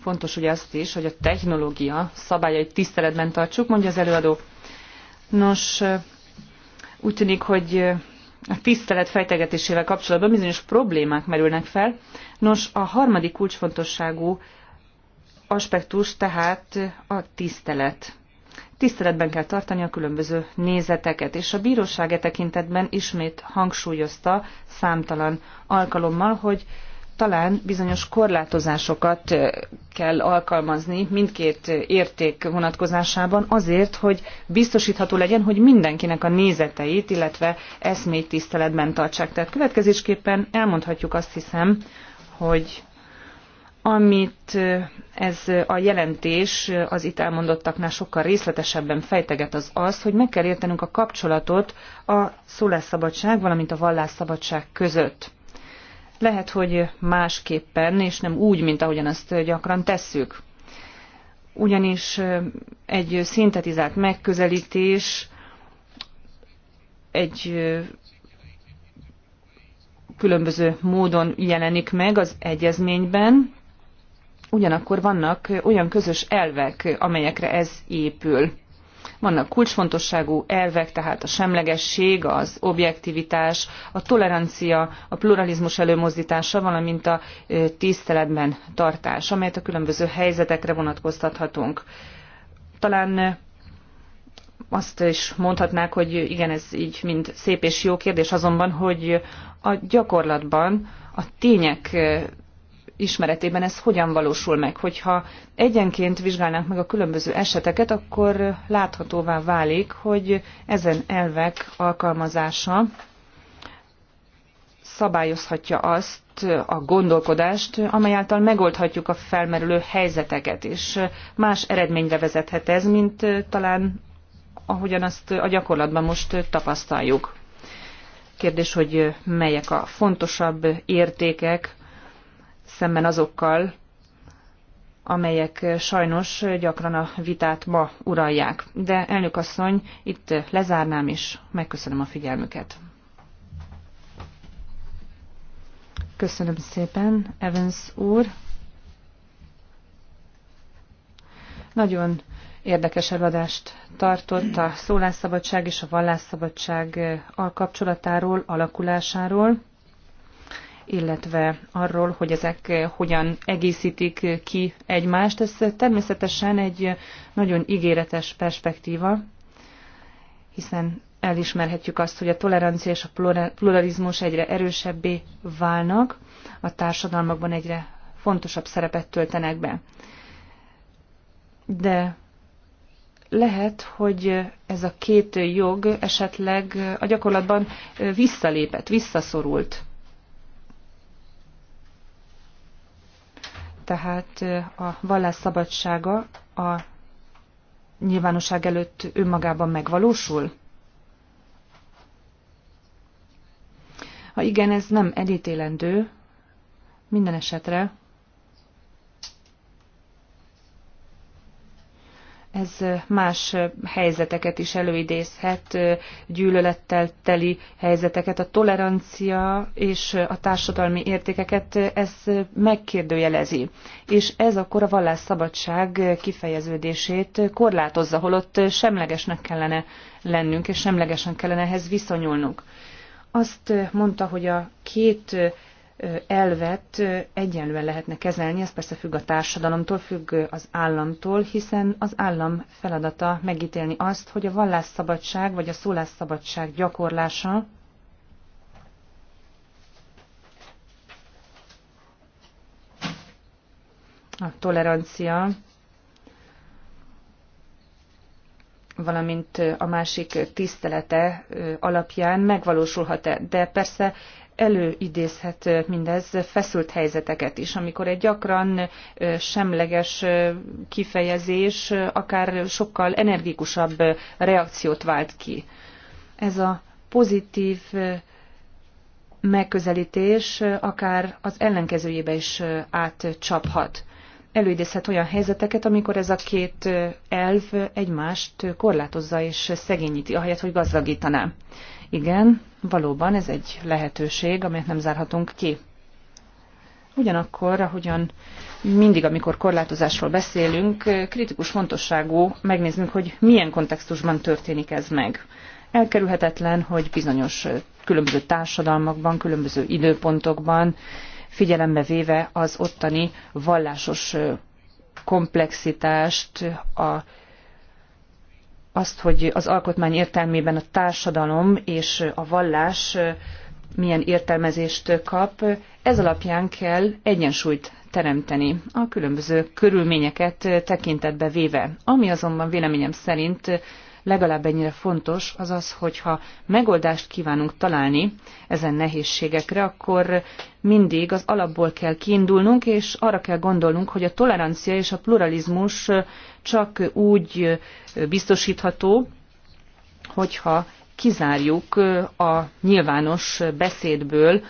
Fontos ugye azt is, hogy a technológia szabályait tiszteletben tartsuk, mondja az előadó. Nos, úgy tűnik, hogy a tisztelet fejtegetésével kapcsolatban bizonyos problémák merülnek fel. Nos, a harmadik kulcsfontosságú aspektus tehát a tisztelet. Tiszteletben kell tartani a különböző nézeteket, és a bíróság e tekintetben ismét hangsúlyozta számtalan alkalommal, hogy talán bizonyos korlátozásokat kell alkalmazni mindkét érték vonatkozásában azért, hogy biztosítható legyen, hogy mindenkinek a nézeteit, illetve eszmét tiszteletben tartsák. Tehát következésképpen elmondhatjuk azt hiszem, hogy amit ez a jelentés az itt elmondottaknál sokkal részletesebben fejteget az az, hogy meg kell értenünk a kapcsolatot a szólásszabadság, valamint a vallásszabadság között lehet, hogy másképpen, és nem úgy, mint ahogyan azt gyakran tesszük. Ugyanis egy szintetizált megközelítés, egy különböző módon jelenik meg az egyezményben, ugyanakkor vannak olyan közös elvek, amelyekre ez épül. Vannak kulcsfontosságú elvek, tehát a semlegesség, az objektivitás, a tolerancia, a pluralizmus előmozdítása, valamint a tiszteletben tartás, amelyet a különböző helyzetekre vonatkoztathatunk. Talán azt is mondhatnák, hogy igen, ez így mind szép és jó kérdés, azonban, hogy a gyakorlatban a tények ismeretében ez hogyan valósul meg. Hogyha egyenként vizsgálnánk meg a különböző eseteket, akkor láthatóvá válik, hogy ezen elvek alkalmazása szabályozhatja azt a gondolkodást, amely által megoldhatjuk a felmerülő helyzeteket, és más eredményre vezethet ez, mint talán ahogyan azt a gyakorlatban most tapasztaljuk. Kérdés, hogy melyek a fontosabb értékek, szemben azokkal, amelyek sajnos gyakran a vitát ma uralják. De elnök asszony, itt lezárnám is. Megköszönöm a figyelmüket. Köszönöm szépen, Evans úr. Nagyon érdekes előadást tartott a szólásszabadság és a vallásszabadság eh, alkapcsolatáról, alakulásáról illetve arról, hogy ezek hogyan egészítik ki egymást. Ez természetesen egy nagyon ígéretes perspektíva, hiszen elismerhetjük azt, hogy a tolerancia és a pluralizmus egyre erősebbé válnak, a társadalmakban egyre fontosabb szerepet töltenek be. De lehet, hogy ez a két jog esetleg a gyakorlatban visszalépett, visszaszorult tehát a vallás szabadsága a nyilvánosság előtt önmagában megvalósul? Ha igen, ez nem elítélendő, minden esetre ez más helyzeteket is előidézhet, gyűlölettel teli helyzeteket, a tolerancia és a társadalmi értékeket ez megkérdőjelezi. És ez akkor a vallásszabadság kifejeződését korlátozza, holott semlegesnek kellene lennünk, és semlegesen kellene ehhez viszonyulnunk. Azt mondta, hogy a két elvet egyenlően lehetne kezelni, ez persze függ a társadalomtól, függ az államtól, hiszen az állam feladata megítélni azt, hogy a vallásszabadság vagy a szólásszabadság gyakorlása a tolerancia, valamint a másik tisztelete alapján megvalósulhat-e. De persze előidézhet mindez feszült helyzeteket is, amikor egy gyakran semleges kifejezés akár sokkal energikusabb reakciót vált ki. Ez a pozitív megközelítés akár az ellenkezőjébe is átcsaphat. Előidézhet olyan helyzeteket, amikor ez a két elv egymást korlátozza és szegényíti, ahelyett, hogy gazdagítaná. Igen, Valóban ez egy lehetőség, amelyet nem zárhatunk ki. Ugyanakkor, ahogyan mindig, amikor korlátozásról beszélünk, kritikus fontosságú megnéznünk, hogy milyen kontextusban történik ez meg. Elkerülhetetlen, hogy bizonyos különböző társadalmakban, különböző időpontokban, figyelembe véve az ottani vallásos komplexitást, a azt, hogy az alkotmány értelmében a társadalom és a vallás milyen értelmezést kap, ez alapján kell egyensúlyt teremteni a különböző körülményeket tekintetbe véve. Ami azonban véleményem szerint legalább ennyire fontos, az az, hogyha megoldást kívánunk találni ezen nehézségekre, akkor mindig az alapból kell kiindulnunk, és arra kell gondolnunk, hogy a tolerancia és a pluralizmus csak úgy biztosítható, hogyha kizárjuk a nyilvános beszédből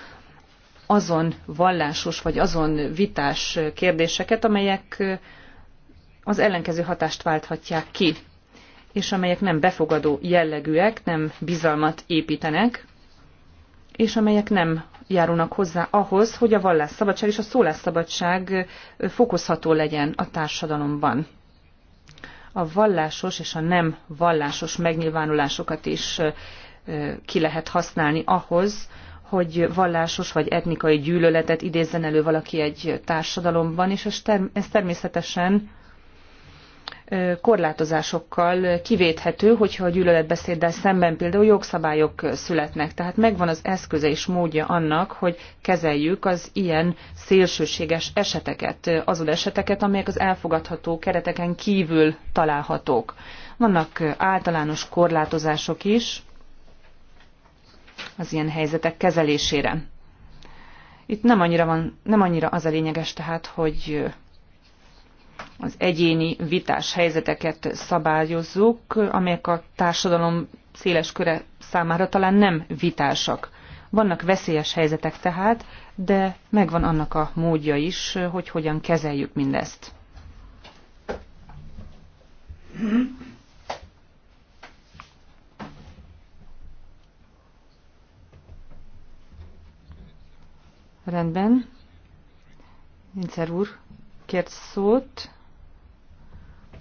azon vallásos vagy azon vitás kérdéseket, amelyek az ellenkező hatást válthatják ki és amelyek nem befogadó jellegűek, nem bizalmat építenek, és amelyek nem járulnak hozzá ahhoz, hogy a vallásszabadság és a szólásszabadság fokozható legyen a társadalomban. A vallásos és a nem vallásos megnyilvánulásokat is ki lehet használni ahhoz, hogy vallásos vagy etnikai gyűlöletet idézzen elő valaki egy társadalomban, és ez természetesen korlátozásokkal kivéthető, hogyha a gyűlöletbeszéddel szemben például jogszabályok születnek. Tehát megvan az eszköze és módja annak, hogy kezeljük az ilyen szélsőséges eseteket, azon eseteket, amelyek az elfogadható kereteken kívül találhatók. Vannak általános korlátozások is az ilyen helyzetek kezelésére. Itt nem annyira, van, nem annyira az a lényeges tehát, hogy az egyéni vitás helyzeteket szabályozzuk, amelyek a társadalom széles köre számára talán nem vitásak. Vannak veszélyes helyzetek tehát, de megvan annak a módja is, hogy hogyan kezeljük mindezt. Rendben. Nincszer úr kért szót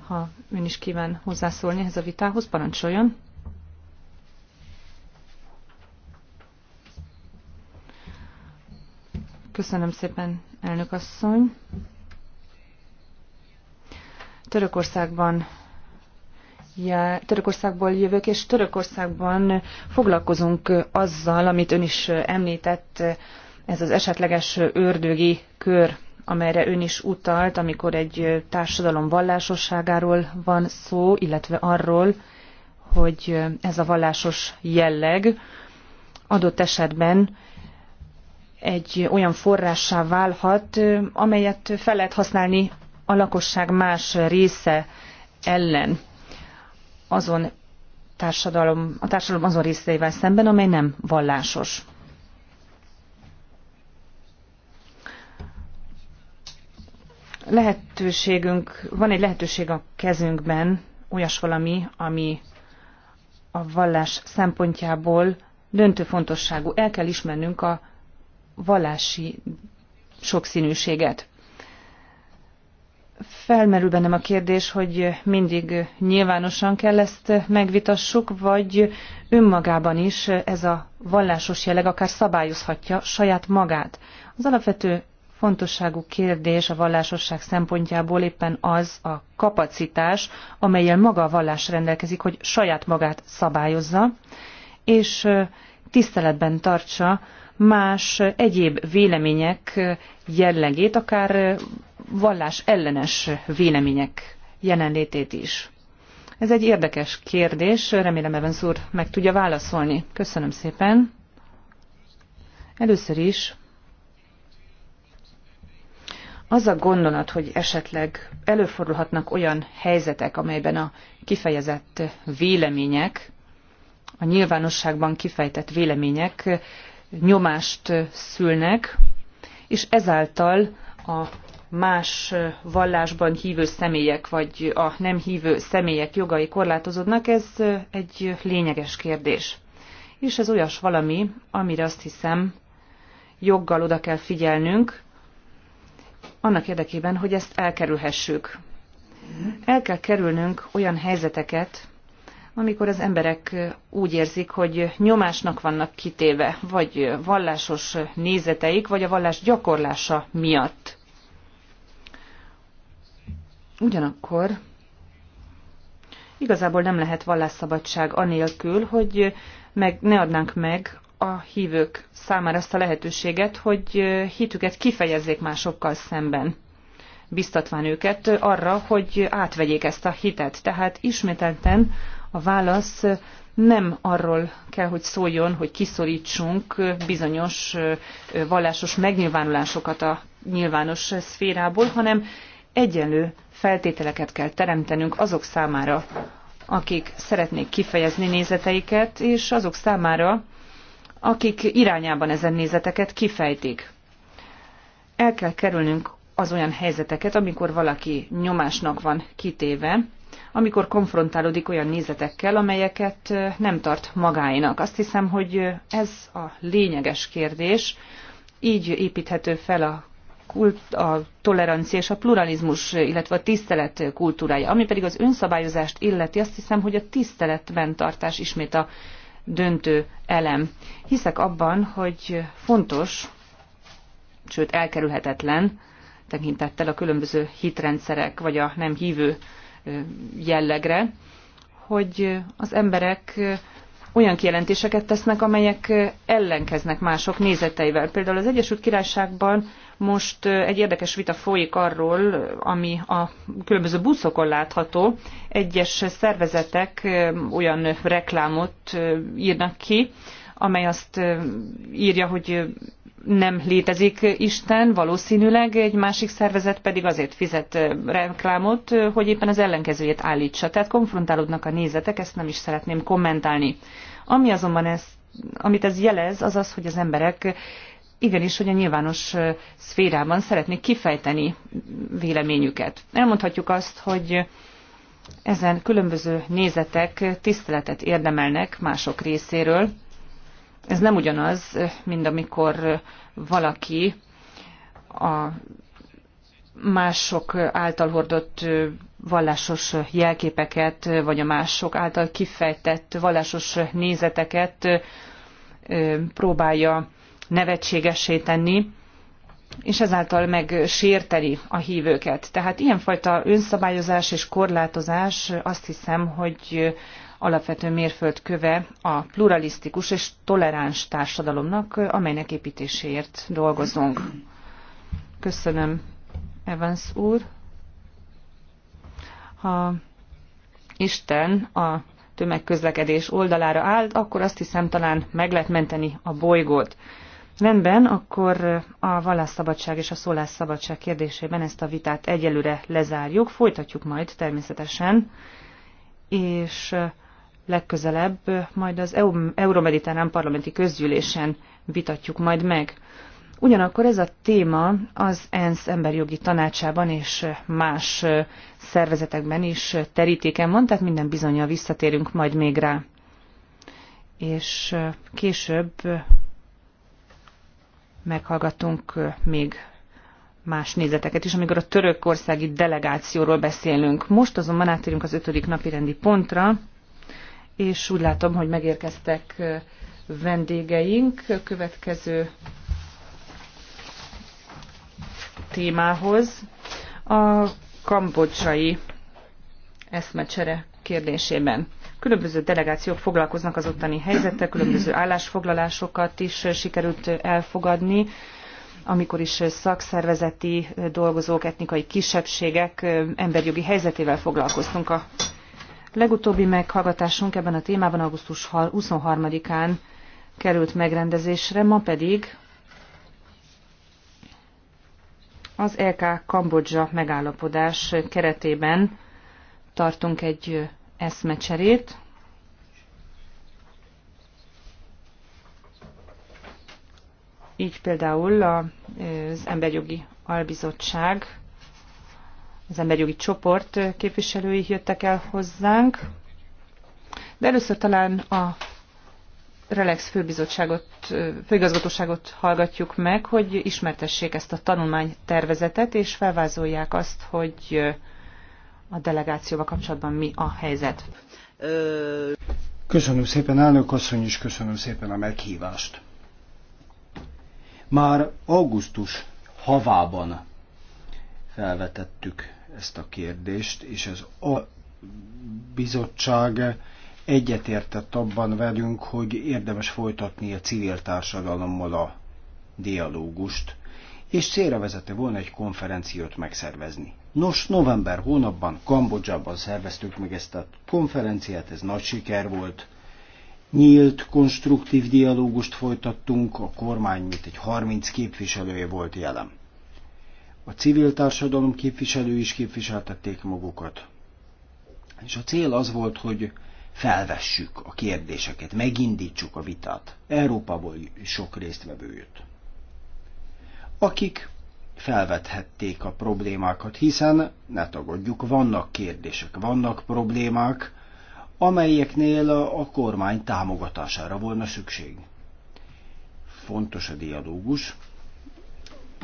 ha ön is kíván hozzászólni ehhez a vitához, parancsoljon. Köszönöm szépen, elnök asszony. Törökországban Ja, Törökországból jövök, és Törökországban foglalkozunk azzal, amit ön is említett, ez az esetleges ördögi kör amelyre ön is utalt, amikor egy társadalom vallásosságáról van szó, illetve arról, hogy ez a vallásos jelleg adott esetben egy olyan forrássá válhat, amelyet fel lehet használni a lakosság más része ellen azon társadalom, a társadalom azon részeivel szemben, amely nem vallásos. lehetőségünk, van egy lehetőség a kezünkben, olyas valami, ami a vallás szempontjából döntő fontosságú. El kell ismernünk a vallási sokszínűséget. Felmerül bennem a kérdés, hogy mindig nyilvánosan kell ezt megvitassuk, vagy önmagában is ez a vallásos jelleg akár szabályozhatja saját magát. Az alapvető fontosságú kérdés a vallásosság szempontjából éppen az a kapacitás, amelyel maga a vallás rendelkezik, hogy saját magát szabályozza, és tiszteletben tartsa más egyéb vélemények jellegét, akár vallás ellenes vélemények jelenlétét is. Ez egy érdekes kérdés, remélem Evans úr meg tudja válaszolni. Köszönöm szépen. Először is az a gondolat, hogy esetleg előfordulhatnak olyan helyzetek, amelyben a kifejezett vélemények, a nyilvánosságban kifejtett vélemények nyomást szülnek, és ezáltal a más vallásban hívő személyek, vagy a nem hívő személyek jogai korlátozódnak, ez egy lényeges kérdés. És ez olyas valami, amire azt hiszem, joggal oda kell figyelnünk, annak érdekében, hogy ezt elkerülhessük. El kell kerülnünk olyan helyzeteket, amikor az emberek úgy érzik, hogy nyomásnak vannak kitéve, vagy vallásos nézeteik, vagy a vallás gyakorlása miatt. Ugyanakkor igazából nem lehet vallásszabadság anélkül, hogy meg ne adnánk meg a hívők számára azt a lehetőséget, hogy hitüket kifejezzék másokkal szemben, biztatván őket arra, hogy átvegyék ezt a hitet. Tehát ismételten a válasz nem arról kell, hogy szóljon, hogy kiszorítsunk bizonyos vallásos megnyilvánulásokat a nyilvános szférából, hanem egyenlő feltételeket kell teremtenünk azok számára, akik szeretnék kifejezni nézeteiket, és azok számára, akik irányában ezen nézeteket kifejtik. El kell kerülnünk az olyan helyzeteket, amikor valaki nyomásnak van kitéve, amikor konfrontálódik olyan nézetekkel, amelyeket nem tart magáinak. Azt hiszem, hogy ez a lényeges kérdés, így építhető fel a, kult, a tolerancia és a pluralizmus, illetve a tisztelet kultúrája. Ami pedig az önszabályozást illeti, azt hiszem, hogy a tiszteletben tartás ismét a döntő elem. Hiszek abban, hogy fontos, sőt elkerülhetetlen, tekintettel a különböző hitrendszerek vagy a nem hívő jellegre, hogy az emberek olyan kijelentéseket tesznek, amelyek ellenkeznek mások nézeteivel. Például az Egyesült Királyságban most egy érdekes vita folyik arról, ami a különböző buszokon látható. Egyes szervezetek olyan reklámot írnak ki, amely azt írja, hogy nem létezik Isten, valószínűleg egy másik szervezet pedig azért fizet reklámot, hogy éppen az ellenkezőjét állítsa. Tehát konfrontálódnak a nézetek, ezt nem is szeretném kommentálni. Ami azonban ez, amit ez jelez, az az, hogy az emberek igenis, hogy a nyilvános szférában szeretnék kifejteni véleményüket. Elmondhatjuk azt, hogy ezen különböző nézetek tiszteletet érdemelnek mások részéről. Ez nem ugyanaz, mint amikor valaki a mások által hordott vallásos jelképeket, vagy a mások által kifejtett vallásos nézeteket próbálja nevetségessé tenni, és ezáltal megsérteni a hívőket. Tehát ilyenfajta önszabályozás és korlátozás azt hiszem, hogy alapvető mérföldköve a pluralisztikus és toleráns társadalomnak, amelynek építéséért dolgozunk. Köszönöm, Evans úr. Ha Isten a tömegközlekedés oldalára állt, akkor azt hiszem talán meg lehet menteni a bolygót. Rendben, akkor a vallásszabadság és a szólásszabadság kérdésében ezt a vitát egyelőre lezárjuk, folytatjuk majd természetesen, és legközelebb majd az e Euromediterrán parlamenti közgyűlésen vitatjuk majd meg. Ugyanakkor ez a téma az ENSZ emberjogi tanácsában és más szervezetekben is terítéken van, tehát minden bizonyal visszatérünk majd még rá. És később meghallgattunk még más nézeteket is, amikor a törökországi delegációról beszélünk. Most azonban átérünk az ötödik napi rendi pontra, és úgy látom, hogy megérkeztek vendégeink következő témához, a kambodzsai eszmecsere kérdésében. Különböző delegációk foglalkoznak az ottani helyzettel, különböző állásfoglalásokat is sikerült elfogadni, amikor is szakszervezeti dolgozók, etnikai kisebbségek emberjogi helyzetével foglalkoztunk. A legutóbbi meghallgatásunk ebben a témában augusztus 23-án került megrendezésre, ma pedig az LK Kambodzsa megállapodás keretében tartunk egy eszmecserét. Így például az Emberjogi Albizottság, az Emberjogi Csoport képviselői jöttek el hozzánk, de először talán a Relax főbizottságot, főigazgatóságot hallgatjuk meg, hogy ismertessék ezt a tanulmánytervezetet, és felvázolják azt, hogy a delegációval kapcsolatban mi a helyzet. Köszönöm szépen, elnök asszony, és köszönöm szépen a meghívást. Már augusztus havában felvetettük ezt a kérdést, és ez a bizottság egyetértett abban velünk, hogy érdemes folytatni a civil társadalommal a dialógust, és célra vezette volna egy konferenciót megszervezni. Nos, november hónapban Kambodzsában szerveztük meg ezt a konferenciát, ez nagy siker volt. Nyílt, konstruktív dialógust folytattunk, a kormány mint egy 30 képviselője volt jelen. A civil társadalom képviselői is képviseltették magukat. És a cél az volt, hogy felvessük a kérdéseket, megindítsuk a vitát. Európából sok résztvevő jött. Akik felvethették a problémákat, hiszen, ne tagadjuk, vannak kérdések, vannak problémák, amelyeknél a kormány támogatására volna szükség. Fontos a dialógus,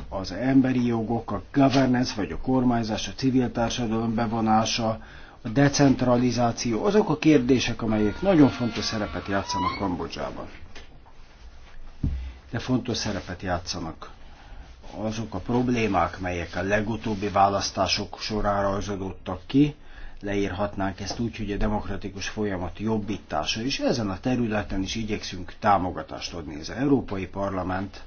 az emberi jogok, a governance vagy a kormányzás, a civil társadalom bevonása, a decentralizáció, azok a kérdések, amelyek nagyon fontos szerepet játszanak Kambodzsában. De fontos szerepet játszanak azok a problémák, melyek a legutóbbi választások során rajzolódtak ki, leírhatnánk ezt úgy, hogy a demokratikus folyamat jobbítása, és ezen a területen is igyekszünk támogatást adni. Az Európai Parlament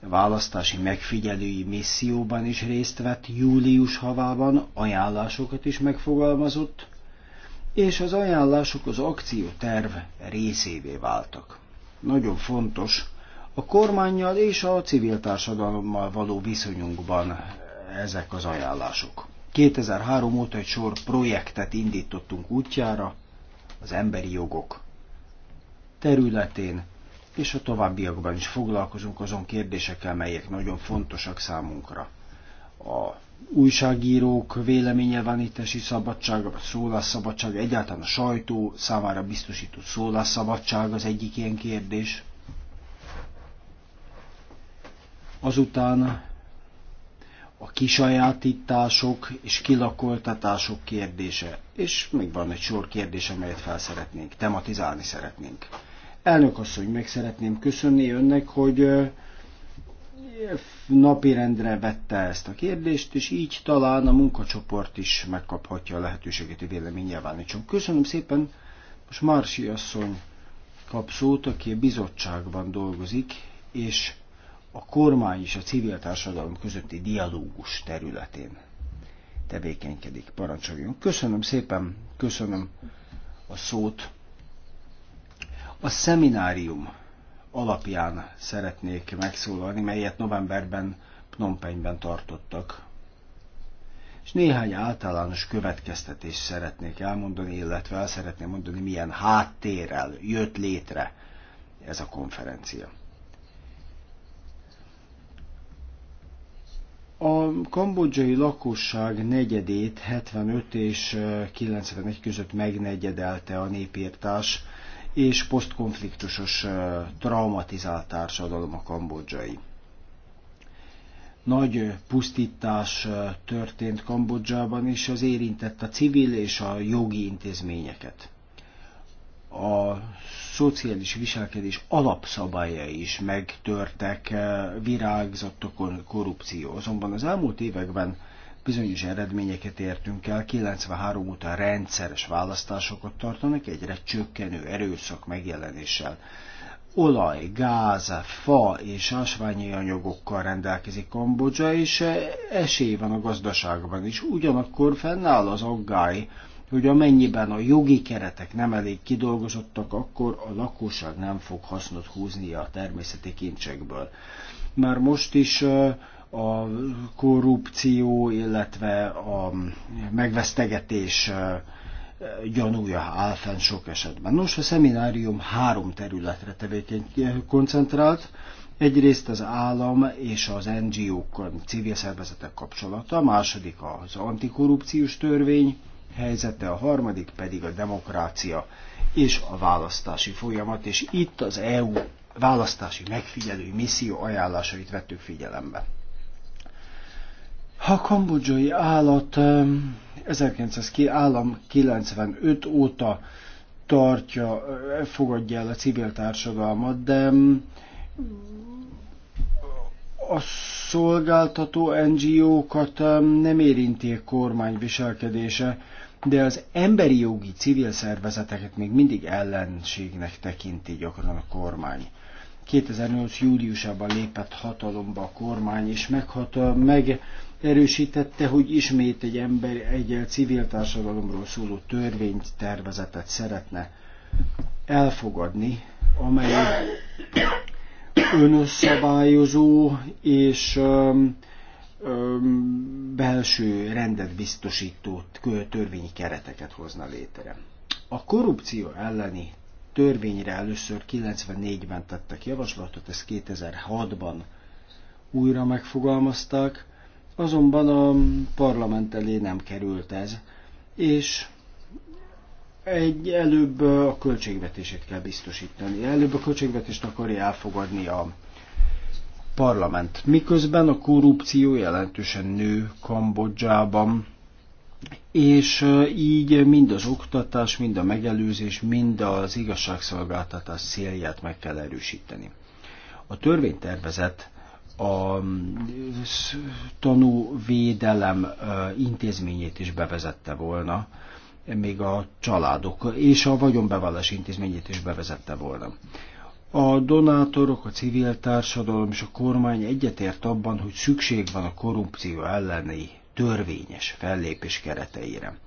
választási megfigyelői misszióban is részt vett július havában, ajánlásokat is megfogalmazott, és az ajánlások az akcióterv részévé váltak. Nagyon fontos, a kormányjal és a civil társadalommal való viszonyunkban ezek az ajánlások. 2003 óta egy sor projektet indítottunk útjára az emberi jogok területén, és a továbbiakban is foglalkozunk azon kérdésekkel, melyek nagyon fontosak számunkra. A újságírók véleményelvánítási szabadság, a szólásszabadság, egyáltalán a sajtó számára biztosított szólásszabadság az egyik ilyen kérdés. Azután a kisajátítások és kilakoltatások kérdése, és még van egy sor kérdés, amelyet fel szeretnénk, tematizálni szeretnénk. Elnök asszony, meg szeretném köszönni önnek, hogy napirendre vette ezt a kérdést, és így talán a munkacsoport is megkaphatja a lehetőséget, hogy véleménynyilvánítson. Köszönöm szépen, most Marsi asszony kap szót, aki a bizottságban dolgozik, és a kormány és a civil társadalom közötti dialógus területén tevékenykedik. Parancsoljon. Köszönöm szépen, köszönöm a szót. A szeminárium alapján szeretnék megszólalni, melyet novemberben Pnompenyben tartottak. És néhány általános következtetést szeretnék elmondani, illetve el szeretném mondani, milyen háttérrel jött létre ez a konferencia. A kambodzsai lakosság negyedét 75 és 91 között megnegyedelte a népírtás, és posztkonfliktusos traumatizált társadalom a kambodzsai. Nagy pusztítás történt Kambodzsában, és az érintett a civil és a jogi intézményeket a szociális viselkedés alapszabályai is megtörtek, eh, virágzott a korrupció. Azonban az elmúlt években bizonyos eredményeket értünk el, 93 óta rendszeres választásokat tartanak egyre csökkenő erőszak megjelenéssel. Olaj, gáz, fa és ásványi anyagokkal rendelkezik Kambodzsa, és eh, esély van a gazdaságban is. Ugyanakkor fennáll az aggály, hogy amennyiben a jogi keretek nem elég kidolgozottak, akkor a lakosság nem fog hasznot húzni a természeti kincsekből. Már most is a korrupció, illetve a megvesztegetés gyanúja áll fenn sok esetben. Nos, a szeminárium három területre tevékeny koncentrált. Egyrészt az állam és az NGO-k, civil szervezetek kapcsolata, a második az antikorrupciós törvény, helyzete, a harmadik pedig a demokrácia és a választási folyamat, és itt az EU választási megfigyelő misszió ajánlásait vettük figyelembe. Ha a kambodzsai állat 1902 állam 95 óta tartja, fogadja el a civil társadalmat, de a szolgáltató NGO-kat nem érinti a kormány viselkedése de az emberi jogi civil szervezeteket még mindig ellenségnek tekinti gyakran a kormány. 2008. júliusában lépett hatalomba a kormány, és meghatal, meg erősítette, hogy ismét egy ember egy civil társadalomról szóló törvényt, tervezetet szeretne elfogadni, amely önszabályozó és um, belső rendet biztosító törvényi kereteket hozna létre. A korrupció elleni törvényre először 94-ben tettek javaslatot, ezt 2006-ban újra megfogalmazták, azonban a parlament elé nem került ez, és egy előbb a költségvetését kell biztosítani. Előbb a költségvetést akarja elfogadni a parlament. Miközben a korrupció jelentősen nő Kambodzsában, és így mind az oktatás, mind a megelőzés, mind az igazságszolgáltatás célját meg kell erősíteni. A törvénytervezet a tanúvédelem intézményét is bevezette volna, még a családok és a vagyonbevallás intézményét is bevezette volna. A donátorok, a civil társadalom és a kormány egyetért abban, hogy szükség van a korrupció elleni törvényes fellépés kereteire.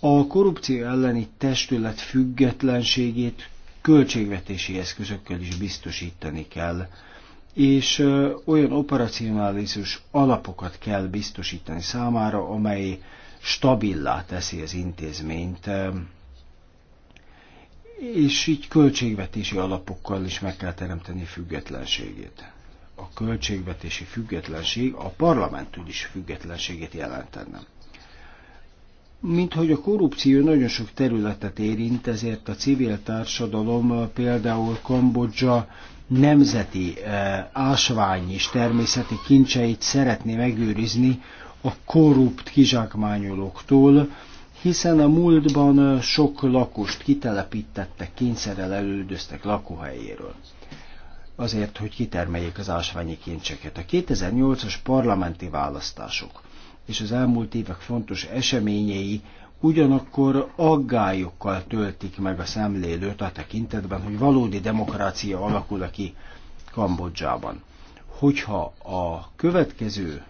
A korrupció elleni testület függetlenségét költségvetési eszközökkel is biztosítani kell, és olyan operacionális alapokat kell biztosítani számára, amely stabillá teszi az intézményt, és így költségvetési alapokkal is meg kell teremteni függetlenségét. A költségvetési függetlenség a parlamenttől is függetlenségét jelentene. Mint hogy a korrupció nagyon sok területet érint, ezért a civil társadalom például Kambodzsa nemzeti eh, ásvány és természeti kincseit szeretné megőrizni a korrupt kizsákmányolóktól, hiszen a múltban sok lakost kitelepítettek, kényszerrel elődöztek lakóhelyéről azért, hogy kitermeljék az ásványi kincseket. A 2008-as parlamenti választások és az elmúlt évek fontos eseményei ugyanakkor aggályokkal töltik meg a szemlélőt a tekintetben, hogy valódi demokrácia alakul ki Kambodzsában. Hogyha a következő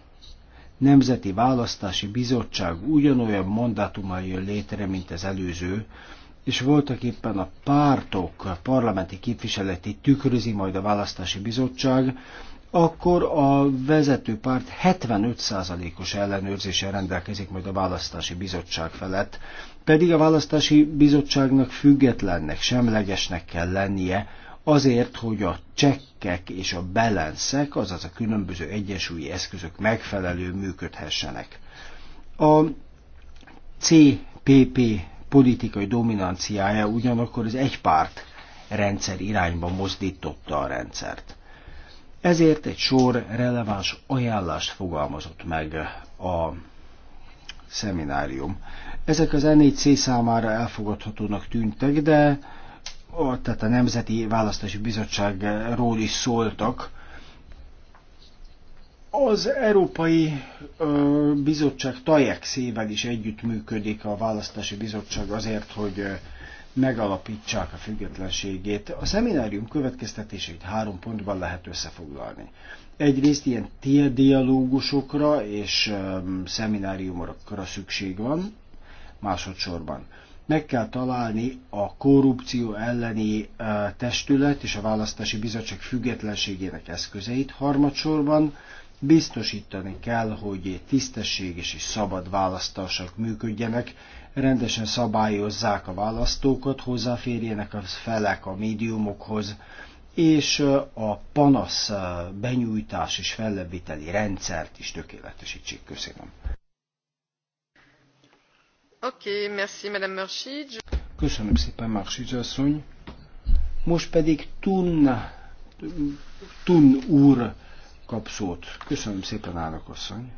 Nemzeti Választási Bizottság ugyanolyan mandátummal jön létre, mint az előző, és voltak éppen a pártok a parlamenti képviseleti tükrözi majd a választási bizottság, akkor a vezető párt 75%-os ellenőrzéssel rendelkezik majd a választási bizottság felett, pedig a választási bizottságnak függetlennek, semlegesnek kell lennie azért, hogy a csekkek és a belenszek, azaz a különböző egyensúlyi eszközök megfelelő működhessenek. A CPP politikai dominanciája ugyanakkor az egypárt rendszer irányba mozdította a rendszert. Ezért egy sor releváns ajánlást fogalmazott meg a szeminárium. Ezek az NEC számára elfogadhatónak tűntek, de a, tehát a Nemzeti Választási Bizottságról is szóltak. Az Európai ö, Bizottság TAJEX-ével is együttműködik a Választási Bizottság azért, hogy megalapítsák a függetlenségét. A szeminárium következtetéseit három pontban lehet összefoglalni. Egyrészt ilyen dialógusokra és szemináriumokra szükség van, másodszorban meg kell találni a korrupció elleni testület és a választási bizottság függetlenségének eszközeit. Harmadsorban biztosítani kell, hogy tisztességes és szabad választások működjenek, rendesen szabályozzák a választókat, hozzáférjenek a felek a médiumokhoz, és a panasz benyújtás és felleviteli rendszert is tökéletesítsék. Köszönöm. Köszönöm szépen, Marsics asszony. Most pedig Tun, Tun úr kap szót. Köszönöm szépen, Árak asszony.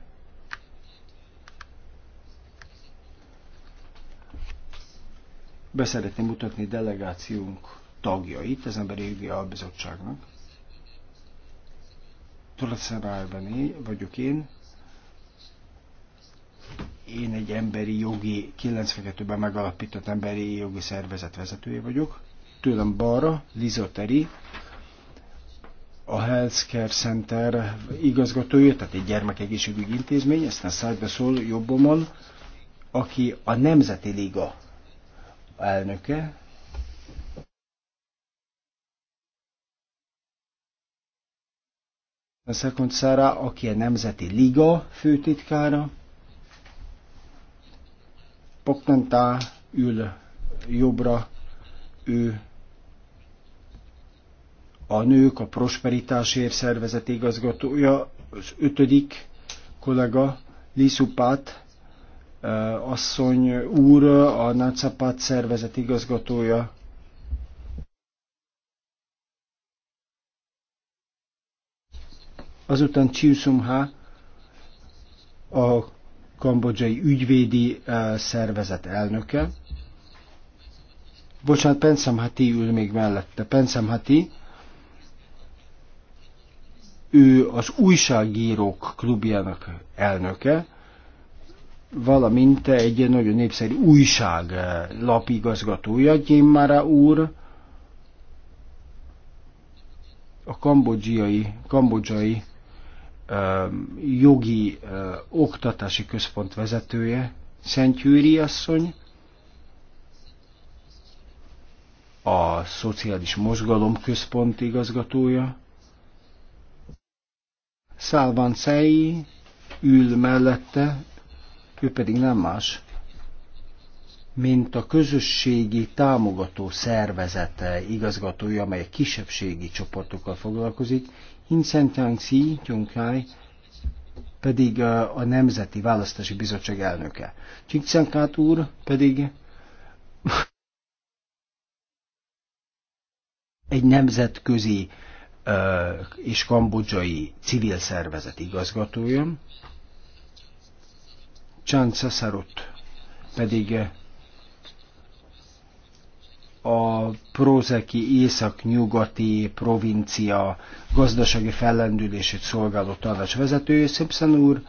Beszeretném mutatni delegációnk tagjait az Emberi Jogi Albizottságnak. Tulajdonképpen vagyok én, én egy emberi jogi, 92-ben megalapított emberi jogi szervezet vezetője vagyok. Tőlem balra Liza Teri, a Healthcare Center igazgatója, tehát egy gyermekegészségügyi intézmény, aztán szájba szól jobbomon, aki a Nemzeti Liga elnöke, a Szekund aki a Nemzeti Liga főtitkára, Pakmentá ül jobbra, ő a nők a prosperitásért szervezet igazgatója, az ötödik kollega Lisupát asszony úr, a Nácapát szervezet igazgatója, azután Csiuszumhá, a kambodzsai ügyvédi szervezet elnöke. Bocsánat, Pensamhati ül még mellette. Pensamhati, ő az újságírók klubjának elnöke, valamint egy nagyon népszerű újság lapigazgatója, Gyémára úr, a kambodzsiai, kambodzsai jogi oktatási központ vezetője, Szent Győri asszony, a Szociális Mozgalom Központ igazgatója, Szálvan Cei ül mellette, ő pedig nem más, mint a közösségi támogató szervezete igazgatója, amely kisebbségi csoportokkal foglalkozik, Incentang Xi Tyunkai pedig a Nemzeti Választási Bizottság elnöke. Csikszenkát úr pedig egy nemzetközi és kambodzsai civil szervezet igazgatója. Chan Szaszarot pedig a prózeki észak-nyugati provincia gazdasági fellendülését szolgáló tanács vezetője, Simpson úr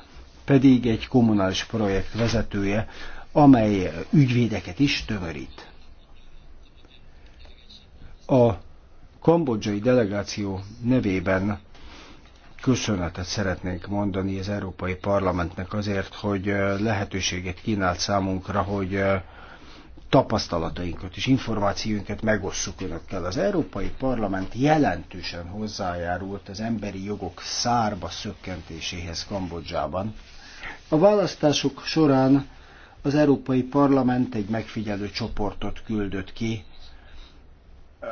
pedig egy kommunális projekt vezetője, amely ügyvédeket is tömörít. A kambodzsai delegáció nevében köszönetet szeretnénk mondani az Európai Parlamentnek azért, hogy lehetőséget kínált számunkra, hogy tapasztalatainkat és információinkat megosszuk önökkel. Az Európai Parlament jelentősen hozzájárult az emberi jogok szárba szökkentéséhez Kambodzsában. A választások során az Európai Parlament egy megfigyelő csoportot küldött ki,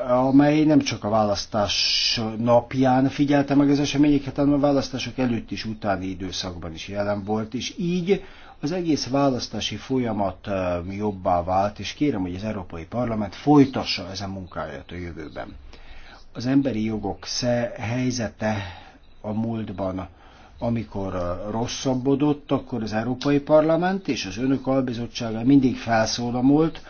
amely nem csak a választás napján figyelte meg az eseményeket, hanem a választások előtt is utáni időszakban is jelen volt, és így az egész választási folyamat jobbá vált, és kérem, hogy az Európai Parlament folytassa ezen munkáját a jövőben. Az emberi jogok helyzete a múltban amikor rosszabbodott, akkor az Európai Parlament és az Önök Albizottsága mindig múlt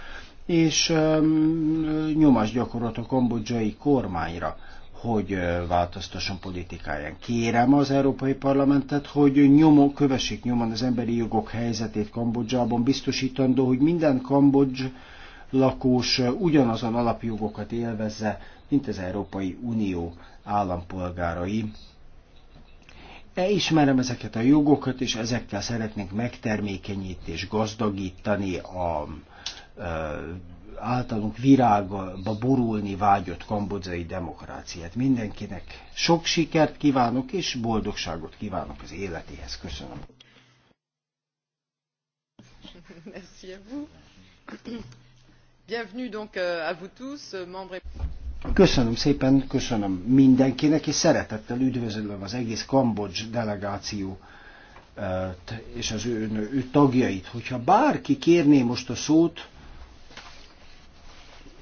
és um, nyomást gyakorolt a kambodzsai kormányra hogy változtasson politikáján. Kérem az Európai Parlamentet, hogy nyomon, kövessék nyomon az emberi jogok helyzetét Kambodzsában, biztosítandó, hogy minden Kambodzs lakós ugyanazon alapjogokat élvezze, mint az Európai Unió állampolgárai. E ismerem ezeket a jogokat, és ezekkel szeretnénk megtermékenyíteni és gazdagítani a, a általunk virágba borulni vágyott kambodzai demokráciát. Mindenkinek sok sikert kívánok, és boldogságot kívánok az életéhez. Köszönöm. Merci à vous. Bienvenue donc euh, à vous tous, membres Köszönöm szépen, köszönöm mindenkinek, és szeretettel üdvözlöm az egész Kambodzs delegáció és az ő, ő tagjait. Hogyha bárki kérné most a szót,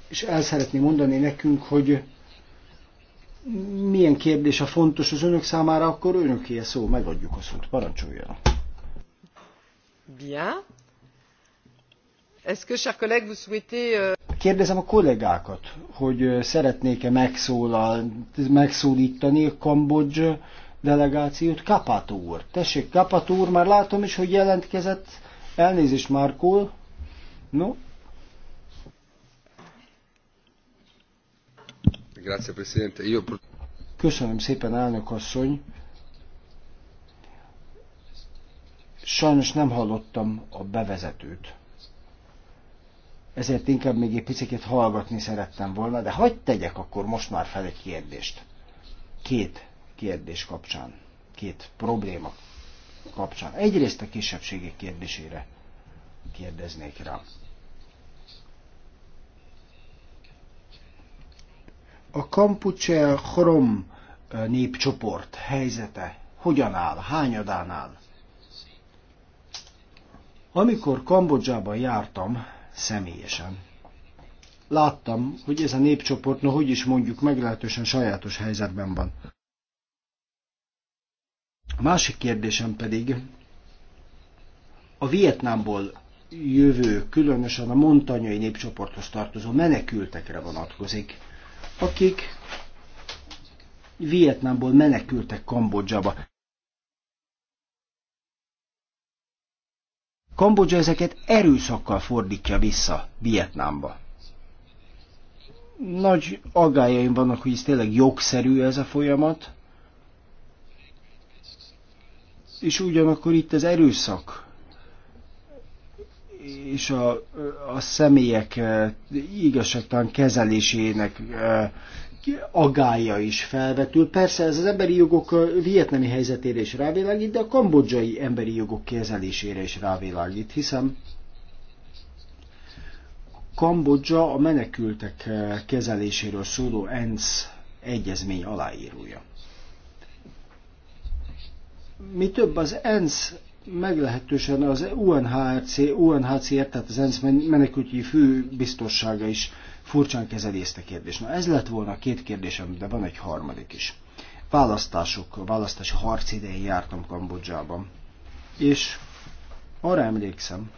és el szeretné mondani nekünk, hogy milyen kérdés a fontos az önök számára, akkor önöké szó, megadjuk a szót, parancsoljon. Bien. Est-ce que, chers collègue, vous souhaitez... Euh, Kérdezem a kollégákat, hogy euh, szeretnék-e megszólal, megszólítani a Kambodzs delegációt. Kapató úr, tessék, Kapató úr, már látom is, hogy jelentkezett. Elnézést, Márkól. No, Köszönöm szépen, elnök asszony. Sajnos nem hallottam a bevezetőt. Ezért inkább még egy picit hallgatni szerettem volna, de hagyd tegyek akkor most már fel egy kérdést. Két kérdés kapcsán, két probléma kapcsán. Egyrészt a kisebbségi kérdésére kérdeznék rá. A Kampucsel Chrom eh, népcsoport helyzete hogyan áll, hányadán áll? Amikor Kambodzsában jártam személyesen, láttam, hogy ez a népcsoport, na hogy is mondjuk, meglehetősen sajátos helyzetben van. A másik kérdésem pedig a Vietnámból jövő, különösen a montanyai népcsoporthoz tartozó menekültekre vonatkozik akik Vietnámból menekültek Kambodzsába. Kambodzsa ezeket erőszakkal fordítja vissza Vietnámba. Nagy aggájaim vannak, hogy ez tényleg jogszerű ez a folyamat, és ugyanakkor itt az erőszak és a, a személyek e, igazságtalan kezelésének e, agája is felvetül. Persze ez az emberi jogok vietnami helyzetére is rávilágít, de a kambodzsai emberi jogok kezelésére is rávilágít, hiszen Kambodzsa a menekültek e, kezeléséről szóló ENSZ egyezmény aláírója. Mi több, az ENSZ meglehetősen az UNHC, UNHCR, tehát az ENSZ fő biztossága is furcsán kezeli ezt a kérdést. Na ez lett volna a két kérdésem, de van egy harmadik is. Választások, választási harc idején jártam Kambodzsában, és arra emlékszem,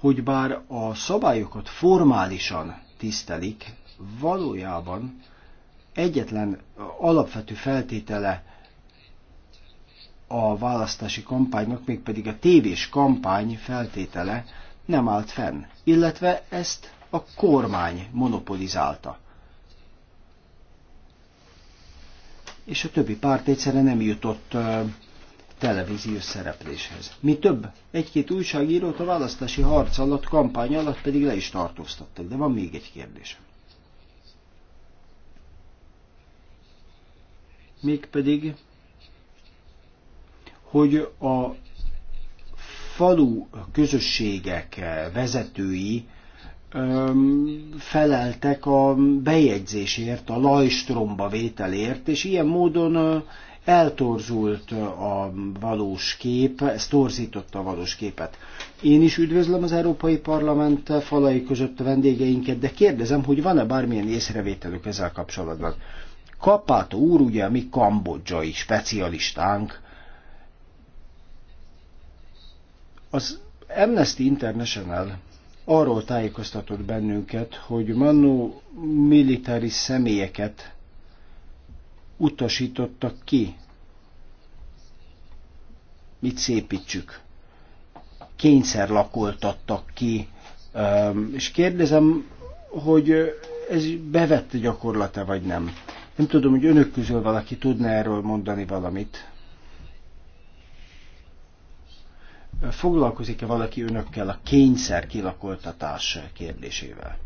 hogy bár a szabályokat formálisan tisztelik, valójában egyetlen alapvető feltétele a választási kampánynak, mégpedig a tévés kampány feltétele nem állt fenn, illetve ezt a kormány monopolizálta. És a többi párt egyszerre nem jutott televíziós szerepléshez. Mi több, egy-két újságírót a választási harc alatt, kampány alatt pedig le is tartóztattak, de van még egy kérdésem. Mégpedig hogy a falu közösségek vezetői feleltek a bejegyzésért, a lajstromba vételért, és ilyen módon eltorzult a valós kép, ez torzította a valós képet. Én is üdvözlöm az Európai Parlament falai között a vendégeinket, de kérdezem, hogy van-e bármilyen észrevételük ezzel kapcsolatban. Kapát úr ugye a mi kambodzsai specialistánk, Az Amnesty International arról tájékoztatott bennünket, hogy Manu militári személyeket utasítottak ki. Mit szépítsük? Kényszer lakoltattak ki. És kérdezem, hogy ez bevett gyakorlata, vagy nem? Nem tudom, hogy önök közül valaki tudna erről mondani valamit. foglalkozik-e valaki önökkel a kényszer kilakoltatás kérdésével?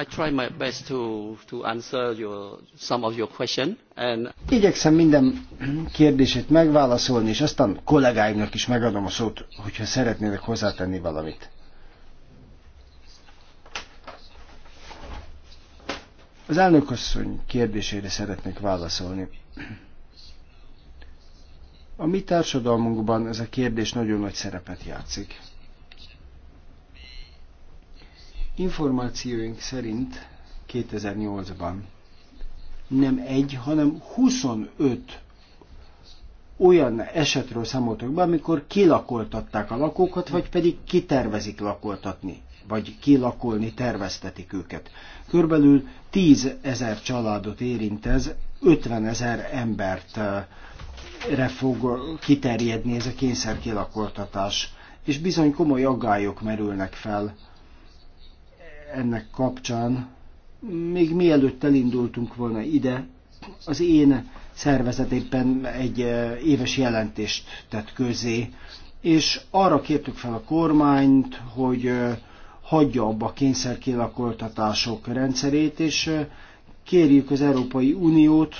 I try my best to, to answer your, some of your question. And... Igyekszem minden kérdését megválaszolni, és aztán kollégáimnak is megadom a szót, hogyha szeretnének hozzátenni valamit. Az elnökasszony kérdésére szeretnék válaszolni. A mi társadalmunkban ez a kérdés nagyon nagy szerepet játszik. Információink szerint 2008-ban nem egy, hanem 25 olyan esetről számoltak be, amikor kilakoltatták a lakókat, vagy pedig kitervezik lakoltatni, vagy kilakolni terveztetik őket. Körbelül 10 ezer családot érint ez, 50 ezer embert re fog kiterjedni ez a kilakoltatás, és bizony komoly aggályok merülnek fel ennek kapcsán. Még mielőtt elindultunk volna ide, az én szervezet éppen egy eh, éves jelentést tett közé, és arra kértük fel a kormányt, hogy eh, hagyja abba a kényszerkilakoltatások rendszerét, és eh, kérjük az Európai Uniót,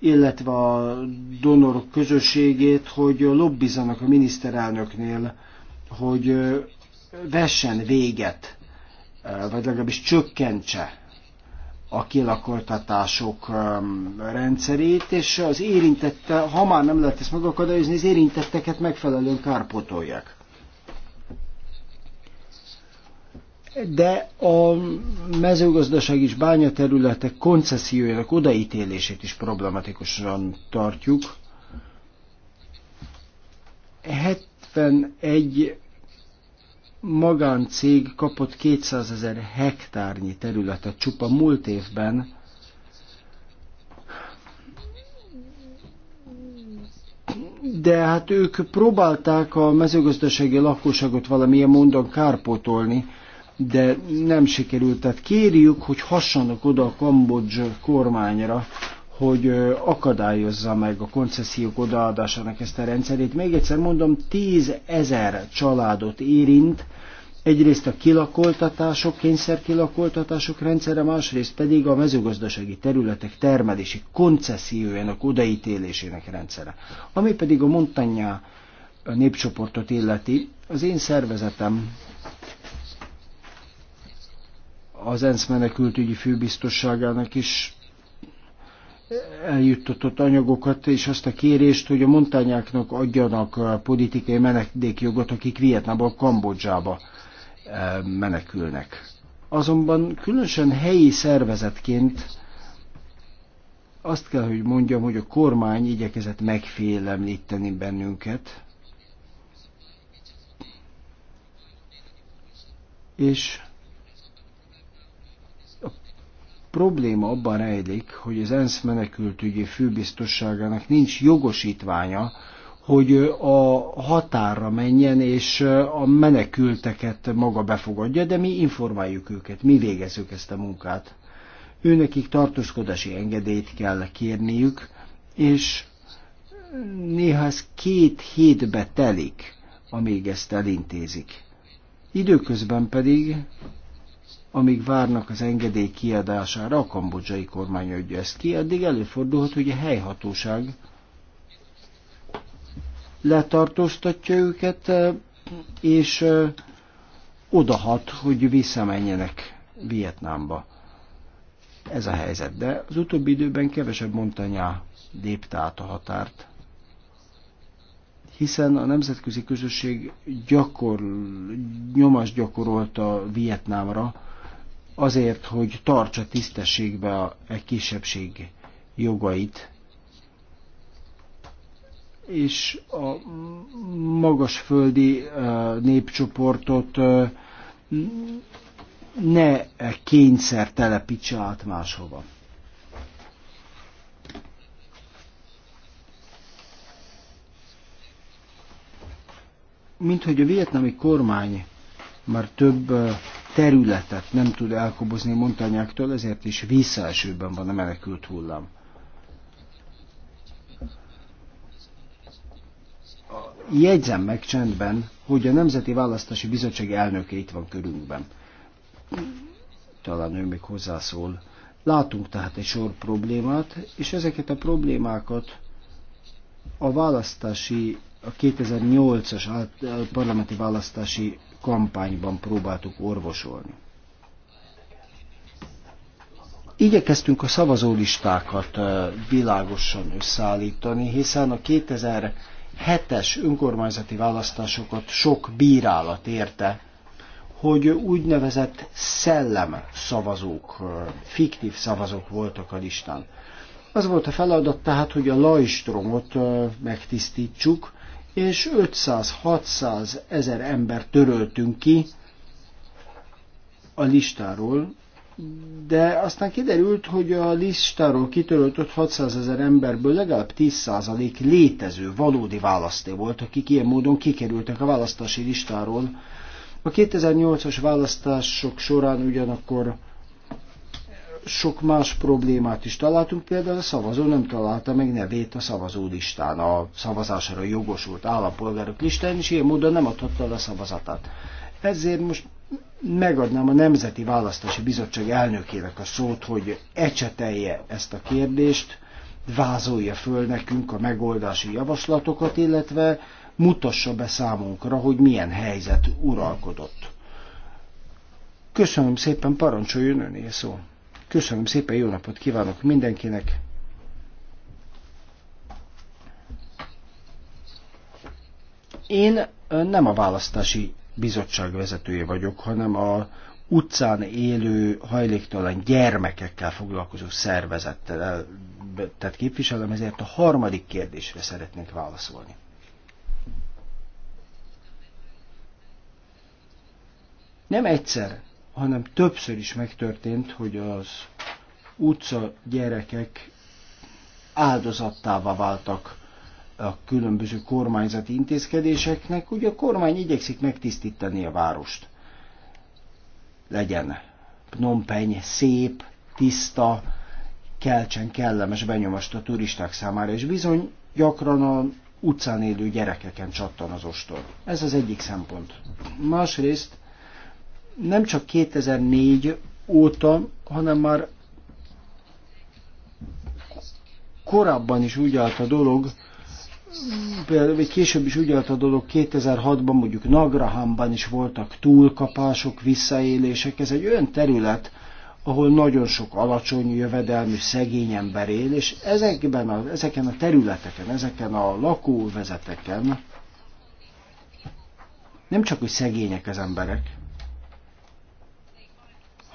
illetve a donorok közösségét, hogy lobbizanak a miniszterelnöknél, hogy vessen véget, vagy legalábbis csökkentse a kilakoltatások rendszerét, és az érintette, ha már nem lehet ezt megakadályozni, az érintetteket megfelelően kárpotolják. de a mezőgazdaság és bányaterületek koncesziójának odaítélését is problematikusan tartjuk. 71 magáncég kapott 200 ezer hektárnyi területet csupa múlt évben, de hát ők próbálták a mezőgazdasági lakosságot valamilyen módon kárpótolni, de nem sikerült. Tehát kérjük, hogy hassanak oda a Kambodzs kormányra, hogy akadályozza meg a koncesziók odaadásának ezt a rendszerét. Még egyszer mondom, tízezer családot érint, egyrészt a kilakoltatások, kilakoltatások rendszere, másrészt pedig a mezőgazdasági területek termelési koncesziójának odaítélésének rendszere. Ami pedig a Montanyá népcsoportot illeti, az én szervezetem az ENSZ menekültügyi főbiztosságának is eljuttatott anyagokat, és azt a kérést, hogy a montányáknak adjanak eh, politikai menedékjogot, akik Vietnámból Kambodzsába eh, menekülnek. Azonban különösen helyi szervezetként azt kell, hogy mondjam, hogy a kormány igyekezett megfélemlíteni bennünket, és probléma abban rejlik, hogy az ENSZ menekültügyi főbiztosságának nincs jogosítványa, hogy a határra menjen, és a menekülteket maga befogadja, de mi informáljuk őket, mi végezzük ezt a munkát. Őnekik tartózkodási engedélyt kell kérniük, és néha ez két hétbe telik, amíg ezt elintézik. Időközben pedig amíg várnak az engedély kiadására, a kambodzsai kormány adja ezt ki, addig előfordulhat, hogy a helyhatóság letartóztatja őket, és odahat, hogy visszamenjenek Vietnámba. Ez a helyzet. De az utóbbi időben kevesebb montanyá lépte át a határt, hiszen a nemzetközi közösség gyakor, nyomást gyakorolt a Vietnámra, azért, hogy tartsa tisztességbe a kisebbség jogait, és a magasföldi népcsoportot ne kényszer telepítse át máshova. Mint hogy a vietnami kormány már több területet nem tud elkobozni a montanyáktól, ezért is visszaesőben van a menekült hullám. Jegyzem meg csendben, hogy a Nemzeti Választási Bizottság elnöke itt van körünkben. Talán ő még hozzászól. Látunk tehát egy sor problémát, és ezeket a problémákat a választási, a 2008-as parlamenti választási kampányban próbáltuk orvosolni. Igyekeztünk a szavazólistákat világosan összeállítani, hiszen a 2007-es önkormányzati választásokat sok bírálat érte, hogy úgynevezett szellem szavazók, fiktív szavazók voltak a listán. Az volt a feladat tehát, hogy a lajstromot megtisztítsuk, és 500-600 ezer ember töröltünk ki a listáról, de aztán kiderült, hogy a listáról kitöröltött 600 ezer emberből legalább 10% létező, valódi választé volt, akik ilyen módon kikerültek a választási listáról. A 2008-as választások során ugyanakkor sok más problémát is találtunk, például a szavazó nem találta meg nevét a szavazólistán, a szavazásra jogosult állampolgárok listáján, és ilyen módon nem adhatta el a szavazatát. Ezért most megadnám a Nemzeti Választási Bizottság elnökének a szót, hogy ecsetelje ezt a kérdést, vázolja föl nekünk a megoldási javaslatokat, illetve mutassa be számunkra, hogy milyen helyzet uralkodott. Köszönöm szépen, parancsoljon öné szó. Köszönöm szépen, jó napot kívánok mindenkinek! Én nem a választási bizottság vezetője vagyok, hanem a utcán élő hajléktalan gyermekekkel foglalkozó szervezettel tehát képviselem, ezért a harmadik kérdésre szeretnék válaszolni. Nem egyszer, hanem többször is megtörtént, hogy az utca gyerekek áldozattává váltak a különböző kormányzati intézkedéseknek, hogy a kormány igyekszik megtisztítani a várost. Legyen Pnompeny szép, tiszta, keltsen kellemes benyomást a turisták számára, és bizony gyakran a utcán élő gyerekeken csattan az ostor. Ez az egyik szempont. Másrészt nem csak 2004 óta, hanem már korábban is úgy állt a dolog, például, vagy később is úgy állt a dolog, 2006-ban mondjuk Nagrahamban is voltak túlkapások, visszaélések. Ez egy olyan terület, ahol nagyon sok alacsony jövedelmű szegény ember él, és ezekben a, ezeken a területeken, ezeken a lakóvezeteken nem csak, hogy szegények az emberek,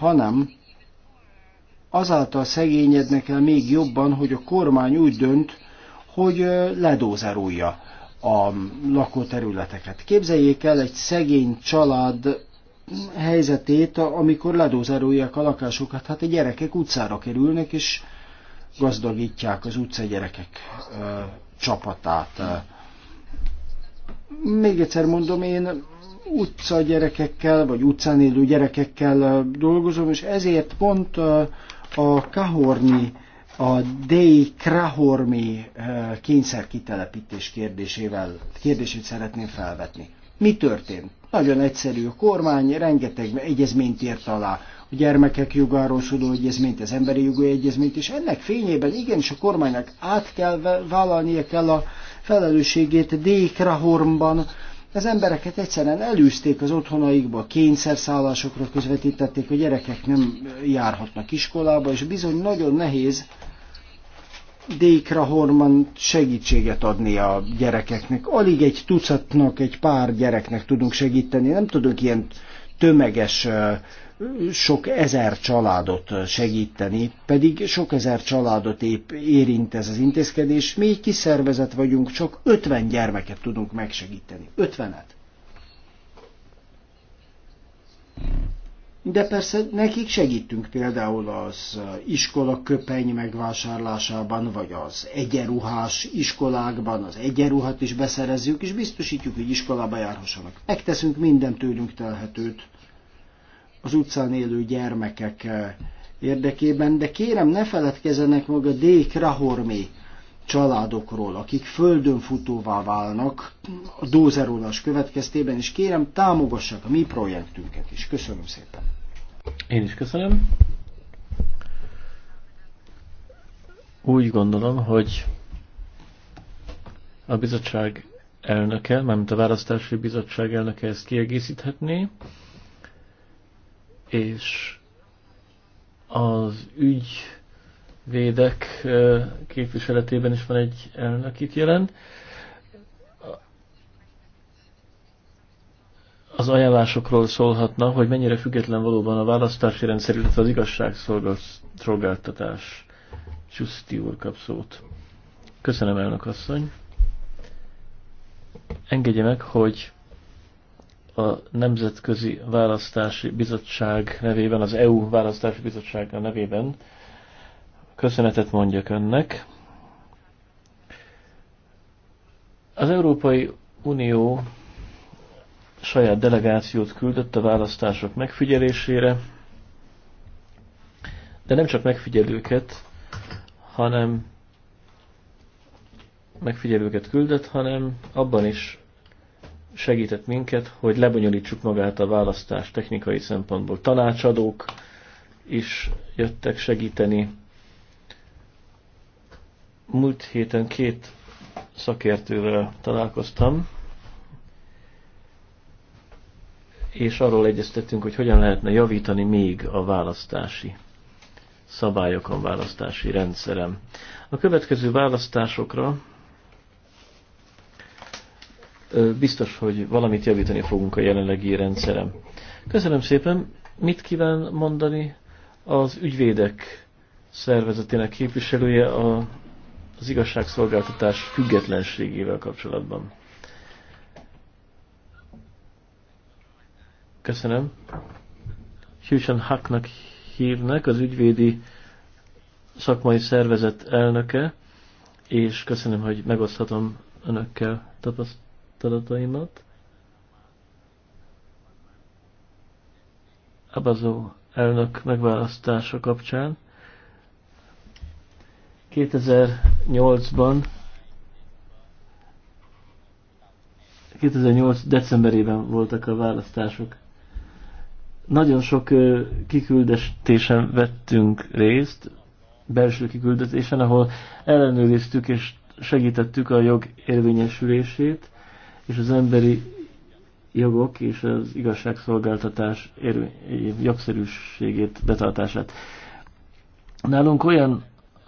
hanem azáltal szegényednek el még jobban, hogy a kormány úgy dönt, hogy ledózerolja a lakóterületeket. Képzeljék el egy szegény család helyzetét, amikor ledózerolják a lakásokat. Hát a gyerekek utcára kerülnek, és gazdagítják az utca gyerekek ö, csapatát. Még egyszer mondom, én utca gyerekekkel, vagy utcán élő gyerekekkel dolgozom, és ezért pont a Kahorni, a Dei Krahormi kényszerkitelepítés kérdésével, kérdését szeretném felvetni. Mi történt? Nagyon egyszerű, a kormány rengeteg egyezményt írt alá, a gyermekek jogáról szóló egyezményt, az emberi jogú egyezményt, és ennek fényében igenis a kormánynak át kell vállalnia kell a felelősségét D. Krahormban, az embereket egyszerűen elűzték az otthonaikba, kényszerszállásokra közvetítették, a gyerekek nem járhatnak iskolába, és bizony nagyon nehéz Dékra Horman segítséget adni a gyerekeknek. Alig egy tucatnak, egy pár gyereknek tudunk segíteni, nem tudunk ilyen tömeges sok ezer családot segíteni, pedig sok ezer családot épp érint ez az intézkedés. Mi szervezet vagyunk, csak 50 gyermeket tudunk megsegíteni. 50-et. De persze nekik segítünk például az iskola köpeny megvásárlásában, vagy az egyenruhás iskolákban, az egyenruhat is beszerezzük, és biztosítjuk, hogy iskolába járhassanak. Megteszünk minden tőlünk telhetőt az utcán élő gyermekek eh, érdekében, de kérem ne feledkezzenek meg a D. családokról, akik földön futóvá válnak a dózerolás következtében, és kérem támogassák a mi projektünket is. Köszönöm szépen. Én is köszönöm. Úgy gondolom, hogy a bizottság elnöke, mármint a választási bizottság elnöke ezt kiegészíthetné és az ügyvédek képviseletében is van egy elnök itt jelen. Az ajánlásokról szólhatna, hogy mennyire független valóban a választási rendszer, illetve az igazságszolgáltatás. Csuszti úr kap szót. Köszönöm, elnök asszony. Engedje meg, hogy a Nemzetközi Választási Bizottság nevében, az EU Választási bizottság nevében köszönetet mondjak önnek. Az Európai Unió saját delegációt küldött a választások megfigyelésére, de nem csak megfigyelőket, hanem megfigyelőket küldött, hanem abban is segített minket, hogy lebonyolítsuk magát a választás technikai szempontból. Tanácsadók is jöttek segíteni. Múlt héten két szakértővel találkoztam, és arról egyeztettünk, hogy hogyan lehetne javítani még a választási szabályokon, választási rendszerem. A következő választásokra biztos, hogy valamit javítani fogunk a jelenlegi rendszerem. Köszönöm szépen. Mit kíván mondani az ügyvédek szervezetének képviselője a, az igazságszolgáltatás függetlenségével kapcsolatban? Köszönöm. Hughen Hacknak hívnak, az ügyvédi szakmai szervezet elnöke, és köszönöm, hogy megoszthatom önökkel tapasztalatot feladatainat. Abazó elnök megválasztása kapcsán 2008-ban 2008. decemberében voltak a választások. Nagyon sok kiküldetésen vettünk részt, belső kiküldetésen, ahol ellenőriztük és segítettük a jog érvényesülését, és az emberi jogok és az igazságszolgáltatás jogszerűségét betartását. Nálunk olyan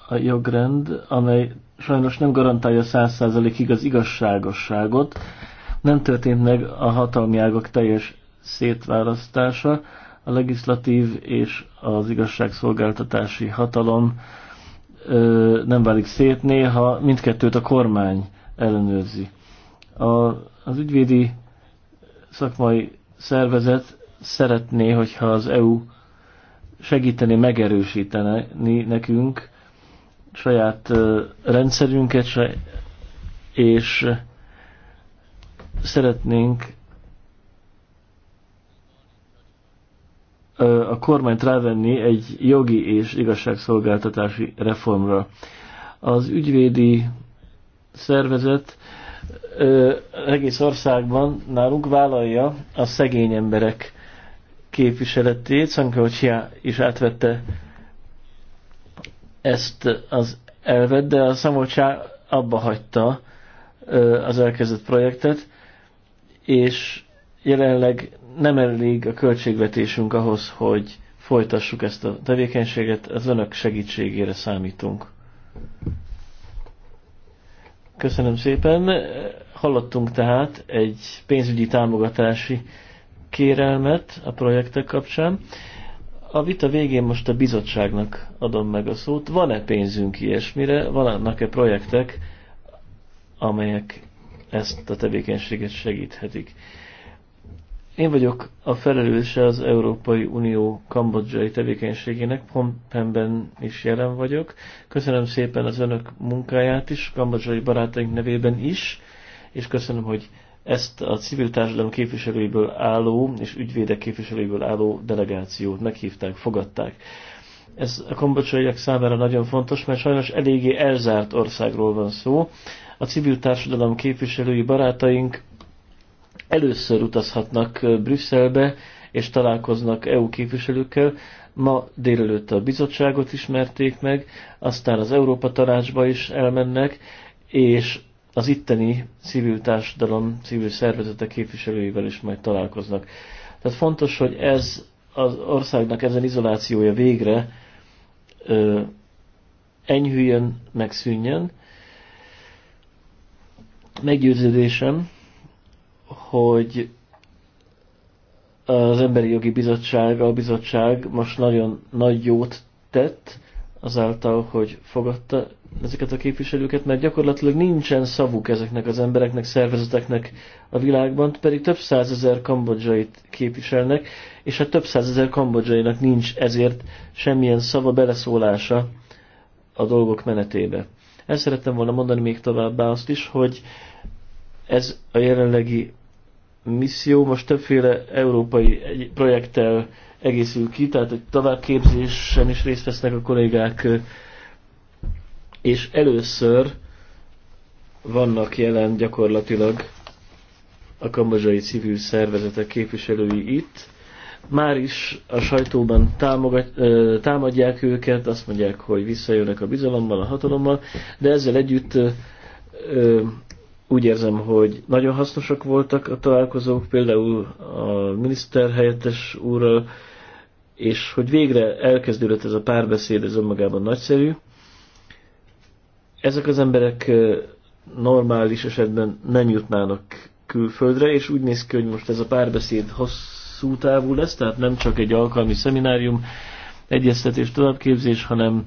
a jogrend, amely sajnos nem garantálja száz százalékig az igazságosságot, nem történt meg a hatalmi ágok teljes szétválasztása, a legislatív és az igazságszolgáltatási hatalom ö, nem válik szét, néha mindkettőt a kormány ellenőrzi. A, az ügyvédi szakmai szervezet szeretné, hogyha az EU segíteni, megerősíteni nekünk saját rendszerünket, és szeretnénk a kormányt rávenni egy jogi és igazságszolgáltatási reformra. Az ügyvédi szervezet ö, egész országban nálunk vállalja a szegény emberek képviseletét. Szankölcsia is átvette ezt az elvet, de a Szamocsá abba hagyta ö, az elkezdett projektet, és jelenleg nem elég a költségvetésünk ahhoz, hogy folytassuk ezt a tevékenységet, az önök segítségére számítunk. Köszönöm szépen. Hallottunk tehát egy pénzügyi támogatási kérelmet a projektek kapcsán. A vita végén most a bizottságnak adom meg a szót. Van-e pénzünk ilyesmire? Vannak-e projektek, amelyek ezt a tevékenységet segíthetik? Én vagyok a felelőse az Európai Unió kambodzsai tevékenységének, Pompenben is jelen vagyok. Köszönöm szépen az önök munkáját is, kambodzsai barátaink nevében is és köszönöm, hogy ezt a civil társadalom képviselőiből álló és ügyvédek képviselőiből álló delegációt meghívták, fogadták. Ez a kombocsaiak számára nagyon fontos, mert sajnos eléggé elzárt országról van szó. A civil társadalom képviselői barátaink először utazhatnak Brüsszelbe, és találkoznak EU képviselőkkel. Ma délelőtt a bizottságot ismerték meg, aztán az Európa Tanácsba is elmennek, és az itteni civil társadalom, civil szervezetek képviselőivel is majd találkoznak. Tehát fontos, hogy ez az országnak ezen izolációja végre ö, enyhüljön, megszűnjön. Meggyőződésem, hogy az Emberi Jogi Bizottság, a bizottság most nagyon nagy jót tett, azáltal, hogy fogadta ezeket a képviselőket, mert gyakorlatilag nincsen szavuk ezeknek az embereknek, szervezeteknek a világban, pedig több százezer kambodzsait képviselnek, és hát több százezer kambodzsainak nincs ezért semmilyen szava beleszólása a dolgok menetébe. Ezt szerettem volna mondani még továbbá azt is, hogy ez a jelenlegi misszió most többféle európai projekttel egészül ki, tehát egy továbbképzésen is részt vesznek a kollégák, és először vannak jelen gyakorlatilag a kambodzsai civil szervezetek képviselői itt. Már is a sajtóban támogat, támadják őket, azt mondják, hogy visszajönnek a bizalommal, a hatalommal, de ezzel együtt úgy érzem, hogy nagyon hasznosak voltak a találkozók, például a miniszter helyettes úrral és hogy végre elkezdődött ez a párbeszéd, ez önmagában nagyszerű. Ezek az emberek normális esetben nem jutnának külföldre, és úgy néz ki, hogy most ez a párbeszéd hosszú távú lesz, tehát nem csak egy alkalmi szeminárium, egyeztetés, továbbképzés, hanem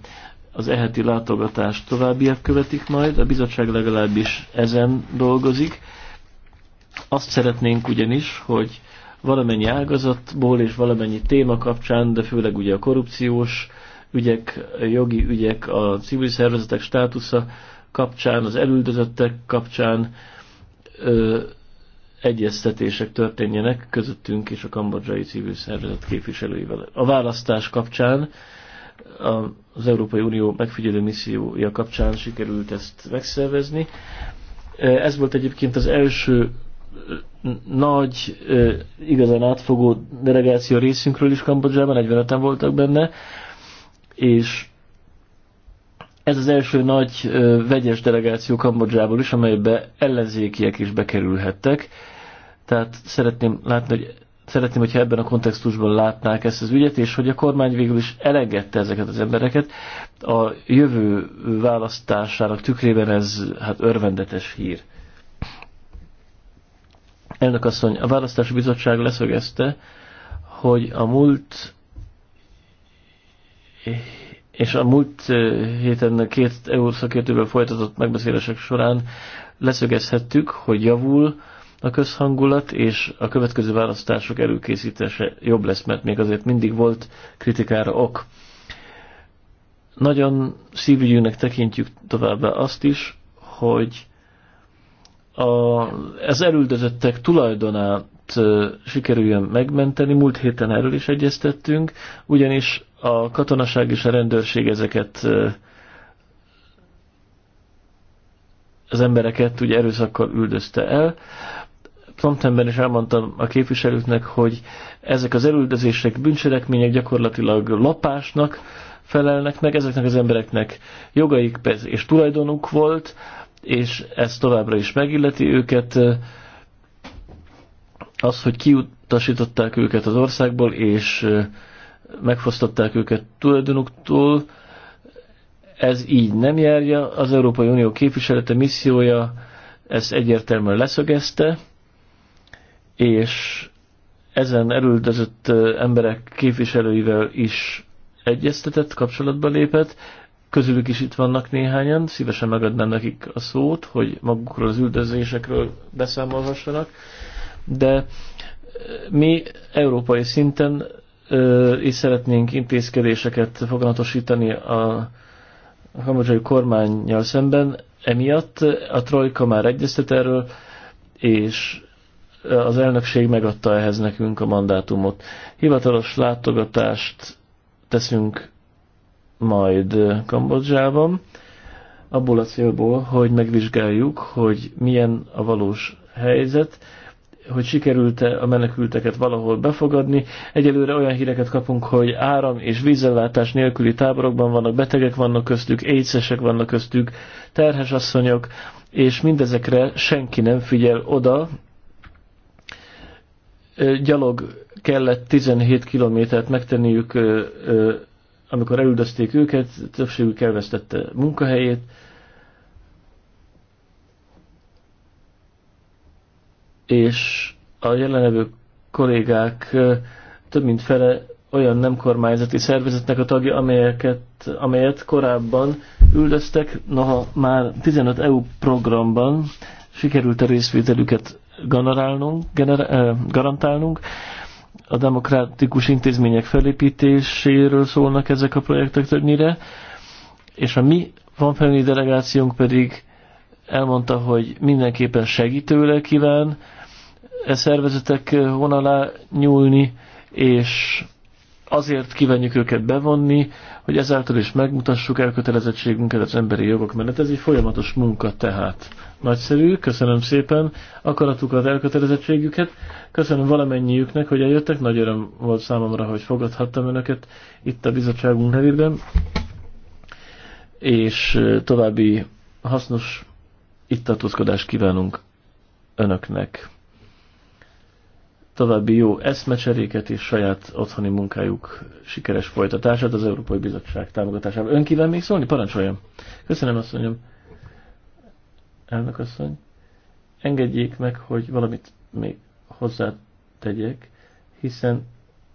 az eheti látogatást továbbiak követik majd, a bizottság legalábbis ezen dolgozik. Azt szeretnénk ugyanis, hogy valamennyi ágazatból és valamennyi téma kapcsán, de főleg ugye a korrupciós ügyek, jogi ügyek, a civil szervezetek státusza kapcsán, az elüldözöttek kapcsán ö, egyeztetések történjenek közöttünk és a kambodzsai civil szervezet képviselőivel. A választás kapcsán az Európai Unió megfigyelő missziója kapcsán sikerült ezt megszervezni. Ez volt egyébként az első nagy, igazán átfogó delegáció részünkről is Kambodzsában, 45-en voltak benne, és ez az első nagy vegyes delegáció Kambodzsából is, amelybe ellenzékiek is bekerülhettek. Tehát szeretném látni, hogy szeretném, hogyha ebben a kontextusban látnák ezt az ügyet, és hogy a kormány végül is elengedte ezeket az embereket. A jövő választásának tükrében ez hát örvendetes hír. Elnök asszony, a választási bizottság leszögezte, hogy a múlt és a múlt eh, héten két EU szakértővel folytatott megbeszélések során leszögezhettük, hogy javul a közhangulat, és a következő választások előkészítése jobb lesz, mert még azért mindig volt kritikára ok. Nagyon szívügyűnek tekintjük továbbá azt is, hogy a, ez elüldözöttek tulajdonát sikerüljön megmenteni. Múlt héten erről is egyeztettünk, ugyanis a katonaság és a rendőrség ezeket az embereket ugye erőszakkal üldözte el. Promptemben is elmondtam a képviselőknek, hogy ezek az elüldözések, bűncselekmények gyakorlatilag lapásnak felelnek meg, ezeknek az embereknek jogaik és tulajdonuk volt, és ez továbbra is megilleti őket. Az, hogy kiutasították őket az országból, és megfosztották őket tulajdonuktól, ez így nem járja. Az Európai Unió képviselete missziója ezt egyértelműen leszögezte, és ezen erüldözött emberek képviselőivel is egyeztetett, kapcsolatba lépett, közülük is itt vannak néhányan, szívesen megadnám nekik a szót, hogy magukról az üldözésekről beszámolhassanak, de eh, mi európai szinten eh, is szeretnénk intézkedéseket foganatosítani a kambodzsai kormányjal szemben, emiatt a trojka már egyeztet erről, és eh, az elnökség megadta ehhez nekünk a mandátumot. Hivatalos látogatást teszünk majd Kambodzsában, abból a célból, hogy megvizsgáljuk, hogy milyen a valós helyzet, hogy sikerült-e a menekülteket valahol befogadni. Egyelőre olyan híreket kapunk, hogy áram és vízellátás nélküli táborokban vannak betegek, vannak köztük, éjszesek vannak köztük, terhes asszonyok, és mindezekre senki nem figyel oda. Gyalog kellett 17 kilométert megtenniük amikor elüldözték őket, többségük elvesztette munkahelyét. És a jelenlevő kollégák több mint fele olyan nem kormányzati szervezetnek a tagja, amelyeket, amelyet korábban üldöztek, noha már 15 EU programban sikerült a részvételüket generálnunk, gener, garantálnunk, a demokratikus intézmények felépítéséről szólnak ezek a projektek többnyire, és a mi van felni delegációnk pedig elmondta, hogy mindenképpen segítőre kíván e szervezetek vonalá nyúlni, és azért kívánjuk őket bevonni, hogy ezáltal is megmutassuk elkötelezettségünket az emberi jogok mellett. Ez egy folyamatos munka tehát. Nagyszerű, köszönöm szépen akaratukat, elkötelezettségüket. Köszönöm valamennyiüknek, hogy eljöttek. Nagy öröm volt számomra, hogy fogadhattam önöket itt a bizottságunk nevében. És további hasznos ittatózkodást kívánunk önöknek. További jó eszmecseréket és saját otthoni munkájuk sikeres folytatását az Európai Bizottság támogatásával. Ön kíván még szólni? Parancsoljon! Köszönöm, asszonyom! elnökasszony, Engedjék meg, hogy valamit még tegyek, hiszen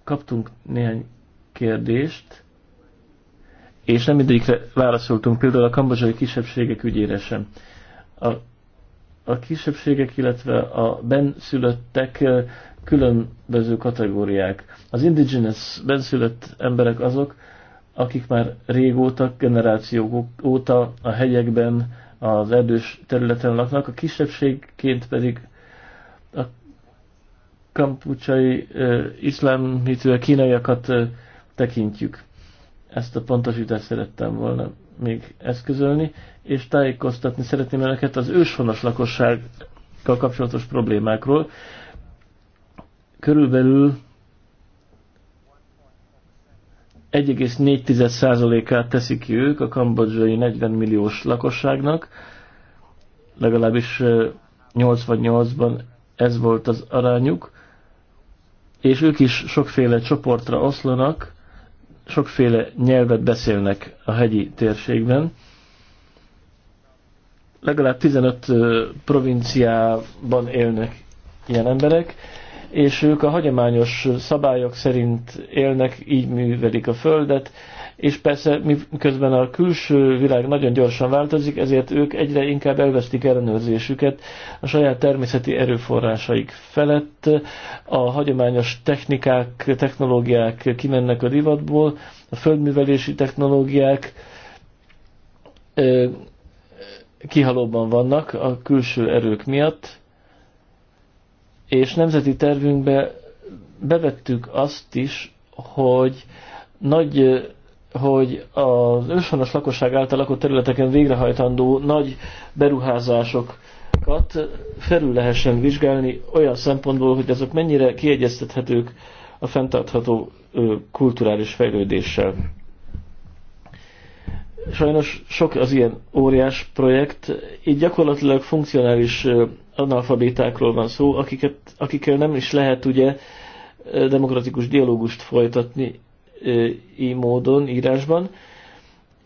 kaptunk néhány kérdést, és nem mindegyikre válaszoltunk, például a kambodzsai kisebbségek ügyére sem. A, a kisebbségek, illetve a benszülöttek különböző kategóriák. Az indigenous benszülött emberek azok, akik már régóta, generációk óta a hegyekben, az erdős területen laknak, a kisebbségként pedig a kampucsai uh, iszlám hitű kínaiakat uh, tekintjük. Ezt a pontosítást szerettem volna még eszközölni, és tájékoztatni szeretném önöket az őshonos lakossággal kapcsolatos problémákról. Körülbelül 1,4%-át teszik ki ők a kambodzsai 40 milliós lakosságnak, legalábbis 88-ban ez volt az arányuk, és ők is sokféle csoportra oszlanak, sokféle nyelvet beszélnek a hegyi térségben. Legalább 15 provinciában élnek ilyen emberek, és ők a hagyományos szabályok szerint élnek, így művelik a Földet, és persze miközben a külső világ nagyon gyorsan változik, ezért ők egyre inkább elvesztik ellenőrzésüket a saját természeti erőforrásaik felett, a hagyományos technikák, technológiák kimennek a divatból, a földművelési technológiák kihalóban vannak a külső erők miatt, és nemzeti tervünkbe bevettük azt is, hogy nagy hogy az őshonos lakosság által lakott területeken végrehajtandó nagy beruházásokat felül lehessen vizsgálni olyan szempontból, hogy azok mennyire kiegyeztethetők a fenntartható kulturális fejlődéssel sajnos sok az ilyen óriás projekt, így gyakorlatilag funkcionális analfabétákról van szó, akiket, akikkel nem is lehet ugye demokratikus dialógust folytatni így módon, írásban,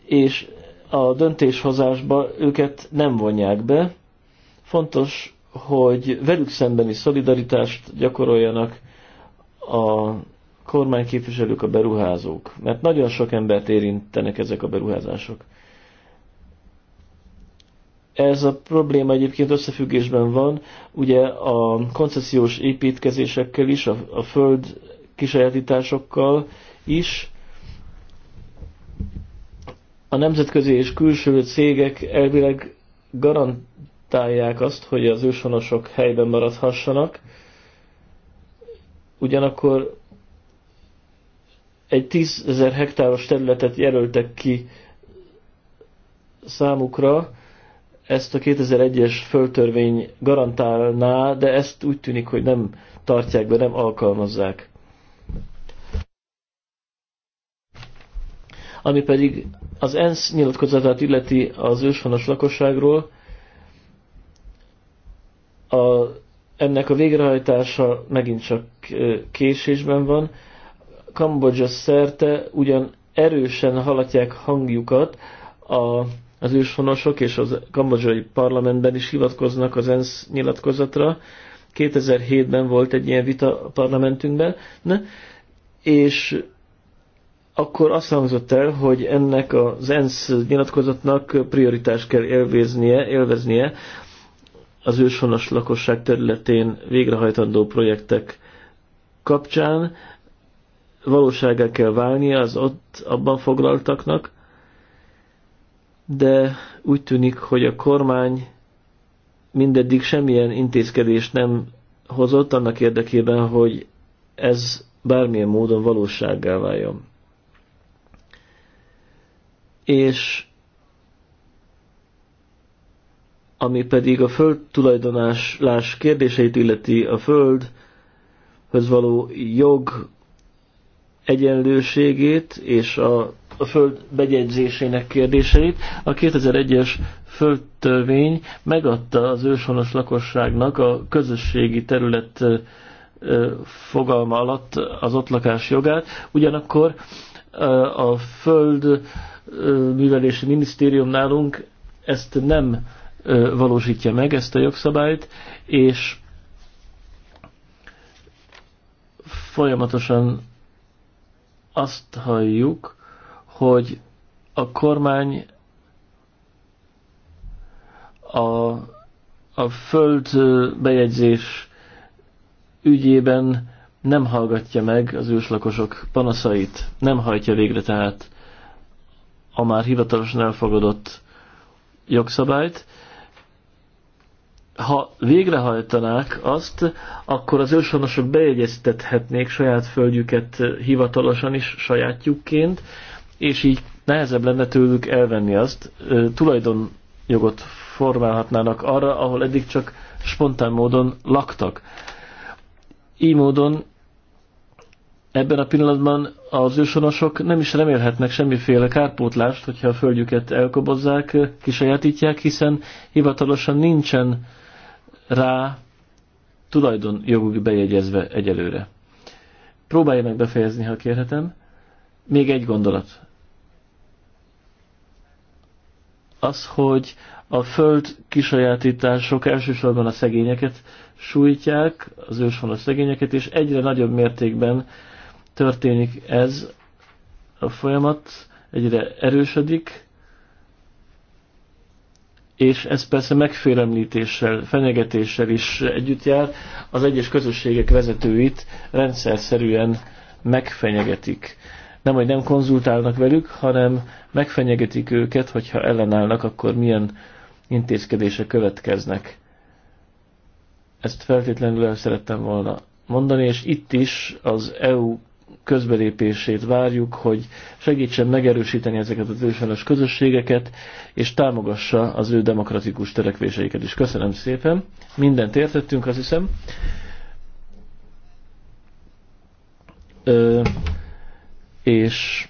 és a döntéshozásba őket nem vonják be. Fontos, hogy velük szembeni szolidaritást gyakoroljanak a kormányképviselők, a beruházók, mert nagyon sok embert érintenek ezek a beruházások. Ez a probléma egyébként összefüggésben van, ugye a koncesziós építkezésekkel is, a, a föld kisajátításokkal is, a nemzetközi és külső cégek elvileg garantálják azt, hogy az őshonosok helyben maradhassanak, ugyanakkor egy 10 ezer hektáros területet jelöltek ki számukra, ezt a 2001-es föltörvény garantálná, de ezt úgy tűnik, hogy nem tartják be, nem alkalmazzák. Ami pedig az ENSZ nyilatkozatát illeti az őshonos lakosságról, a, ennek a végrehajtása megint csak késésben van, Kambodzsa szerte ugyan erősen halatják hangjukat, a, az őshonosok és az kambodzsai parlamentben is hivatkoznak az ENSZ nyilatkozatra. 2007-ben volt egy ilyen vita a parlamentünkben, ne? és akkor azt hangzott el, hogy ennek az ENSZ nyilatkozatnak prioritást kell élveznie, élveznie az őshonos lakosság területén végrehajtandó projektek kapcsán, valóságá kell válnia az ott abban foglaltaknak, de úgy tűnik, hogy a kormány mindeddig semmilyen intézkedést nem hozott annak érdekében, hogy ez bármilyen módon valósággá váljon. És ami pedig a föld tulajdonáslás kérdéseit illeti a földhöz való jog egyenlőségét és a, a föld bejegyzésének kérdéseit. A 2001-es földtörvény megadta az őshonos lakosságnak a közösségi terület fogalma alatt az ott lakás jogát, ugyanakkor a föld művelési minisztérium nálunk ezt nem valósítja meg, ezt a jogszabályt, és folyamatosan azt halljuk, hogy a kormány a, a föld bejegyzés ügyében nem hallgatja meg az őslakosok panaszait, nem hajtja végre tehát a már hivatalosan elfogadott jogszabályt, ha végrehajtanák azt, akkor az őshonosok bejegyeztethetnék saját földjüket hivatalosan is sajátjukként, és így nehezebb lenne tőlük elvenni azt. Tulajdonjogot formálhatnának arra, ahol eddig csak spontán módon laktak. Így módon ebben a pillanatban az őshonosok nem is remélhetnek semmiféle kárpótlást, hogyha a földjüket elkobozzák, kisajátítják, hiszen hivatalosan nincsen rá joguk bejegyezve egyelőre. Próbálja meg befejezni, ha kérhetem. Még egy gondolat. Az, hogy a föld kisajátítások elsősorban a szegényeket sújtják, az a szegényeket, és egyre nagyobb mértékben történik ez a folyamat, egyre erősödik, és ez persze megfélemlítéssel, fenyegetéssel is együtt jár, az egyes közösségek vezetőit rendszer szerűen megfenyegetik. Nem, hogy nem konzultálnak velük, hanem megfenyegetik őket, hogyha ellenállnak, akkor milyen intézkedések következnek. Ezt feltétlenül el szerettem volna mondani, és itt is az EU közbelépését várjuk, hogy segítsen megerősíteni ezeket az őfeles közösségeket, és támogassa az ő demokratikus törekvéseiket is. Köszönöm szépen. Mindent értettünk, azt hiszem. Ö, és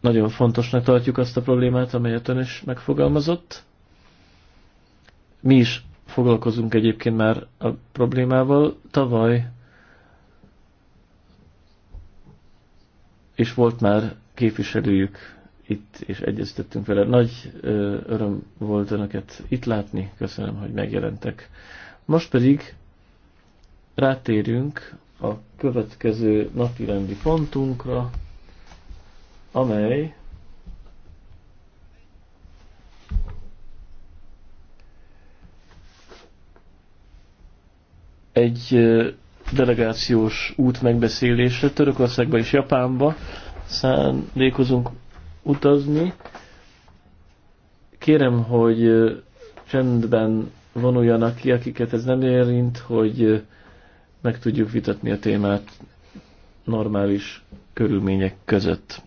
nagyon fontosnak tartjuk azt a problémát, amelyet ön is megfogalmazott. Mi is foglalkozunk egyébként már a problémával. Tavaly és volt már képviselőjük itt, és egyeztettünk vele. Nagy öröm volt Önöket itt látni, köszönöm, hogy megjelentek. Most pedig rátérünk a következő napirendi pontunkra, amely egy delegációs út megbeszélésre Törökországba és Japánba szándékozunk utazni. Kérem, hogy csendben vonuljanak ki, akiket ez nem érint, hogy meg tudjuk vitatni a témát normális körülmények között.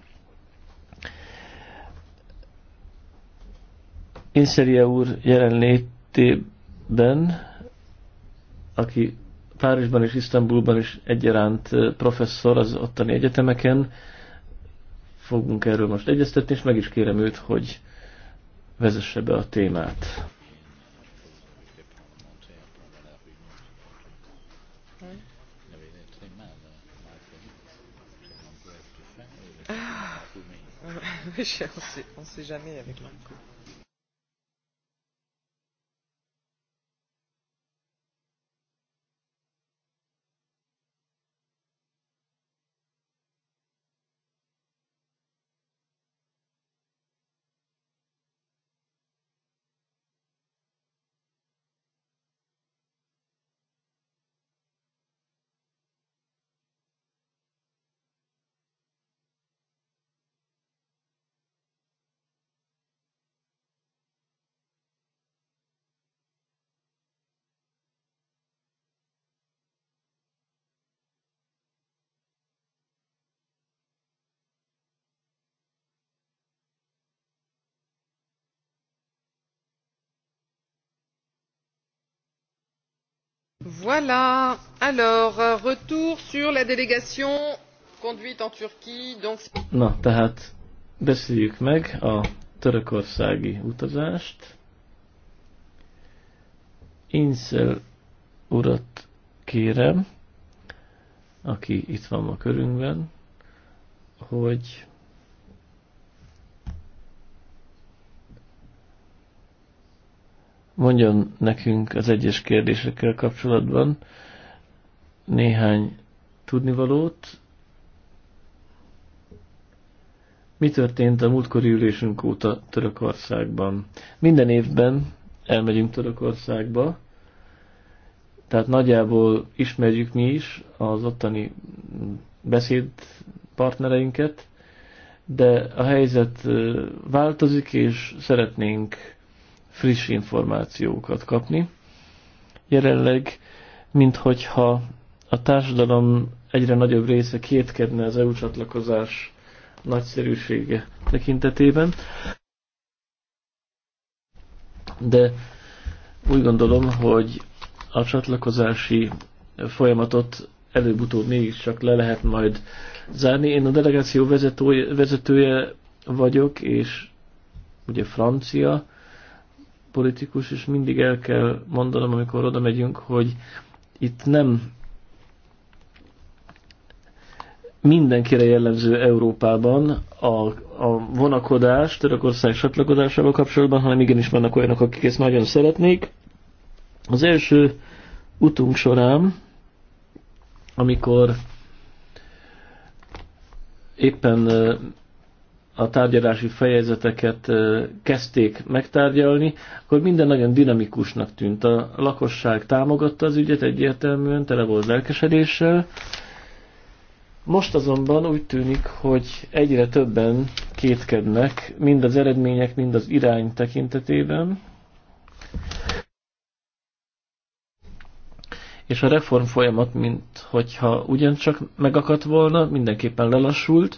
Inseria úr jelenlétében, aki Párizsban és Isztambulban is egyaránt professzor az ottani egyetemeken. Fogunk erről most egyeztetni, és meg is kérem őt, hogy vezesse be a témát. on sait, on sait jamais avec l'enfant. Voilà. Alors, euh, retour sur la délégation conduite en Turquie. Donc... Na, tehát beszéljük meg a törökországi utazást. Insel urat kérem, aki itt van a körünkben, hogy mondjon nekünk az egyes kérdésekkel kapcsolatban néhány tudnivalót. Mi történt a múltkori ülésünk óta Törökországban? Minden évben elmegyünk Törökországba, tehát nagyjából ismerjük mi is az ottani beszédpartnereinket, de a helyzet változik, és szeretnénk friss információkat kapni. Jelenleg, minthogyha a társadalom egyre nagyobb része kétkedne az EU csatlakozás nagyszerűsége tekintetében, de úgy gondolom, hogy a csatlakozási folyamatot előbb-utóbb mégiscsak le lehet majd zárni. Én a delegáció vezetője, vezetője vagyok, és ugye francia politikus, és mindig el kell mondanom, amikor oda megyünk, hogy itt nem mindenkire jellemző Európában a, a vonakodás Törökország csatlakozásával kapcsolatban, hanem igenis vannak olyanok, akik ezt nagyon szeretnék. Az első utunk során, amikor éppen a tárgyalási fejezeteket kezdték megtárgyalni, akkor minden nagyon dinamikusnak tűnt. A lakosság támogatta az ügyet egyértelműen, tele volt lelkesedéssel. Most azonban úgy tűnik, hogy egyre többen kétkednek, mind az eredmények, mind az irány tekintetében. És a reform folyamat, mint hogyha ugyancsak megakadt volna, mindenképpen lelassult.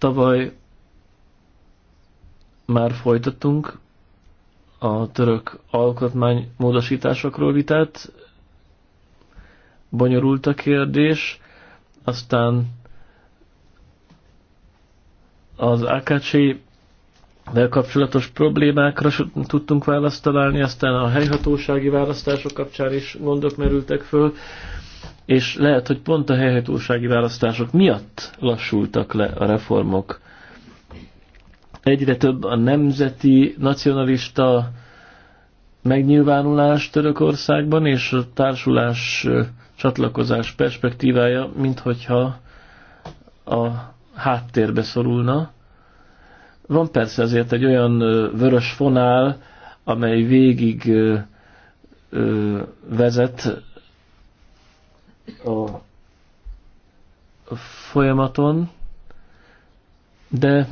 Tavaly már folytattunk a török alkotmány módosításokról vitát. Bonyolult a kérdés, aztán az AKC vel kapcsolatos problémákra tudtunk választ találni, aztán a helyhatósági választások kapcsán is gondok merültek föl és lehet, hogy pont a helyhatósági választások miatt lassultak le a reformok. Egyre több a nemzeti, nacionalista megnyilvánulás Törökországban, és a társulás csatlakozás perspektívája, minthogyha a háttérbe szorulna. Van persze azért egy olyan vörös fonál, amely végig vezet a folyamaton, de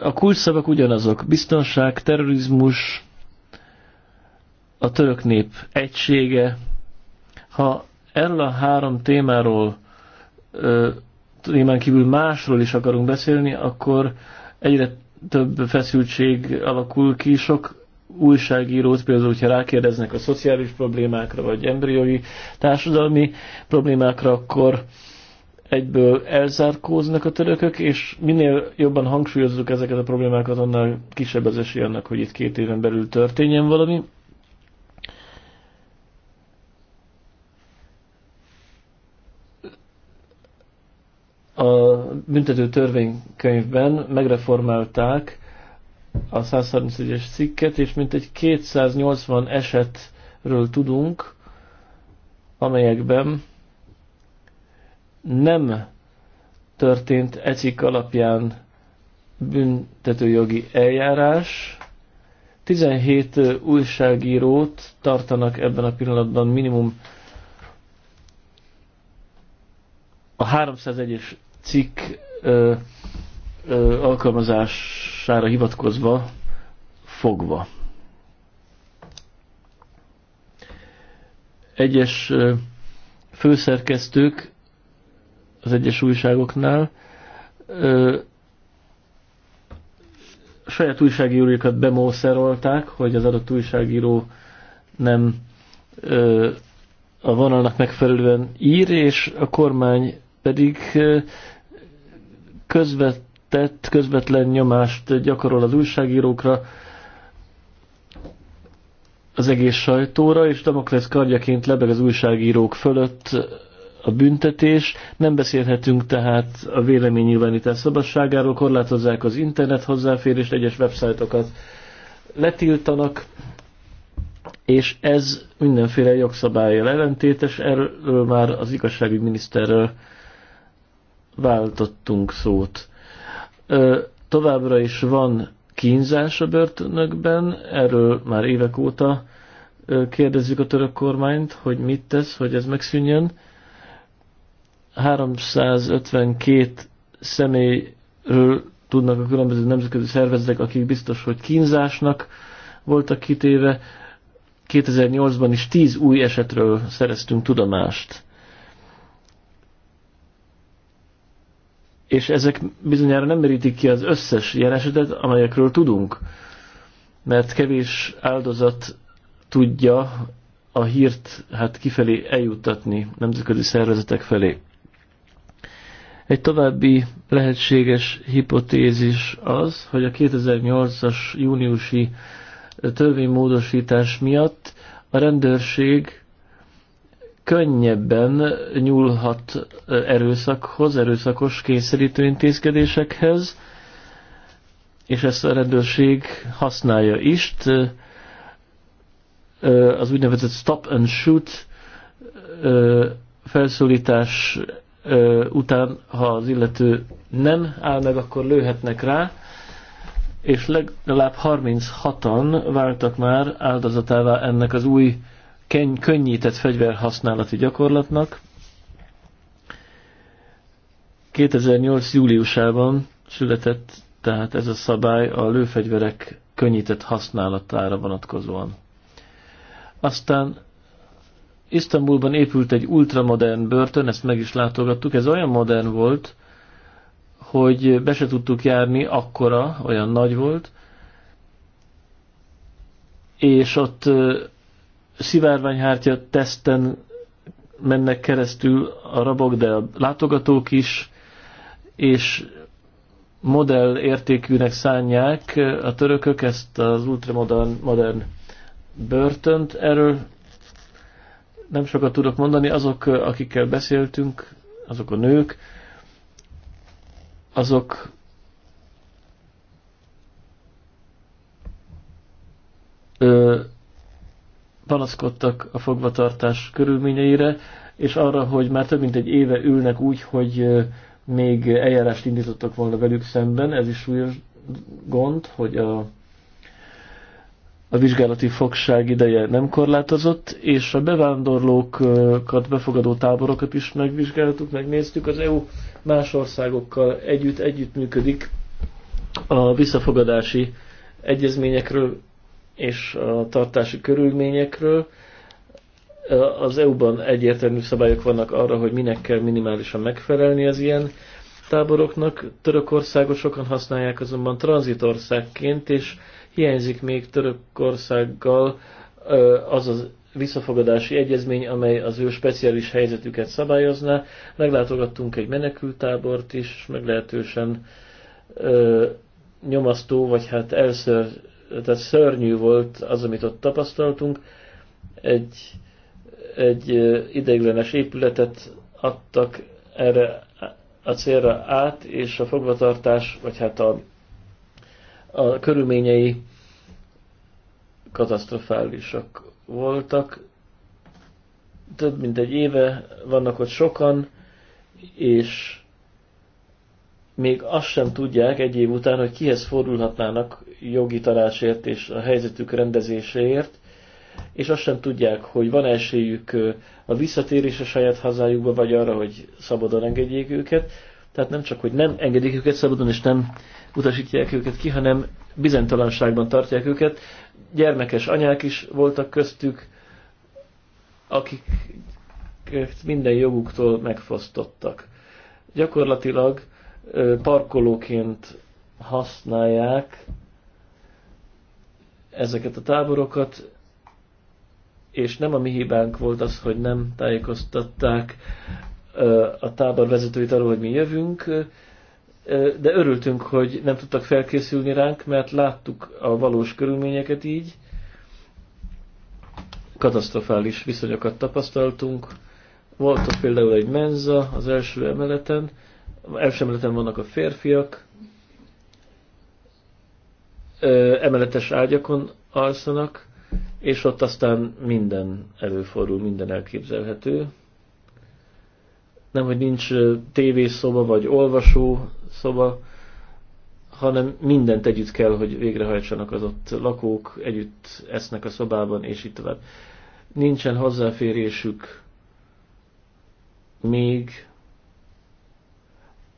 a kulcsszavak ugyanazok. Biztonság, terrorizmus, a török nép egysége. Ha erről a három témáról témán kívül másról is akarunk beszélni, akkor egyre több feszültség alakul ki, sok újságírót, például, hogyha rákérdeznek a szociális problémákra, vagy embriói társadalmi problémákra, akkor egyből elzárkóznak a törökök, és minél jobban hangsúlyozzuk ezeket a problémákat, annál kisebb az esély annak, hogy itt két éven belül történjen valami. A büntető törvénykönyvben megreformálták a 131-es cikket, és mintegy 280 esetről tudunk, amelyekben nem történt ecik alapján büntetőjogi eljárás. 17 újságírót tartanak ebben a pillanatban minimum a 301-es cikk alkalmazására hivatkozva fogva. Egyes főszerkesztők az egyes újságoknál saját újságíróikat bemószerolták, hogy az adott újságíró nem ö, a vonalnak megfelelően ír, és a kormány pedig ö, közvet tett, közvetlen nyomást gyakorol az újságírókra, az egész sajtóra, és Damoklesz kardjaként lebeg az újságírók fölött a büntetés. Nem beszélhetünk tehát a véleménynyilvánítás szabadságáról, korlátozzák az internet hozzáférést, egyes websájtokat letiltanak, és ez mindenféle jogszabályjal ellentétes, erről már az igazságügyminiszterrel váltottunk szót. Továbbra is van kínzás a börtönökben, erről már évek óta kérdezzük a török kormányt, hogy mit tesz, hogy ez megszűnjön. 352 személyről tudnak a különböző nemzetközi szervezetek, akik biztos, hogy kínzásnak voltak kitéve. 2008-ban is 10 új esetről szereztünk tudomást. és ezek bizonyára nem merítik ki az összes ilyen esetet, amelyekről tudunk, mert kevés áldozat tudja a hírt hát kifelé eljuttatni nemzetközi szervezetek felé. Egy további lehetséges hipotézis az, hogy a 2008-as júniusi törvénymódosítás miatt a rendőrség könnyebben nyúlhat erőszakhoz, erőszakos kényszerítő intézkedésekhez, és ezt a rendőrség használja is. Az úgynevezett stop and shoot felszólítás után, ha az illető nem áll meg, akkor lőhetnek rá, és legalább 36-an váltak már áldozatává ennek az új könnyített fegyverhasználati gyakorlatnak. 2008. júliusában született tehát ez a szabály a lőfegyverek könnyített használatára vonatkozóan. Aztán Isztambulban épült egy ultramodern börtön, ezt meg is látogattuk. Ez olyan modern volt, hogy be se tudtuk járni, akkora, olyan nagy volt, és ott szivárványhártya teszten mennek keresztül a rabok, de a látogatók is, és modell értékűnek szánják a törökök ezt az ultramodern modern börtönt. Erről nem sokat tudok mondani. Azok, akikkel beszéltünk, azok a nők, azok ö, panaszkodtak a fogvatartás körülményeire, és arra, hogy már több mint egy éve ülnek úgy, hogy még eljárást indítottak volna velük szemben. Ez is súlyos gond, hogy a, a vizsgálati fogság ideje nem korlátozott, és a bevándorlókat, befogadó táborokat is megvizsgáltuk, megnéztük. Az EU más országokkal együtt együttműködik a visszafogadási egyezményekről és a tartási körülményekről. Az EU-ban egyértelmű szabályok vannak arra, hogy minek kell minimálisan megfelelni az ilyen táboroknak. Törökországot sokan használják azonban tranzitországként, és hiányzik még Törökországgal az az visszafogadási egyezmény, amely az ő speciális helyzetüket szabályozná. Meglátogattunk egy menekültábort is, meglehetősen ö, nyomasztó, vagy hát elször tehát szörnyű volt az, amit ott tapasztaltunk. Egy, egy ideiglenes épületet adtak erre a célra át, és a fogvatartás, vagy hát a, a körülményei katasztrofálisak voltak. Több mint egy éve vannak ott sokan, és még azt sem tudják egy év után, hogy kihez fordulhatnának jogi tanácsért és a helyzetük rendezéséért, és azt sem tudják, hogy van esélyük a a saját hazájukba, vagy arra, hogy szabadon engedjék őket. Tehát nem csak, hogy nem engedik őket szabadon, és nem utasítják őket ki, hanem bizonytalanságban tartják őket. Gyermekes anyák is voltak köztük, akik minden joguktól megfosztottak. Gyakorlatilag parkolóként használják ezeket a táborokat, és nem a mi hibánk volt az, hogy nem tájékoztatták a tábor vezetőit arról, hogy mi jövünk, de örültünk, hogy nem tudtak felkészülni ránk, mert láttuk a valós körülményeket így, katasztrofális viszonyokat tapasztaltunk. Volt ott például egy menza az első emeleten, első emeleten vannak a férfiak, emeletes ágyakon alszanak, és ott aztán minden előfordul, minden elképzelhető. Nem, hogy nincs tévészoba vagy olvasó szoba, hanem mindent együtt kell, hogy végrehajtsanak az ott lakók, együtt esznek a szobában, és így tovább. Nincsen hozzáférésük még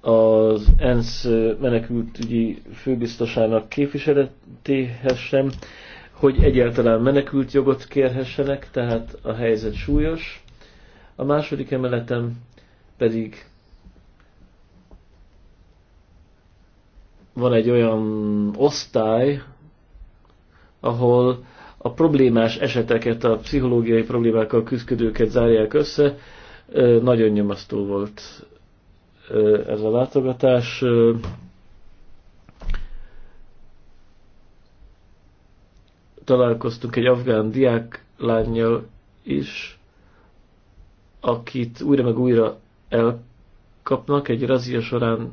az ENSZ menekültügyi főbiztosának képviseletéhez sem, hogy egyáltalán menekült jogot kérhessenek, tehát a helyzet súlyos. A második emeletem pedig van egy olyan osztály, ahol a problémás eseteket, a pszichológiai problémákkal küzdködőket zárják össze, nagyon nyomasztó volt ez a látogatás. Találkoztunk egy afgán diák lányjal is, akit újra meg újra elkapnak, egy razia során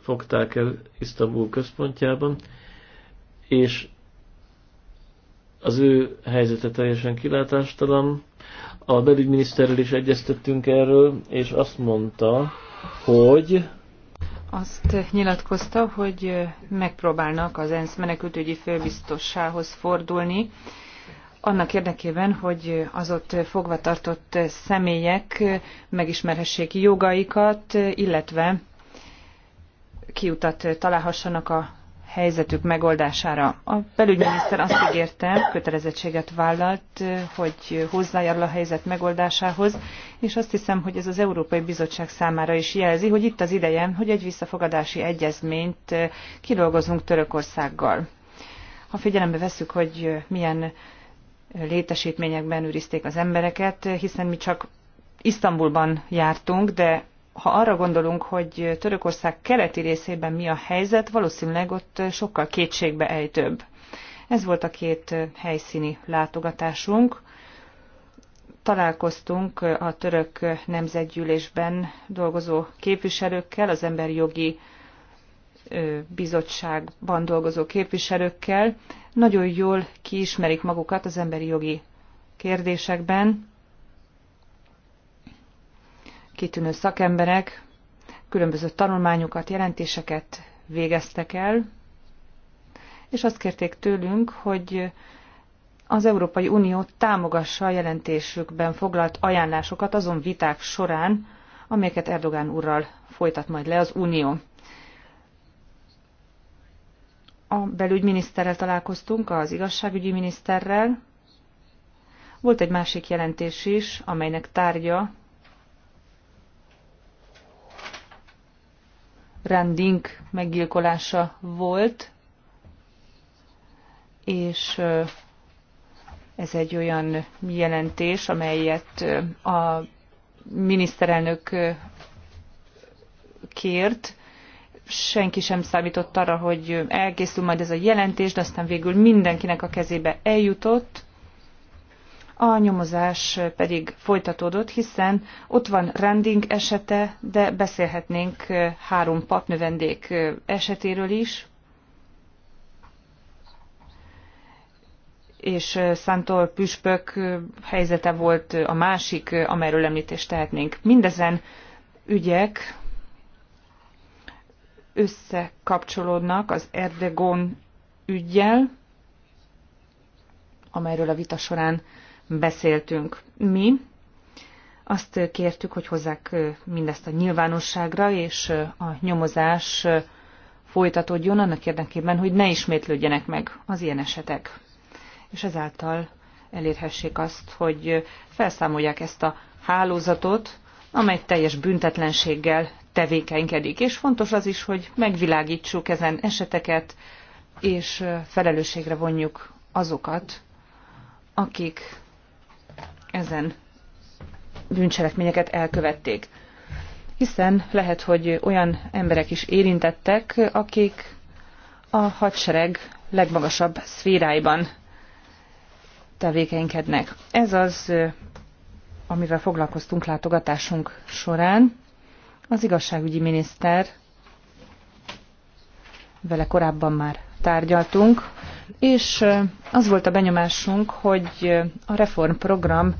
fogták el Isztambul központjában, és az ő helyzete teljesen kilátástalan, a belügyminiszterrel is egyeztettünk erről, és azt mondta, hogy azt nyilatkozta, hogy megpróbálnak az ENSZ menekültügyi főbiztossához fordulni, annak érdekében, hogy az ott fogvatartott személyek megismerhessék jogaikat, illetve kiutat találhassanak a helyzetük megoldására. A belügyminiszter azt ígérte, kötelezettséget vállalt, hogy hozzájárul a helyzet megoldásához, és azt hiszem, hogy ez az Európai Bizottság számára is jelzi, hogy itt az ideje, hogy egy visszafogadási egyezményt kidolgozunk Törökországgal. Ha figyelembe veszük, hogy milyen létesítményekben őrizték az embereket, hiszen mi csak Isztambulban jártunk, de ha arra gondolunk, hogy Törökország keleti részében mi a helyzet, valószínűleg ott sokkal kétségbe ejtőbb. Ez volt a két helyszíni látogatásunk. Találkoztunk a török nemzetgyűlésben dolgozó képviselőkkel, az emberi jogi bizottságban dolgozó képviselőkkel. Nagyon jól kiismerik magukat az emberi jogi kérdésekben, kitűnő szakemberek különböző tanulmányokat, jelentéseket végeztek el, és azt kérték tőlünk, hogy az Európai Unió támogassa a jelentésükben foglalt ajánlásokat azon viták során, amelyeket Erdogán úrral folytat majd le az Unió. A belügyminiszterrel találkoztunk, az igazságügyi miniszterrel. Volt egy másik jelentés is, amelynek tárgya Randink meggyilkolása volt, és ez egy olyan jelentés, amelyet a miniszterelnök kért. Senki sem számított arra, hogy elkészül majd ez a jelentés, de aztán végül mindenkinek a kezébe eljutott a nyomozás pedig folytatódott, hiszen ott van Randing esete, de beszélhetnénk három papnövendék esetéről is, és Szántól püspök helyzete volt a másik, amelyről említést tehetnénk. Mindezen ügyek összekapcsolódnak az Erdogan ügyjel, amelyről a vita során beszéltünk. Mi azt kértük, hogy hozzák mindezt a nyilvánosságra, és a nyomozás folytatódjon annak érdekében, hogy ne ismétlődjenek meg az ilyen esetek. És ezáltal elérhessék azt, hogy felszámolják ezt a hálózatot, amely teljes büntetlenséggel tevékenykedik. És fontos az is, hogy megvilágítsuk ezen eseteket, és felelősségre vonjuk azokat, akik ezen bűncselekményeket elkövették. Hiszen lehet, hogy olyan emberek is érintettek, akik a hadsereg legmagasabb szféráiban tevékenykednek. Ez az, amivel foglalkoztunk látogatásunk során. Az igazságügyi miniszter, vele korábban már tárgyaltunk, és az volt a benyomásunk, hogy a reformprogram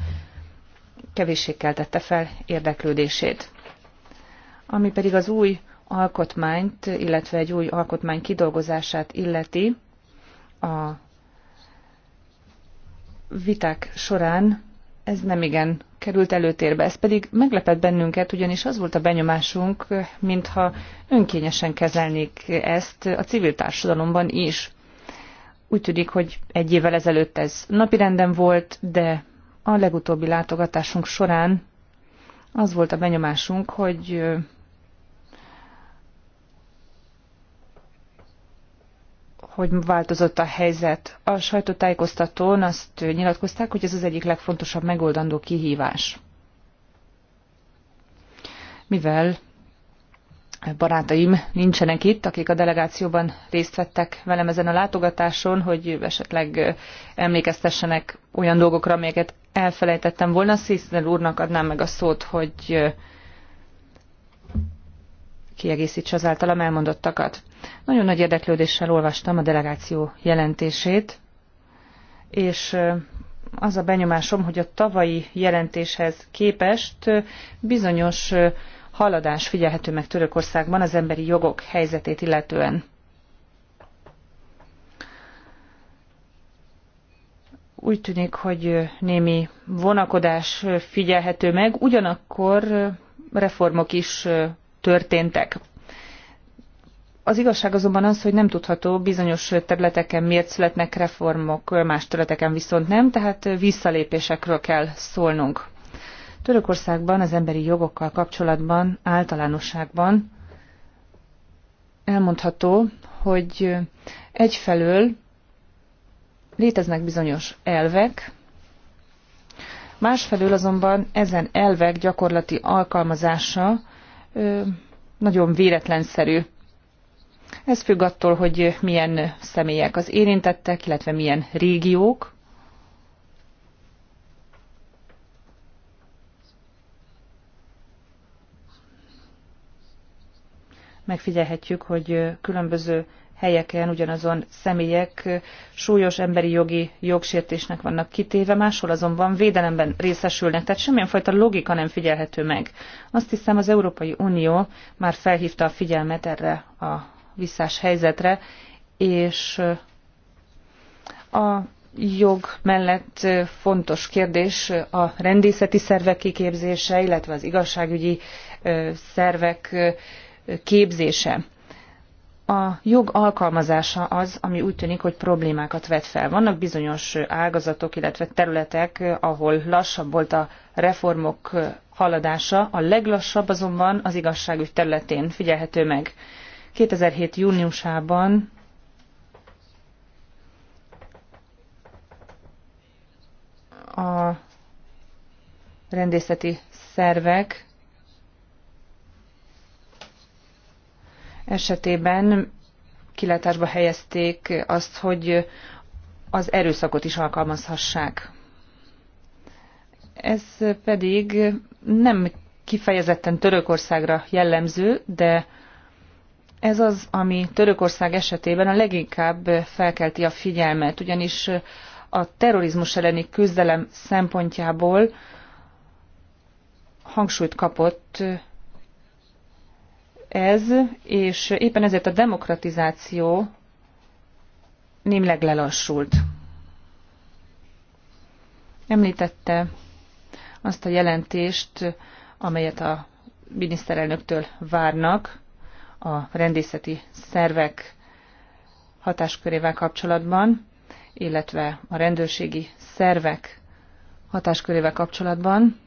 kevéssé keltette fel érdeklődését. Ami pedig az új alkotmányt, illetve egy új alkotmány kidolgozását illeti, a viták során ez nem igen került előtérbe. Ez pedig meglepett bennünket, ugyanis az volt a benyomásunk, mintha önkényesen kezelnék ezt a civil társadalomban is. Úgy tűnik, hogy egy évvel ezelőtt ez napirenden volt, de a legutóbbi látogatásunk során az volt a benyomásunk, hogy hogy változott a helyzet. A sajtótájékoztatón azt nyilatkozták, hogy ez az egyik legfontosabb megoldandó kihívás. Mivel barátaim nincsenek itt, akik a delegációban részt vettek velem ezen a látogatáson, hogy esetleg emlékeztessenek olyan dolgokra, amelyeket elfelejtettem volna. Szisztel úrnak adnám meg a szót, hogy kiegészítse az általam elmondottakat. Nagyon nagy érdeklődéssel olvastam a delegáció jelentését, és az a benyomásom, hogy a tavalyi jelentéshez képest bizonyos haladás figyelhető meg Törökországban az emberi jogok helyzetét illetően. Úgy tűnik, hogy némi vonakodás figyelhető meg, ugyanakkor reformok is történtek. Az igazság azonban az, hogy nem tudható, bizonyos területeken miért születnek reformok, más területeken viszont nem, tehát visszalépésekről kell szólnunk. Törökországban az emberi jogokkal kapcsolatban általánosságban elmondható, hogy egyfelől léteznek bizonyos elvek, másfelől azonban ezen elvek gyakorlati alkalmazása nagyon véletlenszerű. Ez függ attól, hogy milyen személyek az érintettek, illetve milyen régiók, megfigyelhetjük, hogy különböző helyeken ugyanazon személyek súlyos emberi jogi jogsértésnek vannak kitéve, máshol azonban védelemben részesülnek, tehát semmilyen fajta logika nem figyelhető meg. Azt hiszem az Európai Unió már felhívta a figyelmet erre a visszás helyzetre, és a jog mellett fontos kérdés a rendészeti szervek kiképzése, illetve az igazságügyi szervek képzése. A jog alkalmazása az, ami úgy tűnik, hogy problémákat vet fel. Vannak bizonyos ágazatok, illetve területek, ahol lassabb volt a reformok haladása, a leglassabb azonban az igazságügy területén figyelhető meg. 2007. júniusában a rendészeti szervek esetében kilátásba helyezték azt, hogy az erőszakot is alkalmazhassák. Ez pedig nem kifejezetten Törökországra jellemző, de ez az, ami Törökország esetében a leginkább felkelti a figyelmet, ugyanis a terrorizmus elleni küzdelem szempontjából hangsúlyt kapott ez, és éppen ezért a demokratizáció némileg lelassult. Említette azt a jelentést, amelyet a miniszterelnöktől várnak a rendészeti szervek hatáskörével kapcsolatban, illetve a rendőrségi szervek hatáskörével kapcsolatban.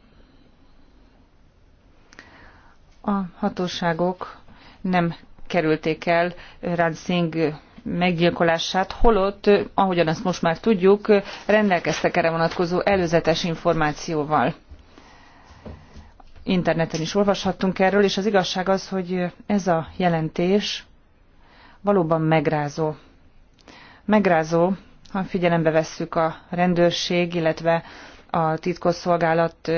A hatóságok nem kerülték el Rand Singh meggyilkolását, holott, ahogyan azt most már tudjuk, rendelkeztek erre vonatkozó előzetes információval. Interneten is olvashattunk erről, és az igazság az, hogy ez a jelentés valóban megrázó. Megrázó, ha figyelembe vesszük a rendőrség, illetve a titkosszolgálat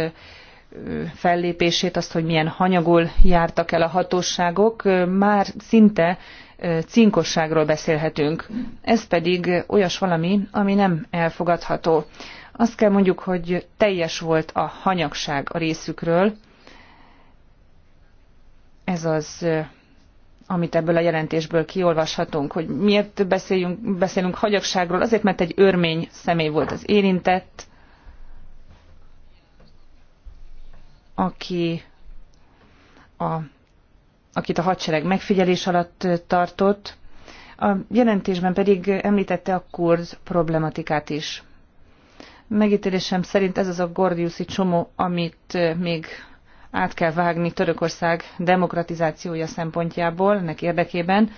fellépését, azt, hogy milyen hanyagul jártak el a hatóságok, már szinte cinkosságról beszélhetünk. Ez pedig olyas valami, ami nem elfogadható. Azt kell mondjuk, hogy teljes volt a hanyagság a részükről. Ez az, amit ebből a jelentésből kiolvashatunk, hogy miért beszélünk, beszélünk hanyagságról, azért, mert egy örmény személy volt az érintett, aki a, akit a hadsereg megfigyelés alatt tartott, a jelentésben pedig említette a kurz problematikát is. Megítélésem szerint ez az a gordiuszi csomó, amit még át kell vágni Törökország demokratizációja szempontjából, ennek érdekében.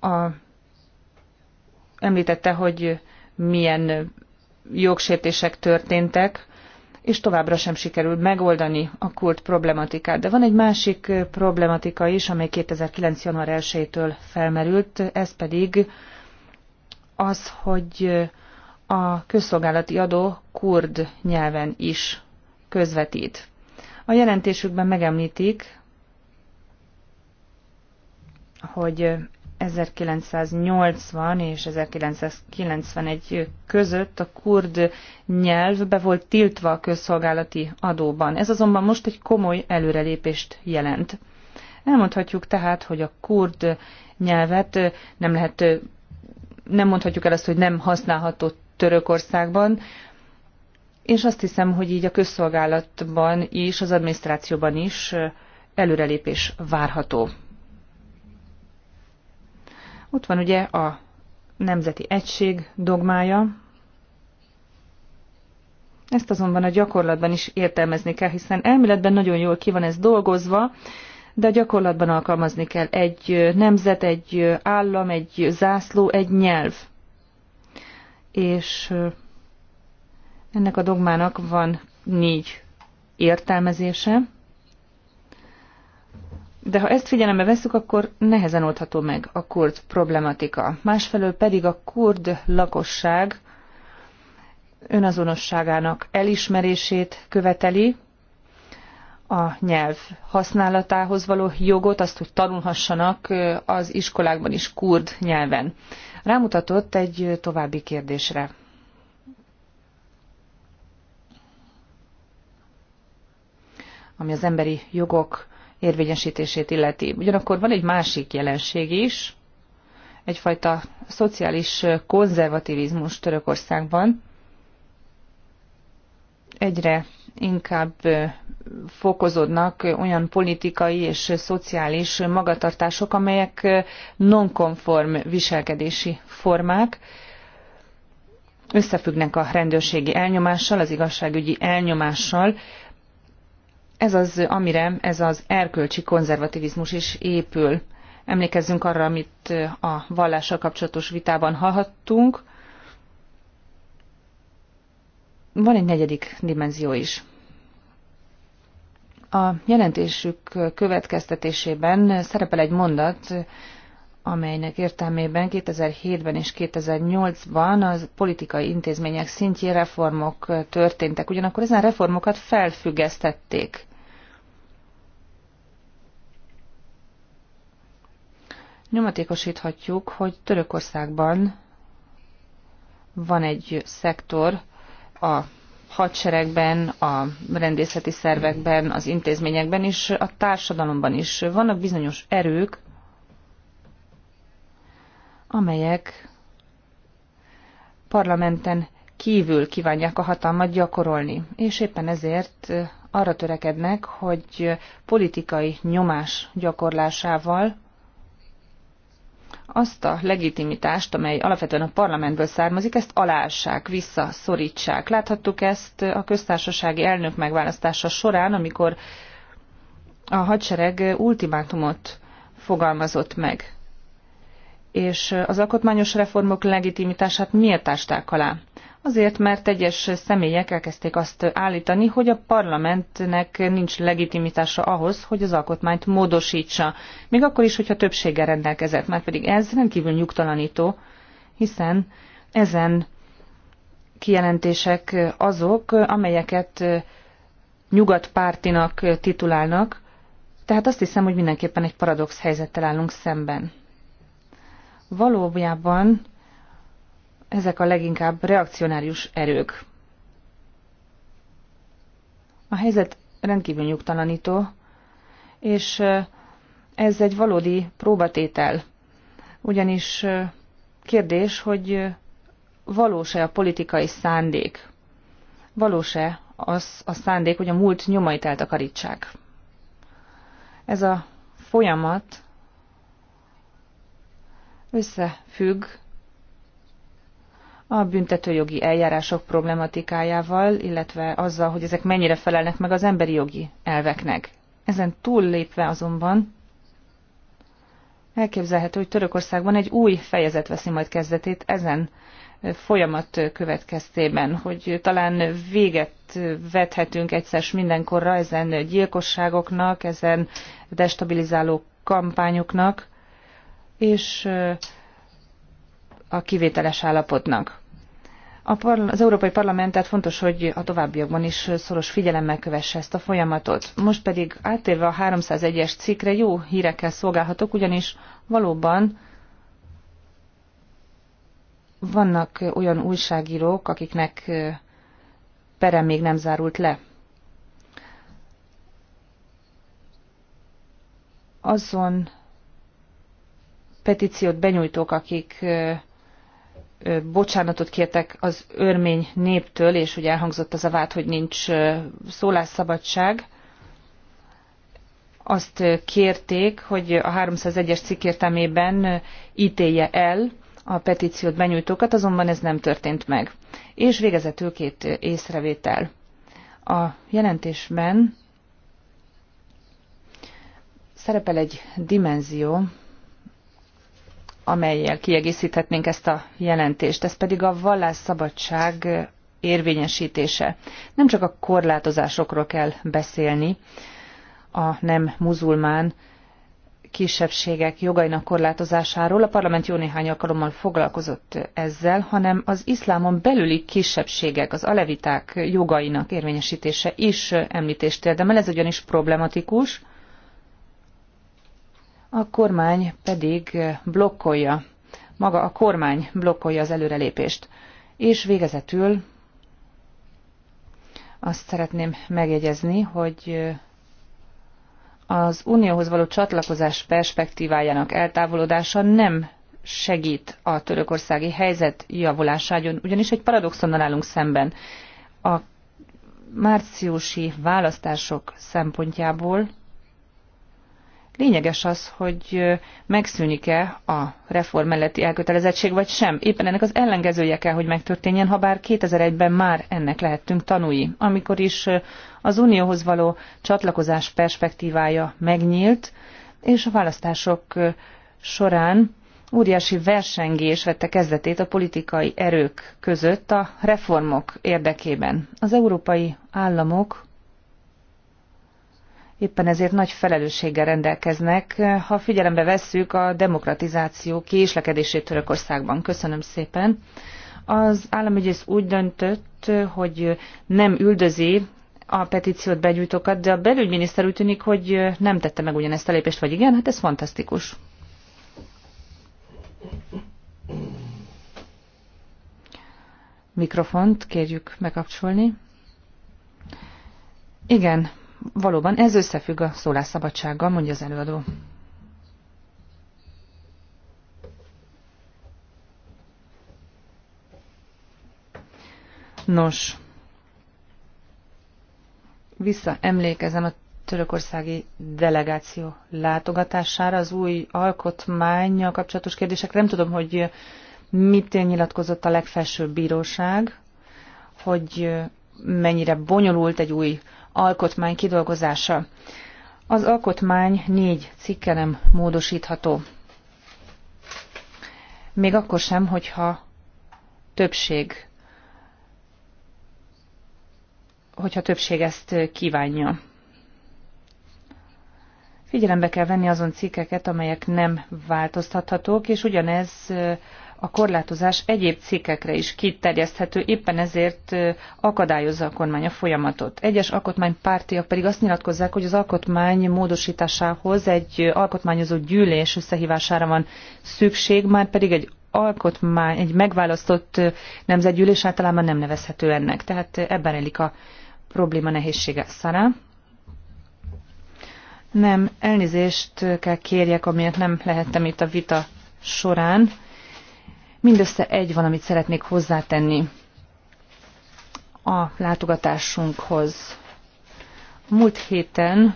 A, említette, hogy milyen jogsértések történtek és továbbra sem sikerült megoldani a kult problematikát. De van egy másik problematika is, amely 2009. január 1-től felmerült, ez pedig az, hogy a közszolgálati adó kurd nyelven is közvetít. A jelentésükben megemlítik, hogy 1980 és 1991 között a kurd nyelv be volt tiltva a közszolgálati adóban. Ez azonban most egy komoly előrelépést jelent. Elmondhatjuk tehát, hogy a kurd nyelvet nem lehet, nem mondhatjuk el azt, hogy nem használható Törökországban, és azt hiszem, hogy így a közszolgálatban is, az adminisztrációban is előrelépés várható. Ott van ugye a nemzeti egység dogmája. Ezt azonban a gyakorlatban is értelmezni kell, hiszen elméletben nagyon jól ki van ez dolgozva, de a gyakorlatban alkalmazni kell egy nemzet, egy állam, egy zászló, egy nyelv. És ennek a dogmának van négy értelmezése. De ha ezt figyelembe veszük, akkor nehezen oldható meg a kurd problematika. Másfelől pedig a kurd lakosság önazonosságának elismerését követeli, a nyelv használatához való jogot, azt, hogy tanulhassanak az iskolákban is kurd nyelven. Rámutatott egy további kérdésre. Ami az emberi jogok érvényesítését illeti. Ugyanakkor van egy másik jelenség is, egyfajta szociális konzervativizmus Törökországban. Egyre inkább fokozódnak olyan politikai és szociális magatartások, amelyek nonkonform viselkedési formák, összefüggnek a rendőrségi elnyomással, az igazságügyi elnyomással, ez az, amire ez az erkölcsi konzervativizmus is épül. Emlékezzünk arra, amit a vallással kapcsolatos vitában hallhattunk. Van egy negyedik dimenzió is. A jelentésük következtetésében szerepel egy mondat, amelynek értelmében 2007-ben és 2008-ban az politikai intézmények szintjén reformok történtek. Ugyanakkor ezen reformokat felfüggesztették. Nyomatékosíthatjuk, hogy Törökországban van egy szektor a hadseregben, a rendészeti szervekben, az intézményekben is, a társadalomban is. Vannak bizonyos erők, amelyek parlamenten kívül kívánják a hatalmat gyakorolni, és éppen ezért arra törekednek, hogy politikai nyomás gyakorlásával azt a legitimitást, amely alapvetően a parlamentből származik, ezt alássák, visszaszorítsák. Láthattuk ezt a köztársasági elnök megválasztása során, amikor a hadsereg ultimátumot fogalmazott meg és az alkotmányos reformok legitimitását miért ásták alá? Azért, mert egyes személyek elkezdték azt állítani, hogy a parlamentnek nincs legitimitása ahhoz, hogy az alkotmányt módosítsa, még akkor is, hogyha többséggel rendelkezett, mert pedig ez rendkívül nyugtalanító, hiszen ezen kijelentések azok, amelyeket nyugatpártinak titulálnak, tehát azt hiszem, hogy mindenképpen egy paradox helyzettel állunk szemben valójában ezek a leginkább reakcionárius erők. A helyzet rendkívül nyugtalanító, és ez egy valódi próbatétel. Ugyanis kérdés, hogy valós-e a politikai szándék? Valós-e az a szándék, hogy a múlt nyomait eltakarítsák? Ez a folyamat összefügg a büntetőjogi eljárások problematikájával, illetve azzal, hogy ezek mennyire felelnek meg az emberi jogi elveknek. Ezen túllépve azonban elképzelhető, hogy Törökországban egy új fejezet veszi majd kezdetét ezen folyamat következtében, hogy talán véget vethetünk egyszer mindenkorra ezen gyilkosságoknak, ezen destabilizáló kampányoknak, és a kivételes állapotnak. Az Európai Parlament tehát fontos, hogy a továbbiakban is szoros figyelemmel kövesse ezt a folyamatot. Most pedig áttérve a 301-es cikkre jó hírekkel szolgálhatok, ugyanis valóban vannak olyan újságírók, akiknek perem még nem zárult le. Azon petíciót benyújtók, akik bocsánatot kértek az örmény néptől, és ugye elhangzott az a vád, hogy nincs szólásszabadság, azt kérték, hogy a 301-es cikk értelmében ítélje el a petíciót benyújtókat, azonban ez nem történt meg. És végezetül két észrevétel. A jelentésben szerepel egy dimenzió, amelyel kiegészíthetnénk ezt a jelentést, ez pedig a vallásszabadság érvényesítése. Nem csak a korlátozásokról kell beszélni, a nem muzulmán kisebbségek jogainak korlátozásáról. A parlament jó néhány alkalommal foglalkozott ezzel, hanem az iszlámon belüli kisebbségek, az aleviták jogainak érvényesítése is említést érdemel. Ez ugyanis problematikus, a kormány pedig blokkolja, maga a kormány blokkolja az előrelépést. És végezetül azt szeretném megjegyezni, hogy az unióhoz való csatlakozás perspektívájának eltávolodása nem segít a törökországi helyzet javulásájon, ugyanis egy paradoxonnal állunk szemben. A márciusi választások szempontjából Lényeges az, hogy megszűnik-e a reform melletti elkötelezettség, vagy sem. Éppen ennek az ellengezője kell, hogy megtörténjen, ha bár 2001-ben már ennek lehettünk tanúi, amikor is az unióhoz való csatlakozás perspektívája megnyílt, és a választások során óriási versengés vette kezdetét a politikai erők között a reformok érdekében. Az európai államok éppen ezért nagy felelősséggel rendelkeznek, ha figyelembe vesszük a demokratizáció késlekedését Törökországban. Köszönöm szépen. Az államügyész úgy döntött, hogy nem üldözi a petíciót begyújtókat, de a belügyminiszter úgy tűnik, hogy nem tette meg ugyanezt a lépést, vagy igen, hát ez fantasztikus. Mikrofont kérjük megkapcsolni. Igen, valóban ez összefügg a szólásszabadsággal, mondja az előadó. Nos, visszaemlékezem a törökországi delegáció látogatására, az új alkotmánya kapcsolatos kérdésekre. Nem tudom, hogy mit nyilatkozott a legfelsőbb bíróság, hogy mennyire bonyolult egy új alkotmány kidolgozása. Az alkotmány négy cikke nem módosítható. Még akkor sem, hogyha többség hogyha többség ezt kívánja. Figyelembe kell venni azon cikkeket, amelyek nem változtathatók, és ugyanez a korlátozás egyéb cikkekre is kiterjeszthető, éppen ezért akadályozza a kormány a folyamatot. Egyes alkotmánypártiak pedig azt nyilatkozzák, hogy az alkotmány módosításához egy alkotmányozó gyűlés összehívására van szükség, már pedig egy alkotmány, egy megválasztott nemzetgyűlés általában nem nevezhető ennek. Tehát ebben elik a probléma nehézsége szará. Nem, elnézést kell kérjek, amiért nem lehettem itt a vita során. Mindössze egy van, amit szeretnék hozzátenni a látogatásunkhoz. Múlt héten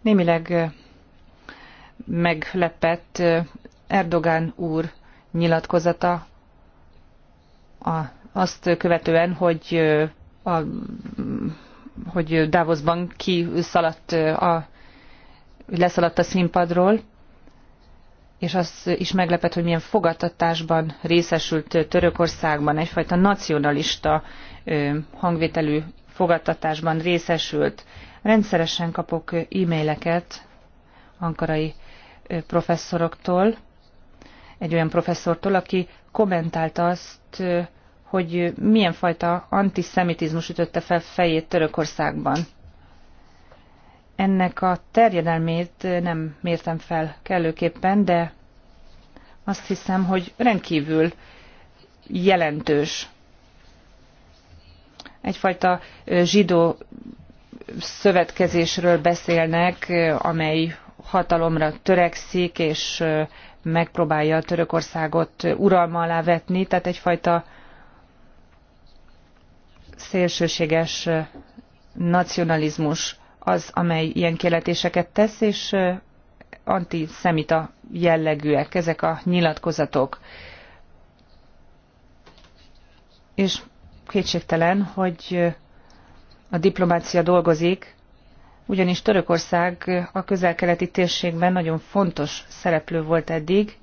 némileg meglepett Erdogán úr nyilatkozata a, azt követően, hogy, a, hogy Davosban kiszaladt a leszaladt a színpadról, és az is meglepett, hogy milyen fogadtatásban részesült Törökországban, egyfajta nacionalista hangvételű fogadtatásban részesült. Rendszeresen kapok e-maileket ankarai professzoroktól, egy olyan professzortól, aki kommentálta azt, hogy milyen fajta antiszemitizmus ütötte fel fejét Törökországban ennek a terjedelmét nem mértem fel kellőképpen, de azt hiszem, hogy rendkívül jelentős. Egyfajta zsidó szövetkezésről beszélnek, amely hatalomra törekszik, és megpróbálja Törökországot uralma alá vetni, tehát egyfajta szélsőséges nacionalizmus az, amely ilyen kérletéseket tesz, és antiszemita jellegűek ezek a nyilatkozatok. És kétségtelen, hogy a diplomácia dolgozik, ugyanis Törökország a közel-keleti térségben nagyon fontos szereplő volt eddig,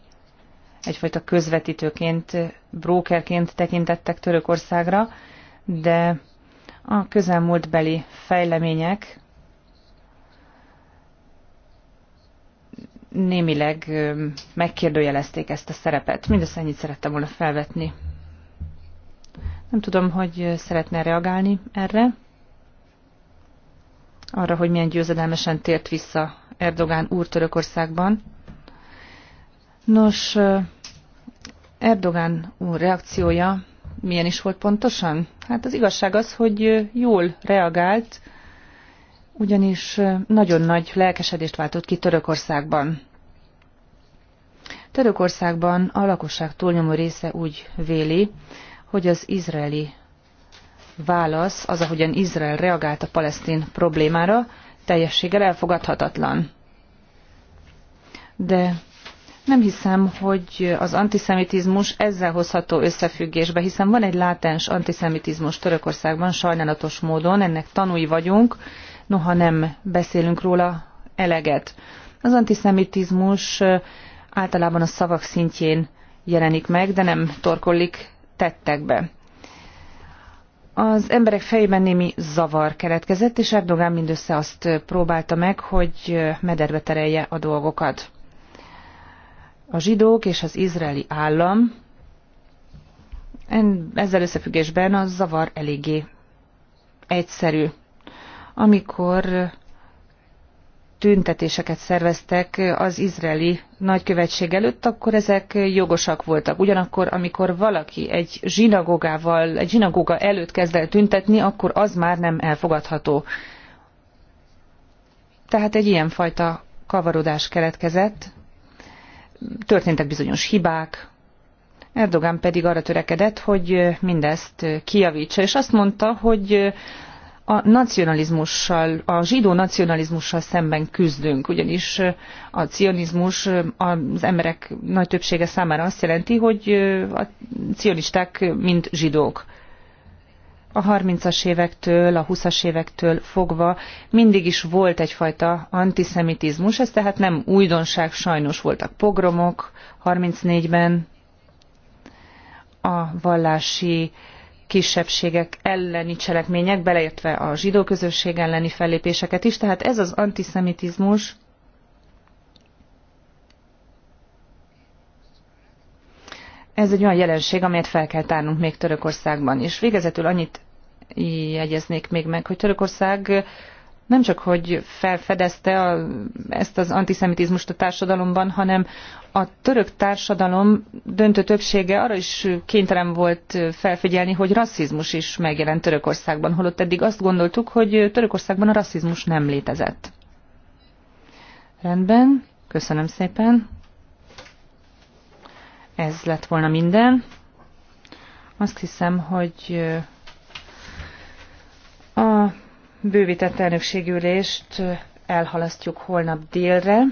egyfajta közvetítőként, brókerként tekintettek Törökországra, de a közelmúltbeli fejlemények némileg megkérdőjelezték ezt a szerepet. Mindössze ennyit szerettem volna felvetni. Nem tudom, hogy szeretne reagálni erre, arra, hogy milyen győzedelmesen tért vissza Erdogán úr Törökországban. Nos, Erdogán úr reakciója milyen is volt pontosan? Hát az igazság az, hogy jól reagált, ugyanis nagyon nagy lelkesedést váltott ki Törökországban. Törökországban a lakosság túlnyomó része úgy véli, hogy az izraeli válasz, az, ahogyan Izrael reagált a palesztin problémára, teljességgel elfogadhatatlan. De nem hiszem, hogy az antiszemitizmus ezzel hozható összefüggésbe, hiszen van egy látens antiszemitizmus Törökországban, sajnálatos módon, ennek tanúi vagyunk, noha nem beszélünk róla eleget. Az antiszemitizmus általában a szavak szintjén jelenik meg, de nem torkollik tettekbe. Az emberek fejében némi zavar keletkezett, és Erdogan mindössze azt próbálta meg, hogy mederbe terelje a dolgokat. A zsidók és az izraeli állam ezzel összefüggésben a zavar eléggé egyszerű amikor tüntetéseket szerveztek az izraeli nagykövetség előtt, akkor ezek jogosak voltak. Ugyanakkor, amikor valaki egy zsinagógával, egy zsinagóga előtt kezd el tüntetni, akkor az már nem elfogadható. Tehát egy ilyenfajta kavarodás keletkezett, történtek bizonyos hibák, Erdogan pedig arra törekedett, hogy mindezt kijavítsa, és azt mondta, hogy a nacionalizmussal, a zsidó nacionalizmussal szemben küzdünk, ugyanis a cionizmus az emberek nagy többsége számára azt jelenti, hogy a cionisták mind zsidók. A 30-as évektől, a 20-as évektől fogva mindig is volt egyfajta antiszemitizmus, ez tehát nem újdonság, sajnos voltak pogromok 34-ben, a vallási uh, kisebbségek elleni cselekmények, beleértve a zsidó közösség elleni fellépéseket is. Tehát ez az antiszemitizmus, ez egy olyan jelenség, amelyet fel kell tárnunk még Törökországban. És végezetül annyit jegyeznék még meg, hogy Törökország nem csak hogy felfedezte a, ezt az antiszemitizmust a társadalomban, hanem a török társadalom döntő többsége arra is kénytelen volt felfigyelni, hogy rasszizmus is megjelent Törökországban, holott eddig azt gondoltuk, hogy Törökországban a rasszizmus nem létezett. Rendben, köszönöm szépen. Ez lett volna minden. Azt hiszem, hogy bővített elnökségülést elhalasztjuk holnap délre.